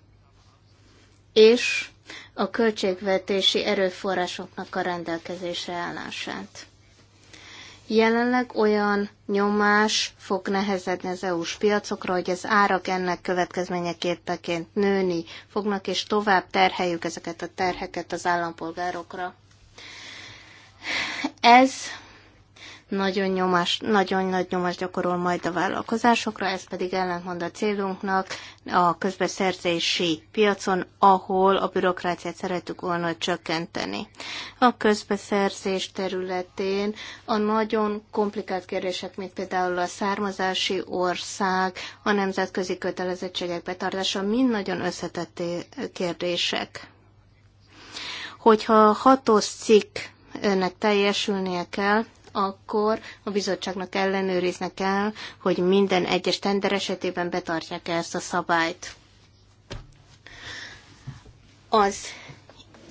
és a költségvetési erőforrásoknak a rendelkezésre állását. Jelenleg olyan nyomás fog nehezedni az EU-s piacokra, hogy az árak ennek következményeképpeként nőni fognak, és tovább terheljük ezeket a terheket az állampolgárokra. Ez nagyon, nyomás, nagyon nagy nyomás gyakorol majd a vállalkozásokra, ez pedig ellentmond a célunknak a közbeszerzési piacon, ahol a bürokráciát szeretük volna csökkenteni. A közbeszerzés területén a nagyon komplikált kérdések, mint például a származási ország, a nemzetközi kötelezettségek betartása, mind nagyon összetett kérdések. Hogyha hatos cikk ennek teljesülnie kell, akkor a bizottságnak ellenőriznek kell, hogy minden egyes tender esetében betartják -e ezt a szabályt. Az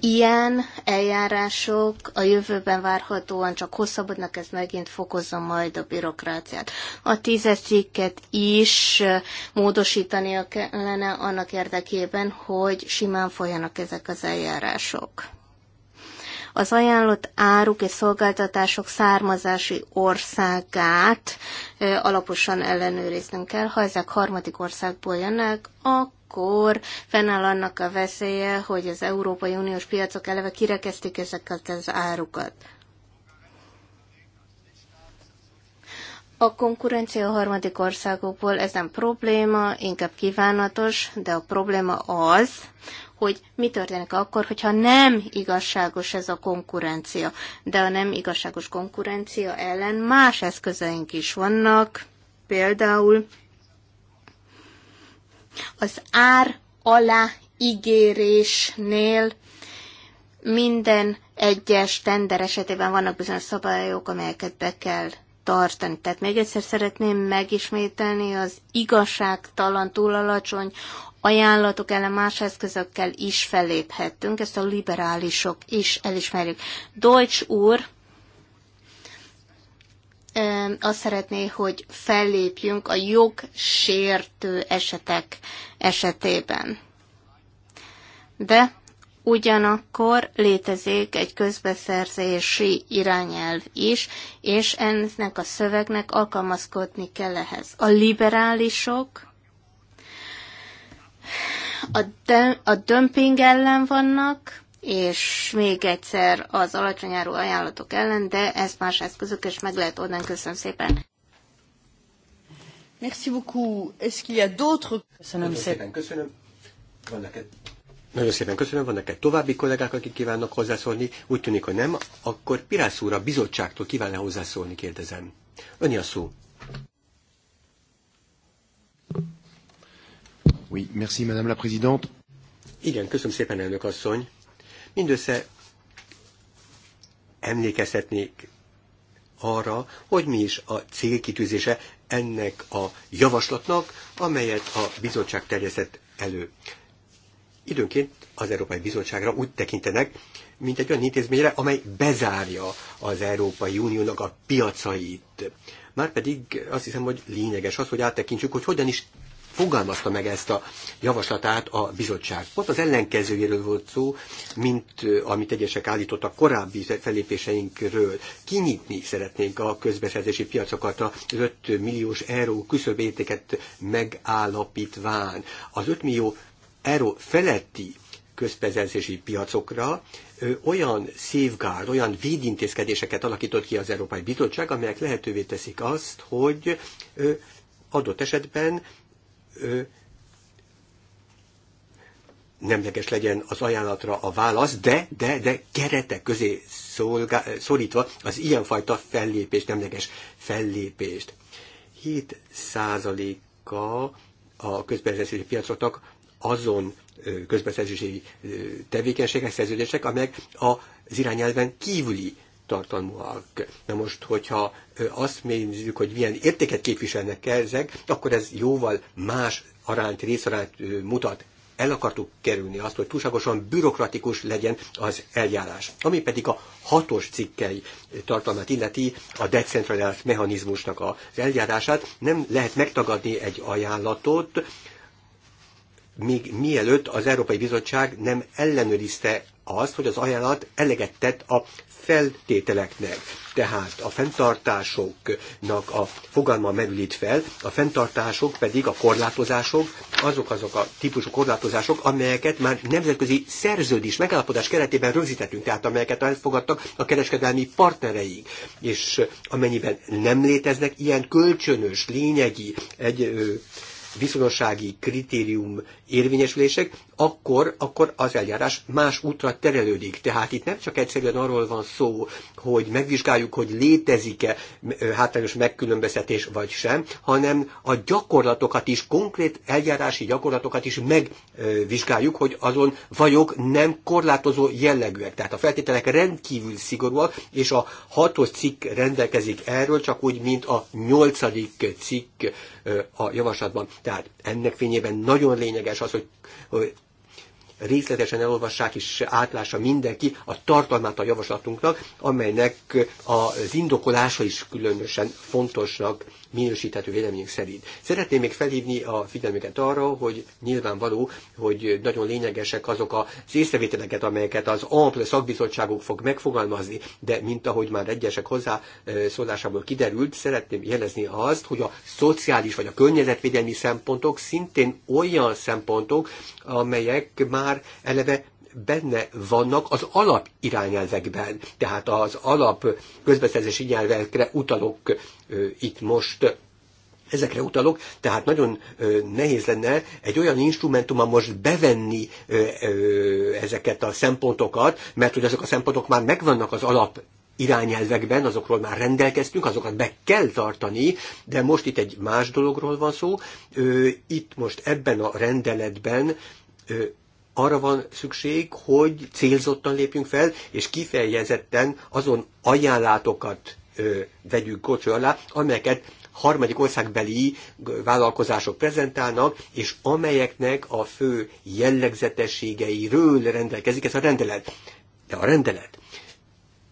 ilyen eljárások a jövőben várhatóan csak hosszabbodnak, ez megint fokozza majd a bürokráciát. A tízes cikket is módosítania kellene annak érdekében, hogy simán folyanak ezek az eljárások az ajánlott áruk és szolgáltatások származási országát alaposan ellenőriznünk kell. Ha ezek harmadik országból jönnek, akkor fennáll annak a veszélye, hogy az Európai Uniós piacok eleve kirekeztik ezeket az árukat. A konkurencia a harmadik országokból ez nem probléma, inkább kívánatos, de a probléma az, hogy mi történik akkor, hogyha nem igazságos ez a konkurencia. De a nem igazságos konkurencia ellen más eszközeink is vannak, például az ár alá ígérésnél minden egyes tender esetében vannak bizonyos szabályok, amelyeket be kell tartani. Tehát még egyszer szeretném megismételni, az igazságtalan, túl alacsony ajánlatok ellen más eszközökkel is felléphettünk, ezt a liberálisok is elismerjük. Deutsch úr azt szeretné, hogy fellépjünk a jogsértő esetek esetében. De ugyanakkor létezik egy közbeszerzési irányelv is, és ennek a szövegnek alkalmazkodni kell ehhez. A liberálisok a, de, a dömping ellen vannak, és még egyszer az alacsony ajánlatok ellen, de ezt más eszközök és meg lehet oldani. Köszönöm szépen. Merci beaucoup. Est-ce qu'il y a d'autres... Köszönöm szépen. Köszönöm. Van neked. Nagyon szépen köszönöm, vannak egy további kollégák, akik kívánnak hozzászólni. Úgy tűnik, hogy nem. Akkor Pirász úr a bizottságtól kívánna hozzászólni, kérdezem. Öni a szó. Oui, merci, Madame la Présidente. Igen, köszönöm szépen, elnök asszony. Mindössze emlékeztetnék arra, hogy mi is a célkitűzése ennek a javaslatnak, amelyet a bizottság terjesztett elő. Időnként az Európai Bizottságra úgy tekintenek, mint egy olyan intézményre, amely bezárja az Európai Uniónak a piacait. Márpedig azt hiszem, hogy lényeges az, hogy áttekintsük, hogy hogyan is fogalmazta meg ezt a javaslatát a bizottság. Pont az ellenkezőjéről volt szó, mint eh, amit egyesek állítottak korábbi felépéseinkről. Kinyitni szeretnénk a közbeszerzési piacokat az 5 milliós euró küszöbértéket megállapítván. Az 5 millió euró feletti közbeszerzési piacokra eh, olyan safeguard, olyan védintézkedéseket alakított ki az Európai Bizottság, amelyek lehetővé teszik azt, hogy eh, adott esetben nemleges legyen az ajánlatra a válasz, de, de, de keretek közé szolgá, szorítva az ilyenfajta fellépés, nemleges fellépést. 7%-a a közbeszerzési piacoknak azon közbeszerzési tevékenységek, szerződések, amelyek az irányelven kívüli tartalmúak. Na most, hogyha azt nézzük, hogy milyen értéket képviselnek ezek, akkor ez jóval más arányt, részarányt mutat el akartuk kerülni azt, hogy túlságosan bürokratikus legyen az eljárás. Ami pedig a hatos cikkei tartalmát illeti a decentralizált mechanizmusnak az eljárását, nem lehet megtagadni egy ajánlatot, még mielőtt az Európai Bizottság nem ellenőrizte az, hogy az ajánlat eleget tett a feltételeknek. Tehát a fenntartásoknak a fogalma merül itt fel, a fenntartások pedig a korlátozások, azok azok a típusú korlátozások, amelyeket már nemzetközi szerződés megállapodás keretében rögzítettünk, tehát amelyeket elfogadtak a kereskedelmi partnereik. És amennyiben nem léteznek ilyen kölcsönös, lényegi egy viszonossági kritérium érvényesülések, akkor, akkor az eljárás más útra terelődik. Tehát itt nem csak egyszerűen arról van szó, hogy megvizsgáljuk, hogy létezik-e hátrányos megkülönböztetés vagy sem, hanem a gyakorlatokat is, konkrét eljárási gyakorlatokat is megvizsgáljuk, hogy azon vagyok nem korlátozó jellegűek. Tehát a feltételek rendkívül szigorúak, és a hatos cikk rendelkezik erről, csak úgy, mint a nyolcadik cikk a javaslatban. Tehát ennek fényében nagyon lényeges az, hogy, hogy részletesen elolvassák és átlássa mindenki a tartalmát a javaslatunknak, amelynek az indokolása is különösen fontosnak minősíthető véleményünk szerint. Szeretném még felhívni a figyelmüket arra, hogy nyilvánvaló, hogy nagyon lényegesek azok az észrevételeket, amelyeket az ample szakbizottságok fog megfogalmazni, de mint ahogy már egyesek hozzá szólásából kiderült, szeretném jelezni azt, hogy a szociális vagy a környezetvédelmi szempontok szintén olyan szempontok, amelyek már eleve benne vannak az alap irányelvekben, tehát az alap közbeszerzési nyelvekre utalok itt most. Ezekre utalok, tehát nagyon ö, nehéz lenne egy olyan instrumentummal most bevenni ö, ö, ezeket a szempontokat, mert hogy azok a szempontok már megvannak az alap irányelvekben, azokról már rendelkeztünk, azokat be kell tartani, de most itt egy más dologról van szó. Ö, itt most ebben a rendeletben ö, arra van szükség, hogy célzottan lépjünk fel, és kifejezetten azon ajánlátokat ö, vegyük kocsó alá, amelyeket harmadik országbeli vállalkozások prezentálnak, és amelyeknek a fő jellegzetességeiről rendelkezik ez a rendelet. De a rendelet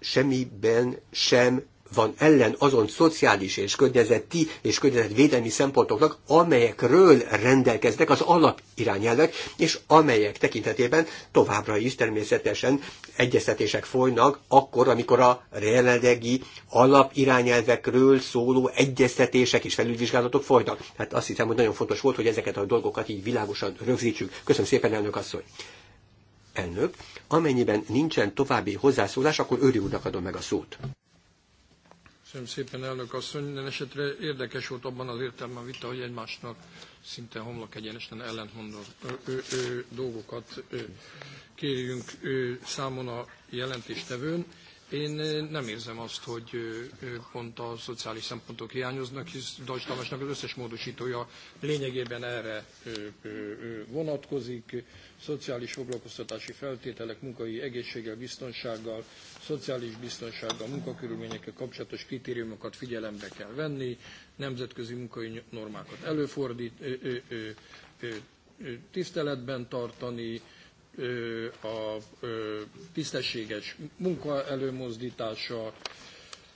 semmiben sem van ellen azon szociális és környezeti és környezetvédelmi szempontoknak, amelyekről rendelkeznek az alapirányelvek, és amelyek tekintetében továbbra is természetesen egyeztetések folynak akkor, amikor a jelenlegi alapirányelvekről szóló egyeztetések és felülvizsgálatok folynak. Hát azt hiszem, hogy nagyon fontos volt, hogy ezeket a dolgokat így világosan rögzítsük. Köszönöm szépen, elnök asszony! Elnök, amennyiben nincsen további hozzászólás, akkor őri úrnak adom meg a szót. Köszönöm szépen, elnök asszony. Minden esetre érdekes volt abban az értelemben a vita, hogy egymásnak szinte homlok egyenesen ellentmondó ö, ö, dolgokat ö, kérjünk ö, számon a jelentéstevőn. Én nem érzem azt, hogy pont a szociális szempontok hiányoznak, hisz Dajs Tamásnak az összes módosítója lényegében erre vonatkozik, szociális foglalkoztatási feltételek, munkai egészséggel, biztonsággal, szociális biztonsággal, munkakörülményekkel kapcsolatos kritériumokat figyelembe kell venni, nemzetközi munkai normákat előfordít, ö, ö, ö, ö, tiszteletben tartani, ö, a ö, tisztességes munka előmozdítása,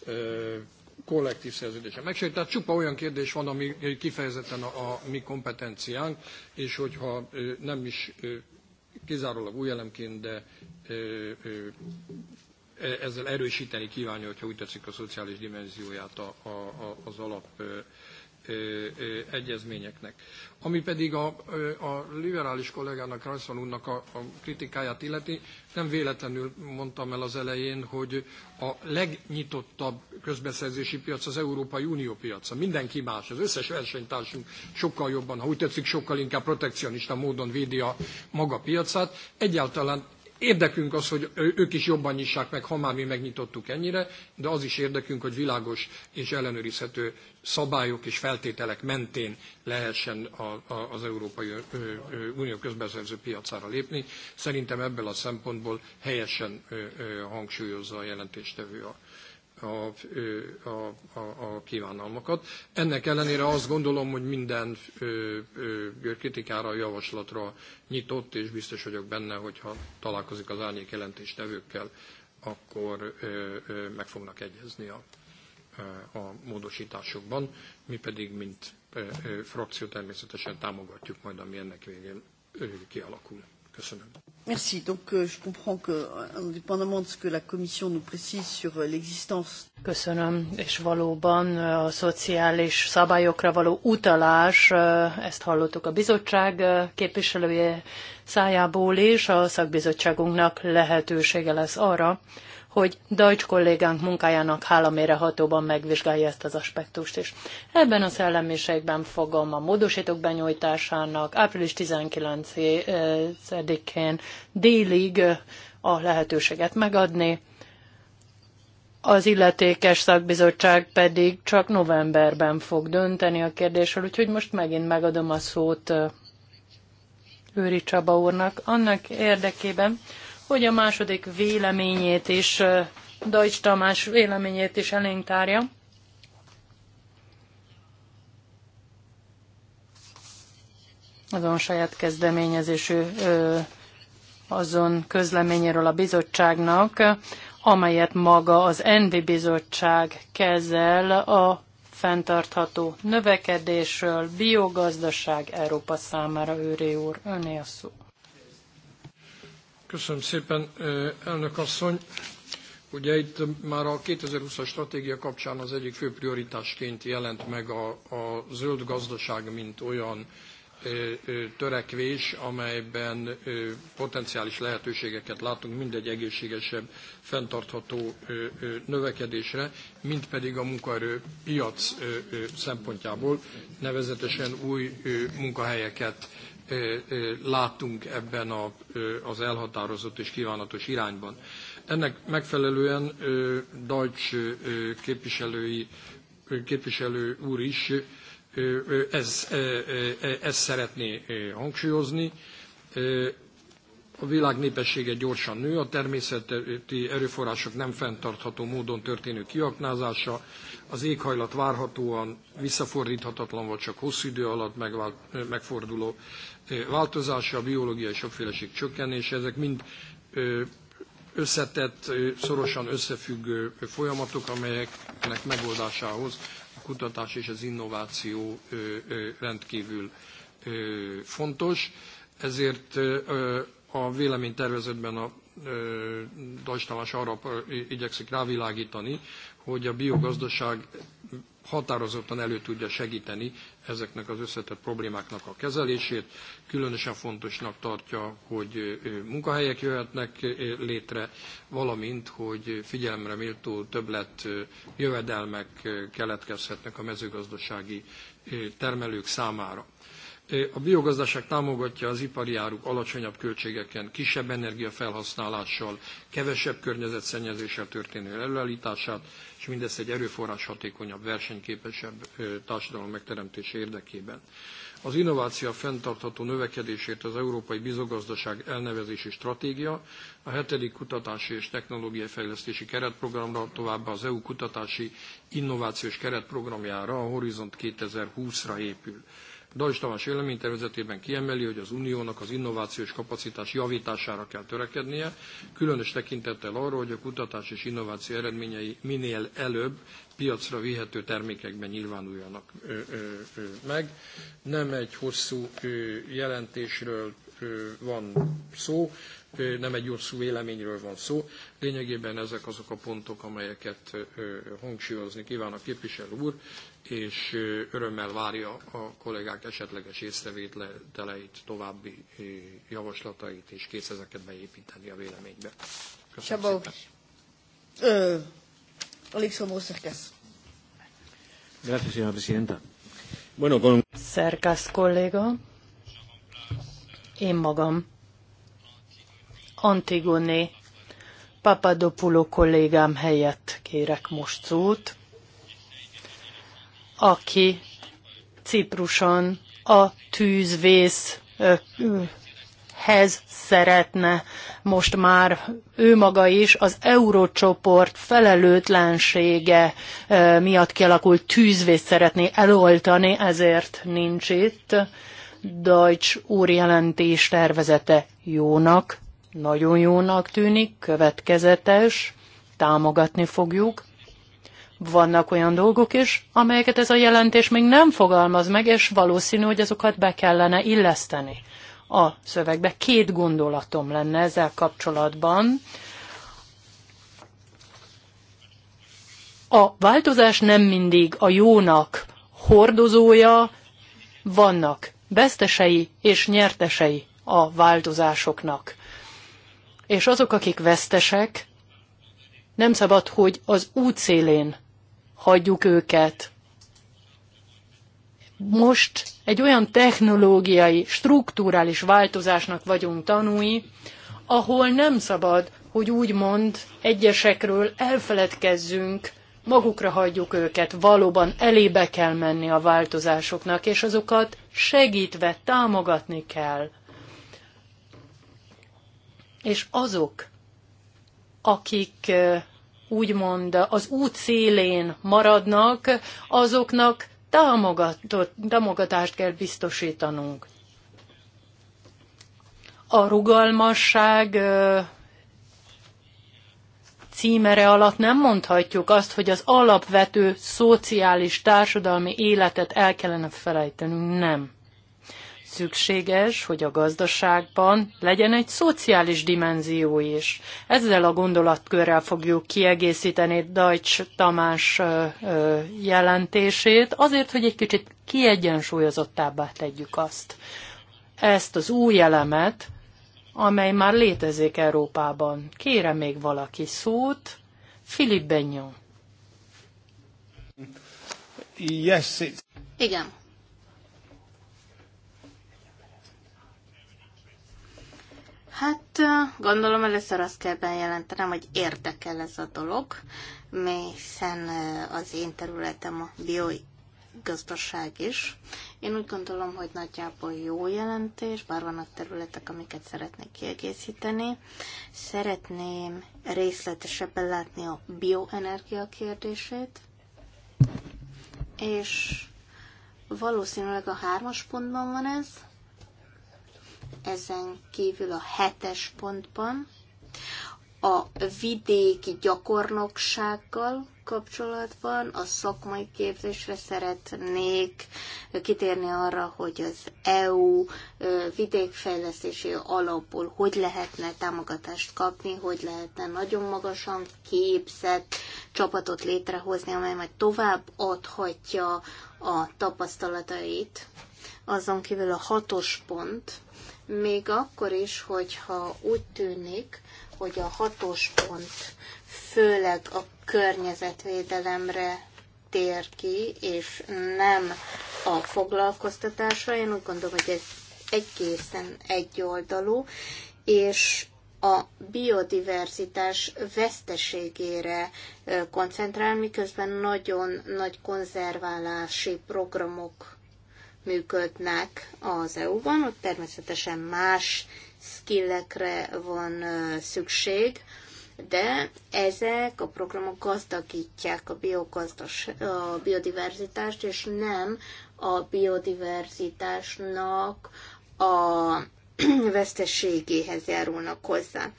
ö, kollektív szerződése megsérti. Tehát csupa olyan kérdés van, ami kifejezetten a, a mi kompetenciánk, és hogyha nem is kizárólag új elemként, de ezzel erősíteni kívánja, hogyha úgy tetszik a szociális dimenzióját a, a, a, az alap egyezményeknek. Ami pedig a, a liberális kollégának, Rajszon úrnak a, a kritikáját illeti, nem véletlenül mondtam el az elején, hogy a legnyitottabb közbeszerzési piac az Európai Unió piaca. Mindenki más, az összes versenytársunk sokkal jobban, ha úgy tetszik, sokkal inkább protekcionista módon védi a maga piacát. Egyáltalán Érdekünk az, hogy ők is jobban nyissák meg, ha már mi megnyitottuk ennyire, de az is érdekünk, hogy világos és ellenőrizhető szabályok és feltételek mentén lehessen a, a, az Európai Unió közbeszerző piacára lépni. Szerintem ebből a szempontból helyesen hangsúlyozza a jelentéstevő a a, a, a, a kívánalmakat. Ennek ellenére azt gondolom, hogy minden kritikára, javaslatra nyitott, és biztos vagyok benne, hogyha találkozik az árnyék jelentéstevőkkel, akkor ö, ö, meg fognak egyezni a, a módosításokban. Mi pedig, mint ö, ö, frakció természetesen támogatjuk majd, ami ennek végén ö, kialakul. Köszönöm. Merci. Donc, euh, je comprends que, euh, indépendamment de ce que la Commission nous précise sur euh, l'existence. Köszönöm, és valóban a szociális szabályokra való utalás, ezt hallottuk a bizottság képviselője szájából, is, a szakbizottságunknak lehetősége lesz arra, hogy Deutsch kollégánk munkájának hálamére hatóban megvizsgálja ezt az aspektust is. Ebben a szellemiségben fogom a módosítók benyújtásának április 19-én délig a lehetőséget megadni, az illetékes szakbizottság pedig csak novemberben fog dönteni a kérdésről, úgyhogy most megint megadom a szót Őri Csaba úrnak annak érdekében, hogy a második véleményét is, Dajcs Tamás véleményét is elénk tárja. Azon saját kezdeményezésű azon közleményéről a bizottságnak, amelyet maga az ENVI bizottság kezel a fenntartható növekedésről, biogazdaság Európa számára őré úr. Öné a szó. Köszönöm szépen, elnök asszony. Ugye itt már a 2020-as stratégia kapcsán az egyik fő prioritásként jelent meg a, a zöld gazdaság, mint olyan törekvés, amelyben potenciális lehetőségeket látunk mind egy egészségesebb, fenntartható növekedésre, mind pedig a munkaerő piac szempontjából, nevezetesen új munkahelyeket látunk ebben a, az elhatározott és kívánatos irányban. Ennek megfelelően Deutsch képviselői, képviselő úr is e, ezt ez szeretné hangsúlyozni. A világ népessége gyorsan nő, a természeti erőforrások nem fenntartható módon történő kiaknázása, az éghajlat várhatóan visszafordíthatatlan, vagy csak hosszú idő alatt megforduló változása, a biológiai sokféleség csökkenése, ezek mind összetett, szorosan összefüggő folyamatok, amelyeknek megoldásához a kutatás és az innováció rendkívül fontos. Ezért a véleménytervezetben a Dajs arra igyekszik rávilágítani, hogy a biogazdaság határozottan elő tudja segíteni ezeknek az összetett problémáknak a kezelését. Különösen fontosnak tartja, hogy munkahelyek jöhetnek létre, valamint, hogy figyelemre méltó többlet jövedelmek keletkezhetnek a mezőgazdasági termelők számára. A biogazdaság támogatja az ipari áruk alacsonyabb költségeken, kisebb energiafelhasználással, kevesebb környezetszennyezéssel történő előállítását, és mindezt egy erőforrás hatékonyabb, versenyképesebb társadalom megteremtése érdekében. Az innováció a fenntartható növekedésért az Európai Bizogazdaság elnevezési stratégia, a hetedik kutatási és technológiai fejlesztési keretprogramra, továbbá az EU kutatási innovációs keretprogramjára, a Horizont 2020-ra épül. Dajs Tamás véleménytervezetében kiemeli, hogy az Uniónak az innovációs kapacitás javítására kell törekednie, különös tekintettel arra, hogy a kutatás és innováció eredményei minél előbb piacra vihető termékekben nyilvánuljanak meg. Nem egy hosszú jelentésről van szó, nem egy hosszú véleményről van szó. Lényegében ezek azok a pontok, amelyeket hangsúlyozni kíván a képviselő úr, és örömmel várja a kollégák esetleges észrevételeit, további javaslatait, és kész ezeket beépíteni a véleménybe. Köszönöm Csaba szépen. Ö, Gracias, señora presidenta. Bueno, con... kolléga, én magam, Antigone Papadopulo kollégám helyett kérek most szót aki Cipruson a tűzvészhez szeretne most már ő maga is az eurócsoport felelőtlensége miatt kialakult tűzvész szeretné eloltani, ezért nincs itt. Deutsch úrjelentés jelentés tervezete jónak, nagyon jónak tűnik, következetes, támogatni fogjuk. Vannak olyan dolgok is, amelyeket ez a jelentés még nem fogalmaz meg, és valószínű, hogy azokat be kellene illeszteni a szövegbe. Két gondolatom lenne ezzel kapcsolatban. A változás nem mindig a jónak hordozója, vannak vesztesei és nyertesei a változásoknak. És azok, akik vesztesek, nem szabad, hogy az útszélén hagyjuk őket. Most egy olyan technológiai, strukturális változásnak vagyunk tanúi, ahol nem szabad, hogy úgymond egyesekről elfeledkezzünk, magukra hagyjuk őket, valóban elébe kell menni a változásoknak, és azokat segítve, támogatni kell. És azok, akik úgymond az út szélén maradnak, azoknak támogatást kell biztosítanunk. A rugalmasság címere alatt nem mondhatjuk azt, hogy az alapvető szociális társadalmi életet el kellene felejtenünk. Nem szükséges, hogy a gazdaságban legyen egy szociális dimenzió is. Ezzel a gondolatkörrel fogjuk kiegészíteni Deutsch Tamás jelentését, azért, hogy egy kicsit kiegyensúlyozottábbá tegyük azt. Ezt az új elemet, amely már létezik Európában. Kérem még valaki szót. Philippe Benyon. Yes, it's... Igen, Hát gondolom először azt kell bejelentenem, hogy érdekel ez a dolog, hiszen az én területem a biogazdaság is. Én úgy gondolom, hogy nagyjából jó jelentés, bár vannak területek, amiket szeretnék kiegészíteni. Szeretném részletesebben látni a bioenergia kérdését, és valószínűleg a hármas pontban van ez, ezen kívül a hetes pontban a vidéki gyakornoksággal kapcsolatban a szakmai képzésre szeretnék kitérni arra, hogy az EU vidékfejlesztési alapból hogy lehetne támogatást kapni, hogy lehetne nagyon magasan képzett csapatot létrehozni, amely majd tovább adhatja a tapasztalatait. Azon kívül a hatos pont, még akkor is, hogyha úgy tűnik, hogy a hatos pont főleg a környezetvédelemre tér ki, és nem a foglalkoztatásra. Én úgy gondolom, hogy ez egészen egyoldalú, és a biodiverzitás veszteségére koncentrál, miközben nagyon nagy konzerválási programok működnek az EU-ban, ott természetesen más skillekre van szükség, de ezek a programok gazdagítják a, biogazdas, a biodiverzitást, és nem a biodiverzitásnak a veszteségéhez járulnak hozzá.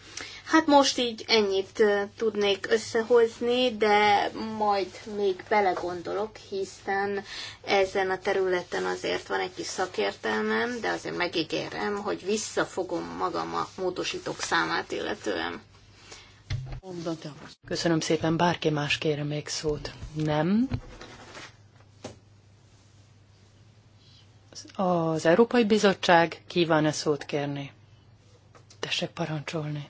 Hát most így ennyit tudnék összehozni, de majd még belegondolok, hiszen ezen a területen azért van egy kis szakértelmem, de azért megígérem, hogy visszafogom magam a módosítók számát illetően. Köszönöm szépen, bárki más kére még szót. Nem? az Európai Bizottság kíván-e szót kérni? Tessék parancsolni.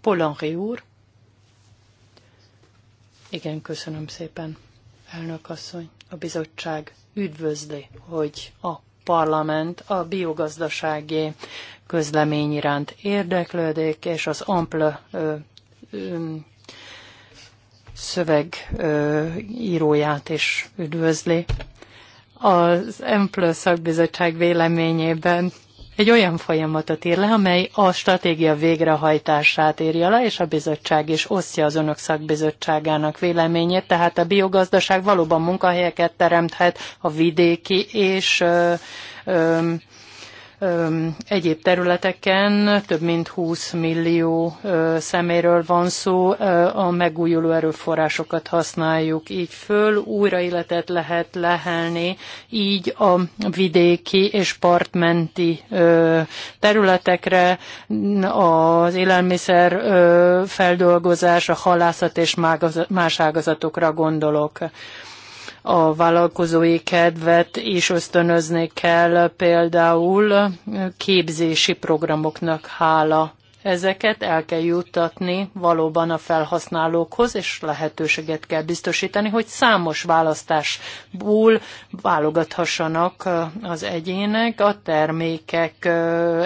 Polanri úr. Igen, köszönöm szépen, elnök asszony. A bizottság üdvözli, hogy a parlament a biogazdasági közlemény iránt érdeklődik, és az ample szövegíróját szöveg íróját is üdvözli az Emplő szakbizottság véleményében egy olyan folyamatot ír le, amely a stratégia végrehajtását írja le, és a bizottság is osztja az önök szakbizottságának véleményét, tehát a biogazdaság valóban munkahelyeket teremthet a vidéki és ö, ö, egyéb területeken több mint 20 millió szeméről van szó, a megújuló erőforrásokat használjuk így föl, újra életet lehet lehelni, így a vidéki és partmenti területekre az élelmiszer feldolgozás, a halászat és más ágazatokra gondolok a vállalkozói kedvet is ösztönözni kell például képzési programoknak hála ezeket el kell juttatni valóban a felhasználókhoz, és lehetőséget kell biztosítani, hogy számos választásból válogathassanak az egyének. A termékek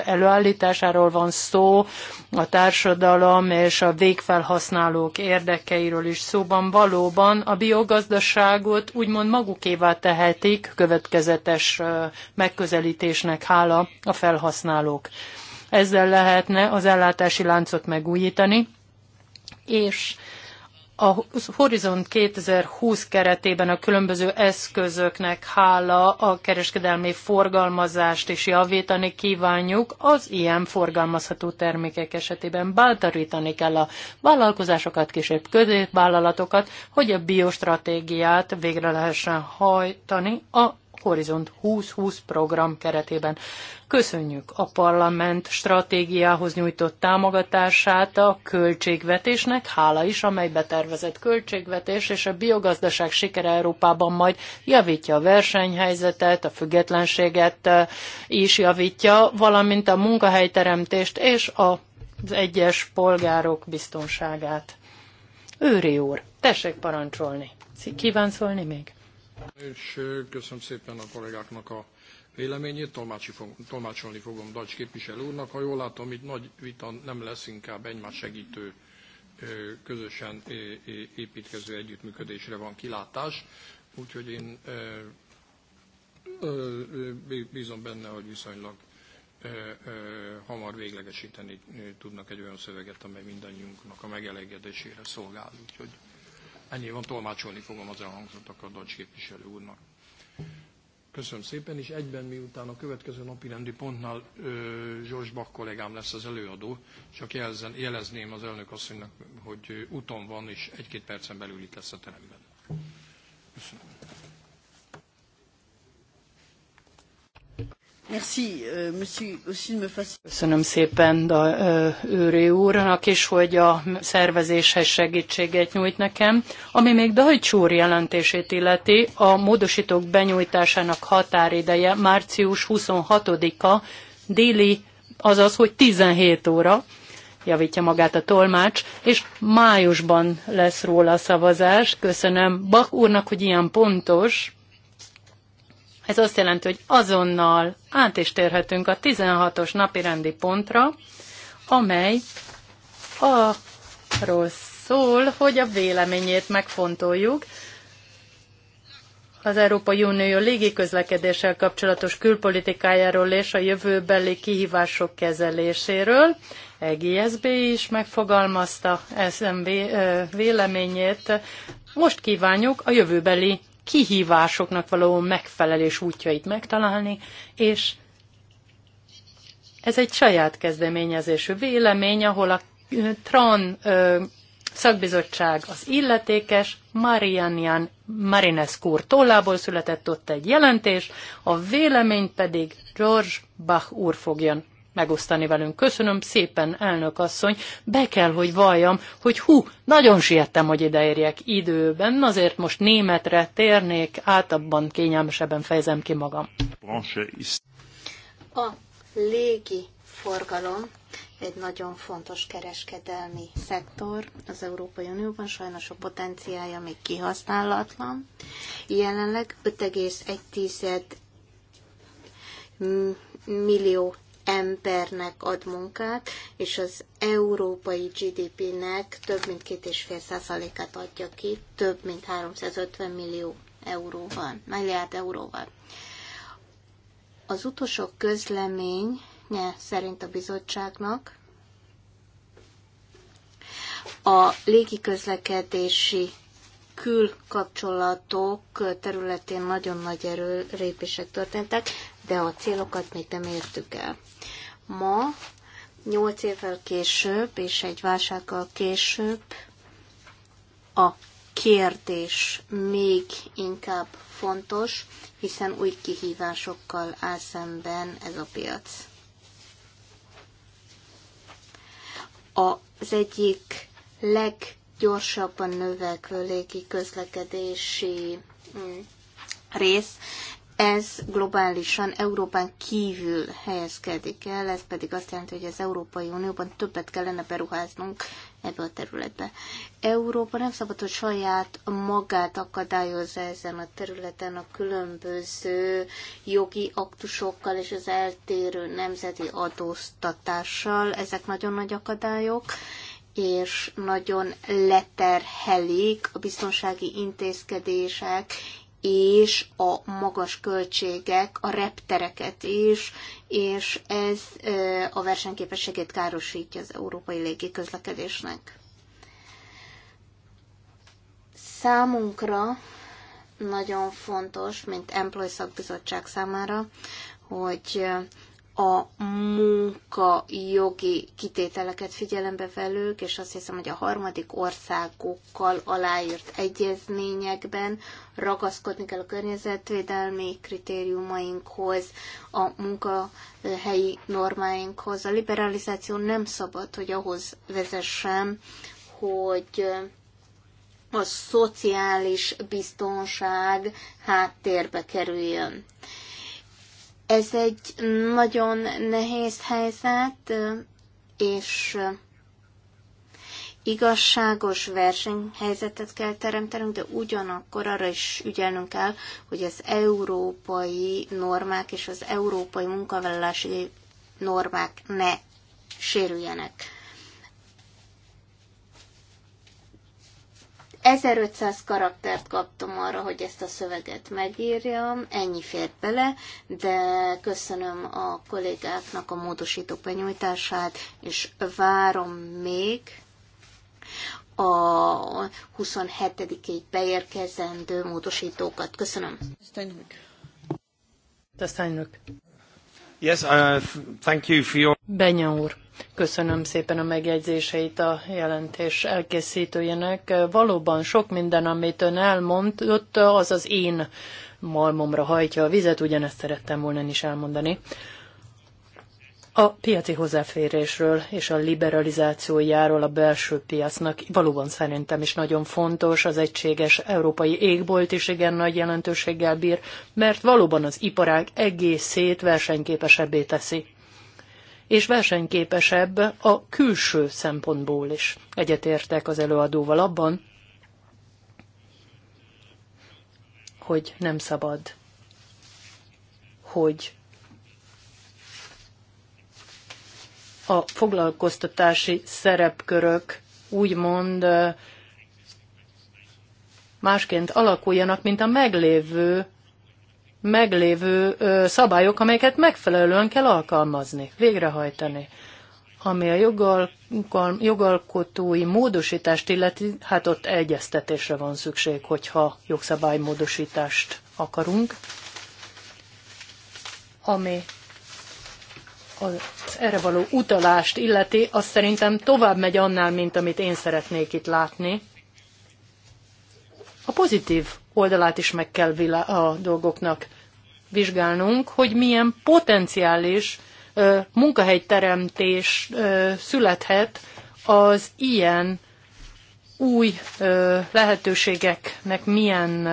előállításáról van szó, a társadalom és a végfelhasználók érdekeiről is szóban valóban a biogazdaságot úgymond magukévá tehetik következetes megközelítésnek hála a felhasználók. Ezzel lehetne az ellátási láncot megújítani, és a Horizont 2020 keretében a különböző eszközöknek hála a kereskedelmi forgalmazást is javítani kívánjuk az ilyen forgalmazható termékek esetében. Bátorítani kell a vállalkozásokat, kisebb középvállalatokat, hogy a biostratégiát végre lehessen hajtani a Horizont 2020 program keretében. Köszönjük a parlament stratégiához nyújtott támogatását a költségvetésnek, hála is, amely betervezett költségvetés, és a biogazdaság sikere Európában majd javítja a versenyhelyzetet, a függetlenséget eh, is javítja, valamint a munkahelyteremtést és az egyes polgárok biztonságát. Őri úr, tessék parancsolni. Kíván szólni még? És köszönöm szépen a kollégáknak a véleményét, Tolmácsi fog, tolmácsolni fogom Dacs képviselő úrnak. Ha jól látom, itt nagy vita nem lesz, inkább egymás segítő, közösen építkező együttműködésre van kilátás. Úgyhogy én bízom benne, hogy viszonylag hamar véglegesíteni tudnak egy olyan szöveget, amely mindannyiunknak a megelégedésére szolgál. Úgyhogy Ennyi van, tolmácsolni fogom az elhangzottak a Dacs képviselő úrnak. Köszönöm szépen, és egyben miután a következő napi rendi pontnál Zsors Bak kollégám lesz az előadó, csak jelzen, jelezném az elnök asszonynak, hogy úton van, és egy-két percen belül itt lesz a teremben. Köszönöm. Euh, Köszönöm szépen a Őri úrnak is, hogy a szervezéshez segítséget nyújt nekem. Ami még Dajcs úr jelentését illeti, a módosítók benyújtásának határideje március 26-a déli, azaz, hogy 17 óra, javítja magát a tolmács, és májusban lesz róla szavazás. Köszönöm Bach úrnak, hogy ilyen pontos, ez azt jelenti, hogy azonnal át is térhetünk a 16-os rendi pontra, amely arról szól, hogy a véleményét megfontoljuk az Európai Unió légiközlekedéssel kapcsolatos külpolitikájáról és a jövőbeli kihívások kezeléséről. EGSB is megfogalmazta SMV véleményét. Most kívánjuk a jövőbeli kihívásoknak való megfelelés útjait megtalálni, és ez egy saját kezdeményezésű vélemény, ahol a ö, szakbizottság az illetékes, Marianian Marinescu úr tollából született ott egy jelentés, a véleményt pedig George Bach úr fogjon megosztani velünk. Köszönöm szépen, elnök asszony. Be kell, hogy valljam, hogy hú, nagyon siettem, hogy ideérjek időben, azért most németre térnék, át kényelmesebben fejezem ki magam. A légi forgalom egy nagyon fontos kereskedelmi szektor az Európai Unióban, sajnos a potenciálja még kihasználatlan. Jelenleg 5,1 millió embernek ad munkát, és az európai GDP-nek több mint 2,5%-át adja ki, több mint 350 millió euróval, milliárd euróval. Az utolsó közleménye szerint a bizottságnak a légiközlekedési külkapcsolatok területén nagyon nagy erő lépések történtek, de a célokat még nem értük el. Ma, nyolc évvel később, és egy válsággal később a kérdés még inkább fontos, hiszen új kihívásokkal áll szemben ez a piac. Az egyik leggyorsabban növekvő légi közlekedési mm, rész ez globálisan Európán kívül helyezkedik el, ez pedig azt jelenti, hogy az Európai Unióban többet kellene beruháznunk ebbe a területbe. Európa nem szabad, hogy saját magát akadályozza ezen a területen a különböző jogi aktusokkal és az eltérő nemzeti adóztatással. Ezek nagyon nagy akadályok és nagyon leterhelik a biztonsági intézkedések és a magas költségek, a reptereket is, és ez a versenyképességét károsítja az európai légiközlekedésnek. Számunkra nagyon fontos, mint Employee Szakbizottság számára, hogy a munkajogi kitételeket figyelembe velők, és azt hiszem, hogy a harmadik országokkal aláírt egyezményekben ragaszkodni kell a környezetvédelmi kritériumainkhoz, a munkahelyi normáinkhoz. A liberalizáció nem szabad, hogy ahhoz vezessen, hogy a szociális biztonság háttérbe kerüljön. Ez egy nagyon nehéz helyzet, és igazságos versenyhelyzetet kell teremtenünk, de ugyanakkor arra is ügyelnünk kell, hogy az európai normák és az európai munkavállalási normák ne sérüljenek. 1500 karaktert kaptam arra, hogy ezt a szöveget megírjam, ennyi fér bele, de köszönöm a kollégáknak a módosító benyújtását, és várom még a 27-ig beérkezendő módosítókat. Köszönöm. Steinrück. Yes, uh, thank you for your... Benya úr. Köszönöm szépen a megjegyzéseit a jelentés elkészítőjének. Valóban sok minden, amit ön elmondott, az az én malmomra hajtja a vizet, ugyanezt szerettem volna is elmondani. A piaci hozzáférésről és a liberalizációjáról a belső piacnak valóban szerintem is nagyon fontos, az egységes európai égbolt is igen nagy jelentőséggel bír, mert valóban az iparág egészét versenyképesebbé teszi és versenyképesebb a külső szempontból is. Egyetértek az előadóval abban, hogy nem szabad, hogy a foglalkoztatási szerepkörök úgymond másként alakuljanak, mint a meglévő meglévő szabályok, amelyeket megfelelően kell alkalmazni, végrehajtani. Ami a jogalkal, jogalkotói módosítást illeti, hát ott egyeztetésre van szükség, hogyha jogszabálymódosítást akarunk. Ami az erre való utalást illeti, azt szerintem tovább megy annál, mint amit én szeretnék itt látni. A pozitív oldalát is meg kell a dolgoknak vizsgálnunk, hogy milyen potenciális munkahelyteremtés születhet az ilyen új lehetőségeknek milyen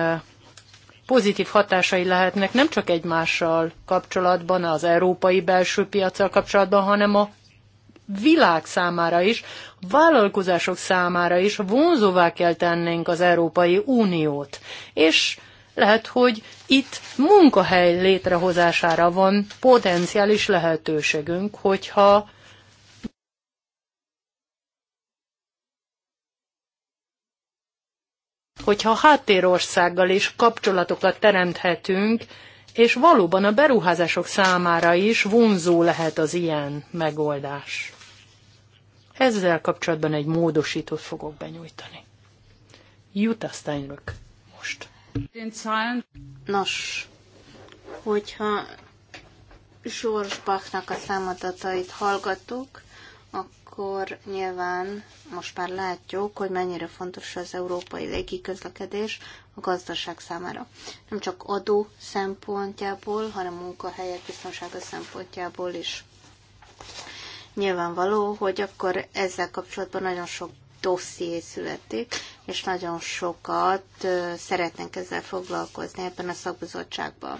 pozitív hatásai lehetnek nem csak egymással kapcsolatban, az európai belső piacsal kapcsolatban, hanem a világ számára is, vállalkozások számára is vonzóvá kell tennénk az Európai Uniót. És lehet, hogy itt munkahely létrehozására van potenciális lehetőségünk, hogyha hogyha háttérországgal is kapcsolatokat teremthetünk, és valóban a beruházások számára is vonzó lehet az ilyen megoldás. Ezzel kapcsolatban egy módosítót fogok benyújtani. Jutta Steinrück most. Nos, hogyha George Bachnak a számadatait hallgattuk, akkor nyilván most már látjuk, hogy mennyire fontos az európai légiközlekedés a gazdaság számára. Nem csak adó szempontjából, hanem munkahelyek biztonsága szempontjából is. Nyilvánvaló, hogy akkor ezzel kapcsolatban nagyon sok dosszié születik, és nagyon sokat szeretnénk ezzel foglalkozni ebben a szakbizottságban.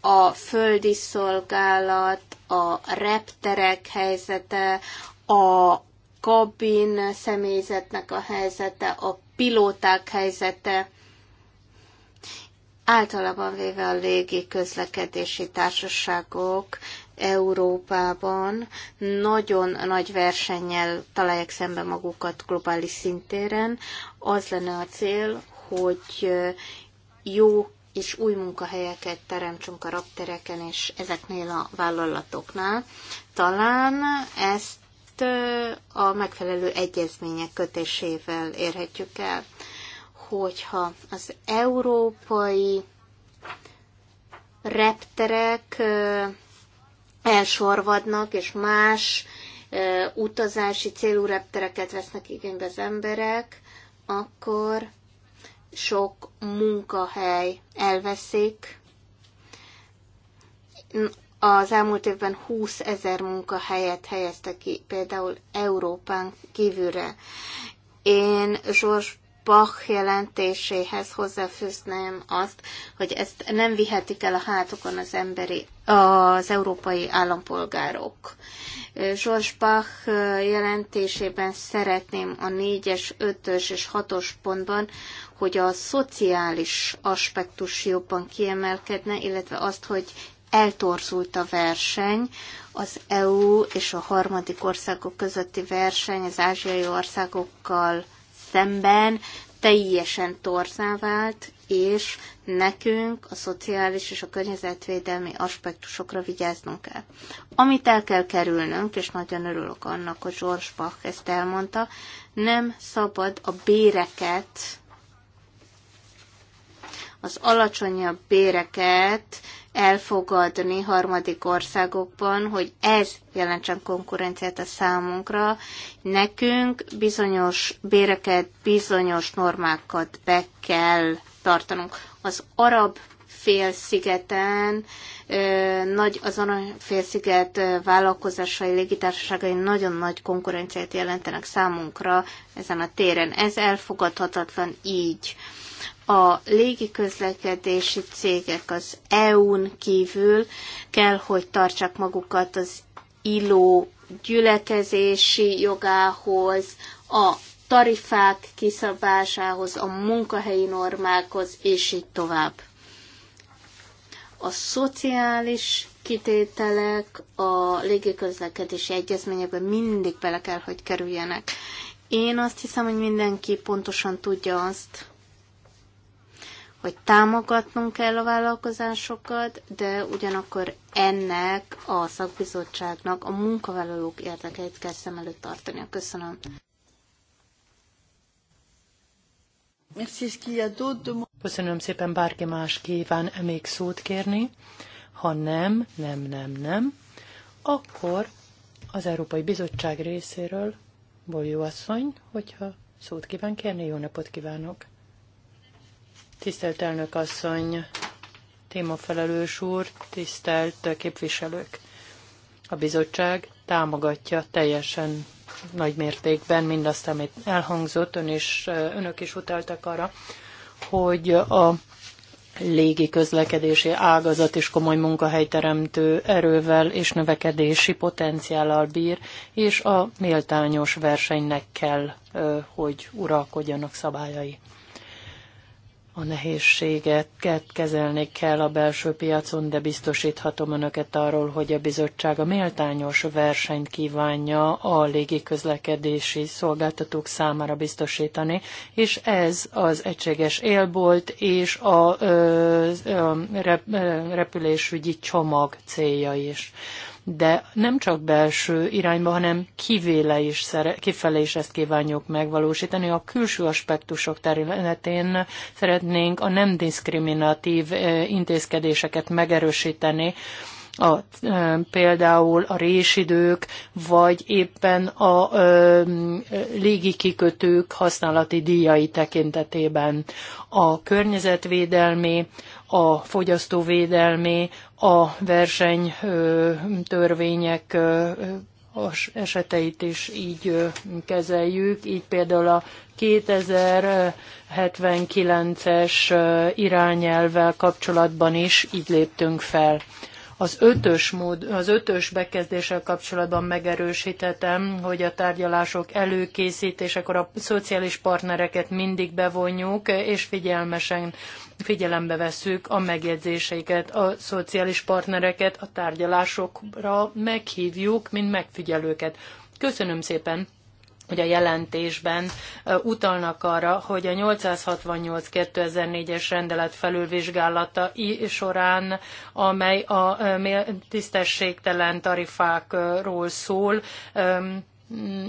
A földi szolgálat, a repterek helyzete, a kabin személyzetnek a helyzete, a pilóták helyzete, általában véve a légi közlekedési társaságok Európában nagyon nagy versennyel találják szembe magukat globális szintéren. Az lenne a cél, hogy jó és új munkahelyeket teremtsünk a raptereken és ezeknél a vállalatoknál. Talán ezt a megfelelő egyezmények kötésével érhetjük el, hogyha az európai repterek elsorvadnak, és más utazási célú reptereket vesznek igénybe az emberek, akkor sok munkahely elveszik. Az elmúlt évben 20 ezer munkahelyet helyeztek ki, például Európán kívülre. Én Zsors Bach jelentéséhez hozzáfűzném azt, hogy ezt nem vihetik el a hátukon az emberi, az európai állampolgárok. George Bach jelentésében szeretném a négyes, ötös és hatos pontban, hogy a szociális aspektus jobban kiemelkedne, illetve azt, hogy eltorzult a verseny, az EU és a harmadik országok közötti verseny az ázsiai országokkal szemben teljesen torzá vált, és nekünk a szociális és a környezetvédelmi aspektusokra vigyáznunk kell. Amit el kell kerülnünk, és nagyon örülök annak, hogy George Bach ezt elmondta, nem szabad a béreket, az alacsonyabb béreket elfogadni harmadik országokban, hogy ez jelentsen konkurenciát a számunkra. Nekünk bizonyos béreket, bizonyos normákat be kell tartanunk. Az arab félszigeten, nagy, az arab félsziget vállalkozásai, légitársaságai nagyon nagy konkurenciát jelentenek számunkra ezen a téren. Ez elfogadhatatlan így a légi közlekedési cégek az EU-n kívül kell, hogy tartsák magukat az illó gyülekezési jogához, a tarifák kiszabásához, a munkahelyi normákhoz, és így tovább. A szociális kitételek a légiközlekedési egyezményekben mindig bele kell, hogy kerüljenek. Én azt hiszem, hogy mindenki pontosan tudja azt, hogy támogatnunk kell a vállalkozásokat, de ugyanakkor ennek a szakbizottságnak a munkavállalók érdekeit kell szem előtt tartani. Köszönöm. Köszönöm szépen, bárki más kíván -e még szót kérni. Ha nem, nem, nem, nem, akkor az Európai Bizottság részéről Bolyó asszony, hogyha szót kíván kérni, jó napot kívánok! Tisztelt elnök asszony, témafelelős úr, tisztelt képviselők! A bizottság támogatja teljesen nagy mértékben mindazt, amit elhangzott, ön is, önök is utaltak arra, hogy a légi közlekedési ágazat is komoly munkahelyteremtő erővel és növekedési potenciállal bír, és a méltányos versenynek kell, hogy uralkodjanak szabályai a nehézségeket kezelni kell a belső piacon, de biztosíthatom önöket arról, hogy a bizottság a méltányos versenyt kívánja a légiközlekedési szolgáltatók számára biztosítani, és ez az egységes élbolt és a, ö, ö, repülésügyi csomag célja is de nem csak belső irányba, hanem kivéle is, szere, kifele is ezt kívánjuk megvalósítani. A külső aspektusok területén szeretnénk a nem diszkriminatív intézkedéseket megerősíteni, a, e, például a résidők, vagy éppen a e, légi kikötők használati díjai tekintetében. A környezetvédelmi a fogyasztóvédelmi, a versenytörvények eseteit is így kezeljük. Így például a 2079-es irányelvvel kapcsolatban is így léptünk fel. Az ötös, mód, az ötös bekezdéssel kapcsolatban megerősíthetem, hogy a tárgyalások előkészítésekor a szociális partnereket mindig bevonjuk, és figyelmesen figyelembe vesszük a megjegyzéseiket, a szociális partnereket, a tárgyalásokra meghívjuk, mint megfigyelőket. Köszönöm szépen! hogy a jelentésben utalnak arra, hogy a 868-2004-es rendelet felülvizsgálata során, amely a tisztességtelen tarifákról szól,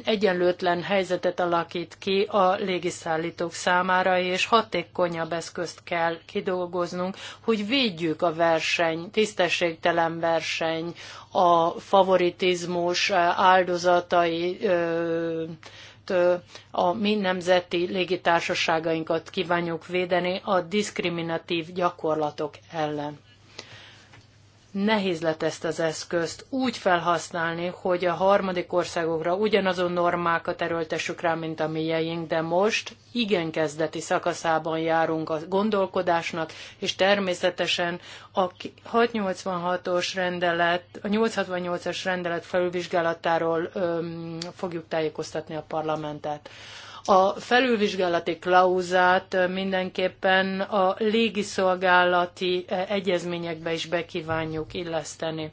egyenlőtlen helyzetet alakít ki a légiszállítók számára, és hatékonyabb eszközt kell kidolgoznunk, hogy védjük a verseny, tisztességtelen verseny, a favoritizmus áldozatai, a mi nemzeti légitársaságainkat kívánjuk védeni a diszkriminatív gyakorlatok ellen nehéz lett ezt az eszközt úgy felhasználni, hogy a harmadik országokra ugyanazon normákat erőltessük rá, mint a mieink, de most igen kezdeti szakaszában járunk a gondolkodásnak, és természetesen a 686-os rendelet, a 868-as rendelet felülvizsgálatáról öm, fogjuk tájékoztatni a parlamentet. A felülvizsgálati klauzát mindenképpen a légiszolgálati eh, egyezményekbe is bekívánjuk illeszteni.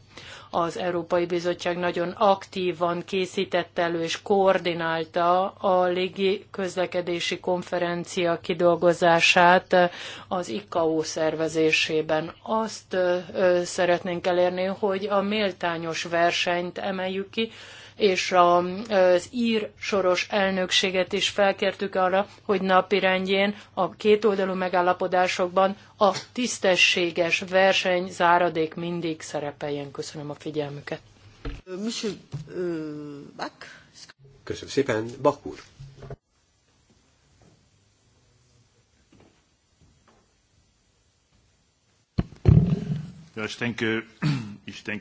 Az Európai Bizottság nagyon aktívan készítette elő és koordinálta a légi közlekedési konferencia kidolgozását eh, az ICAO szervezésében. Azt eh, szeretnénk elérni, hogy a méltányos versenyt emeljük ki, és az ír soros elnökséget is felkértük arra, hogy napirendjén a kétoldalú megállapodásokban a tisztességes verseny záradék mindig szerepeljen. Köszönöm a figyelmüket. Euh, Köszönöm szépen, Bakur.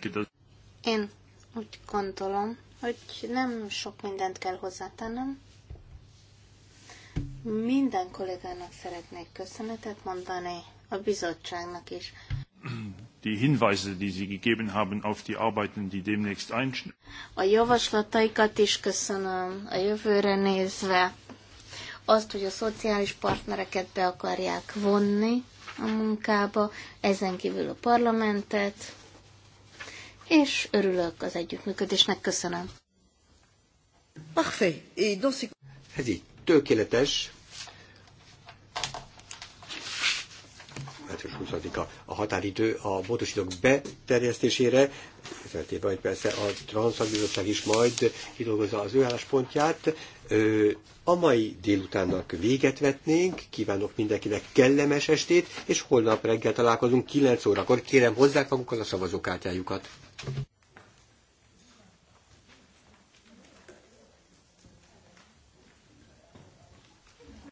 Én úgy gondolom, hogy nem sok mindent kell hozzátennem. Minden kollégának szeretnék köszönetet mondani, a bizottságnak is. Die Hinweise, die Sie gegeben haben auf die Arbeiten, die demnächst einstehen. A javaslataikat is köszönöm a jövőre nézve. Azt, hogy a szociális partnereket be akarják vonni a munkába, ezen kívül a parlamentet, és örülök az együttműködésnek, köszönöm. Parfait. Et dans ces... Ez így tökéletes. március 20-a a határidő a módosítók beterjesztésére, feltéve, hogy persze a Transzakbizottság is majd kidolgozza az ő álláspontját. A mai délutánnak véget vetnénk, kívánok mindenkinek kellemes estét, és holnap reggel találkozunk 9 órakor. Kérem hozzák magukat a szavazókártyájukat.